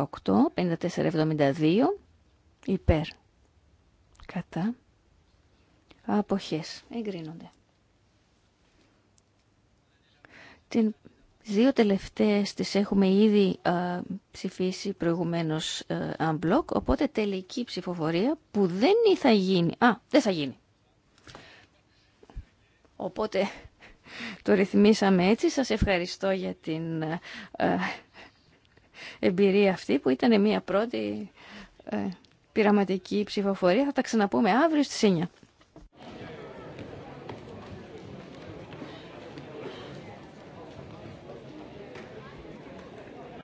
54-72 υπέρ κατά αποχές εγκρίνονται. Την δύο τελευταίες τις έχουμε ήδη ψηφίσει προηγουμένως α, unblock, οπότε τελική ψηφοφορία που δεν θα γίνει. Α, δεν θα γίνει. Οπότε το ρυθμίσαμε έτσι. Σας ευχαριστώ για την ε, εμπειρία αυτή που ήταν μια πρώτη ε, πειραματική ψηφοφορία. Θα τα ξαναπούμε αύριο στις 9.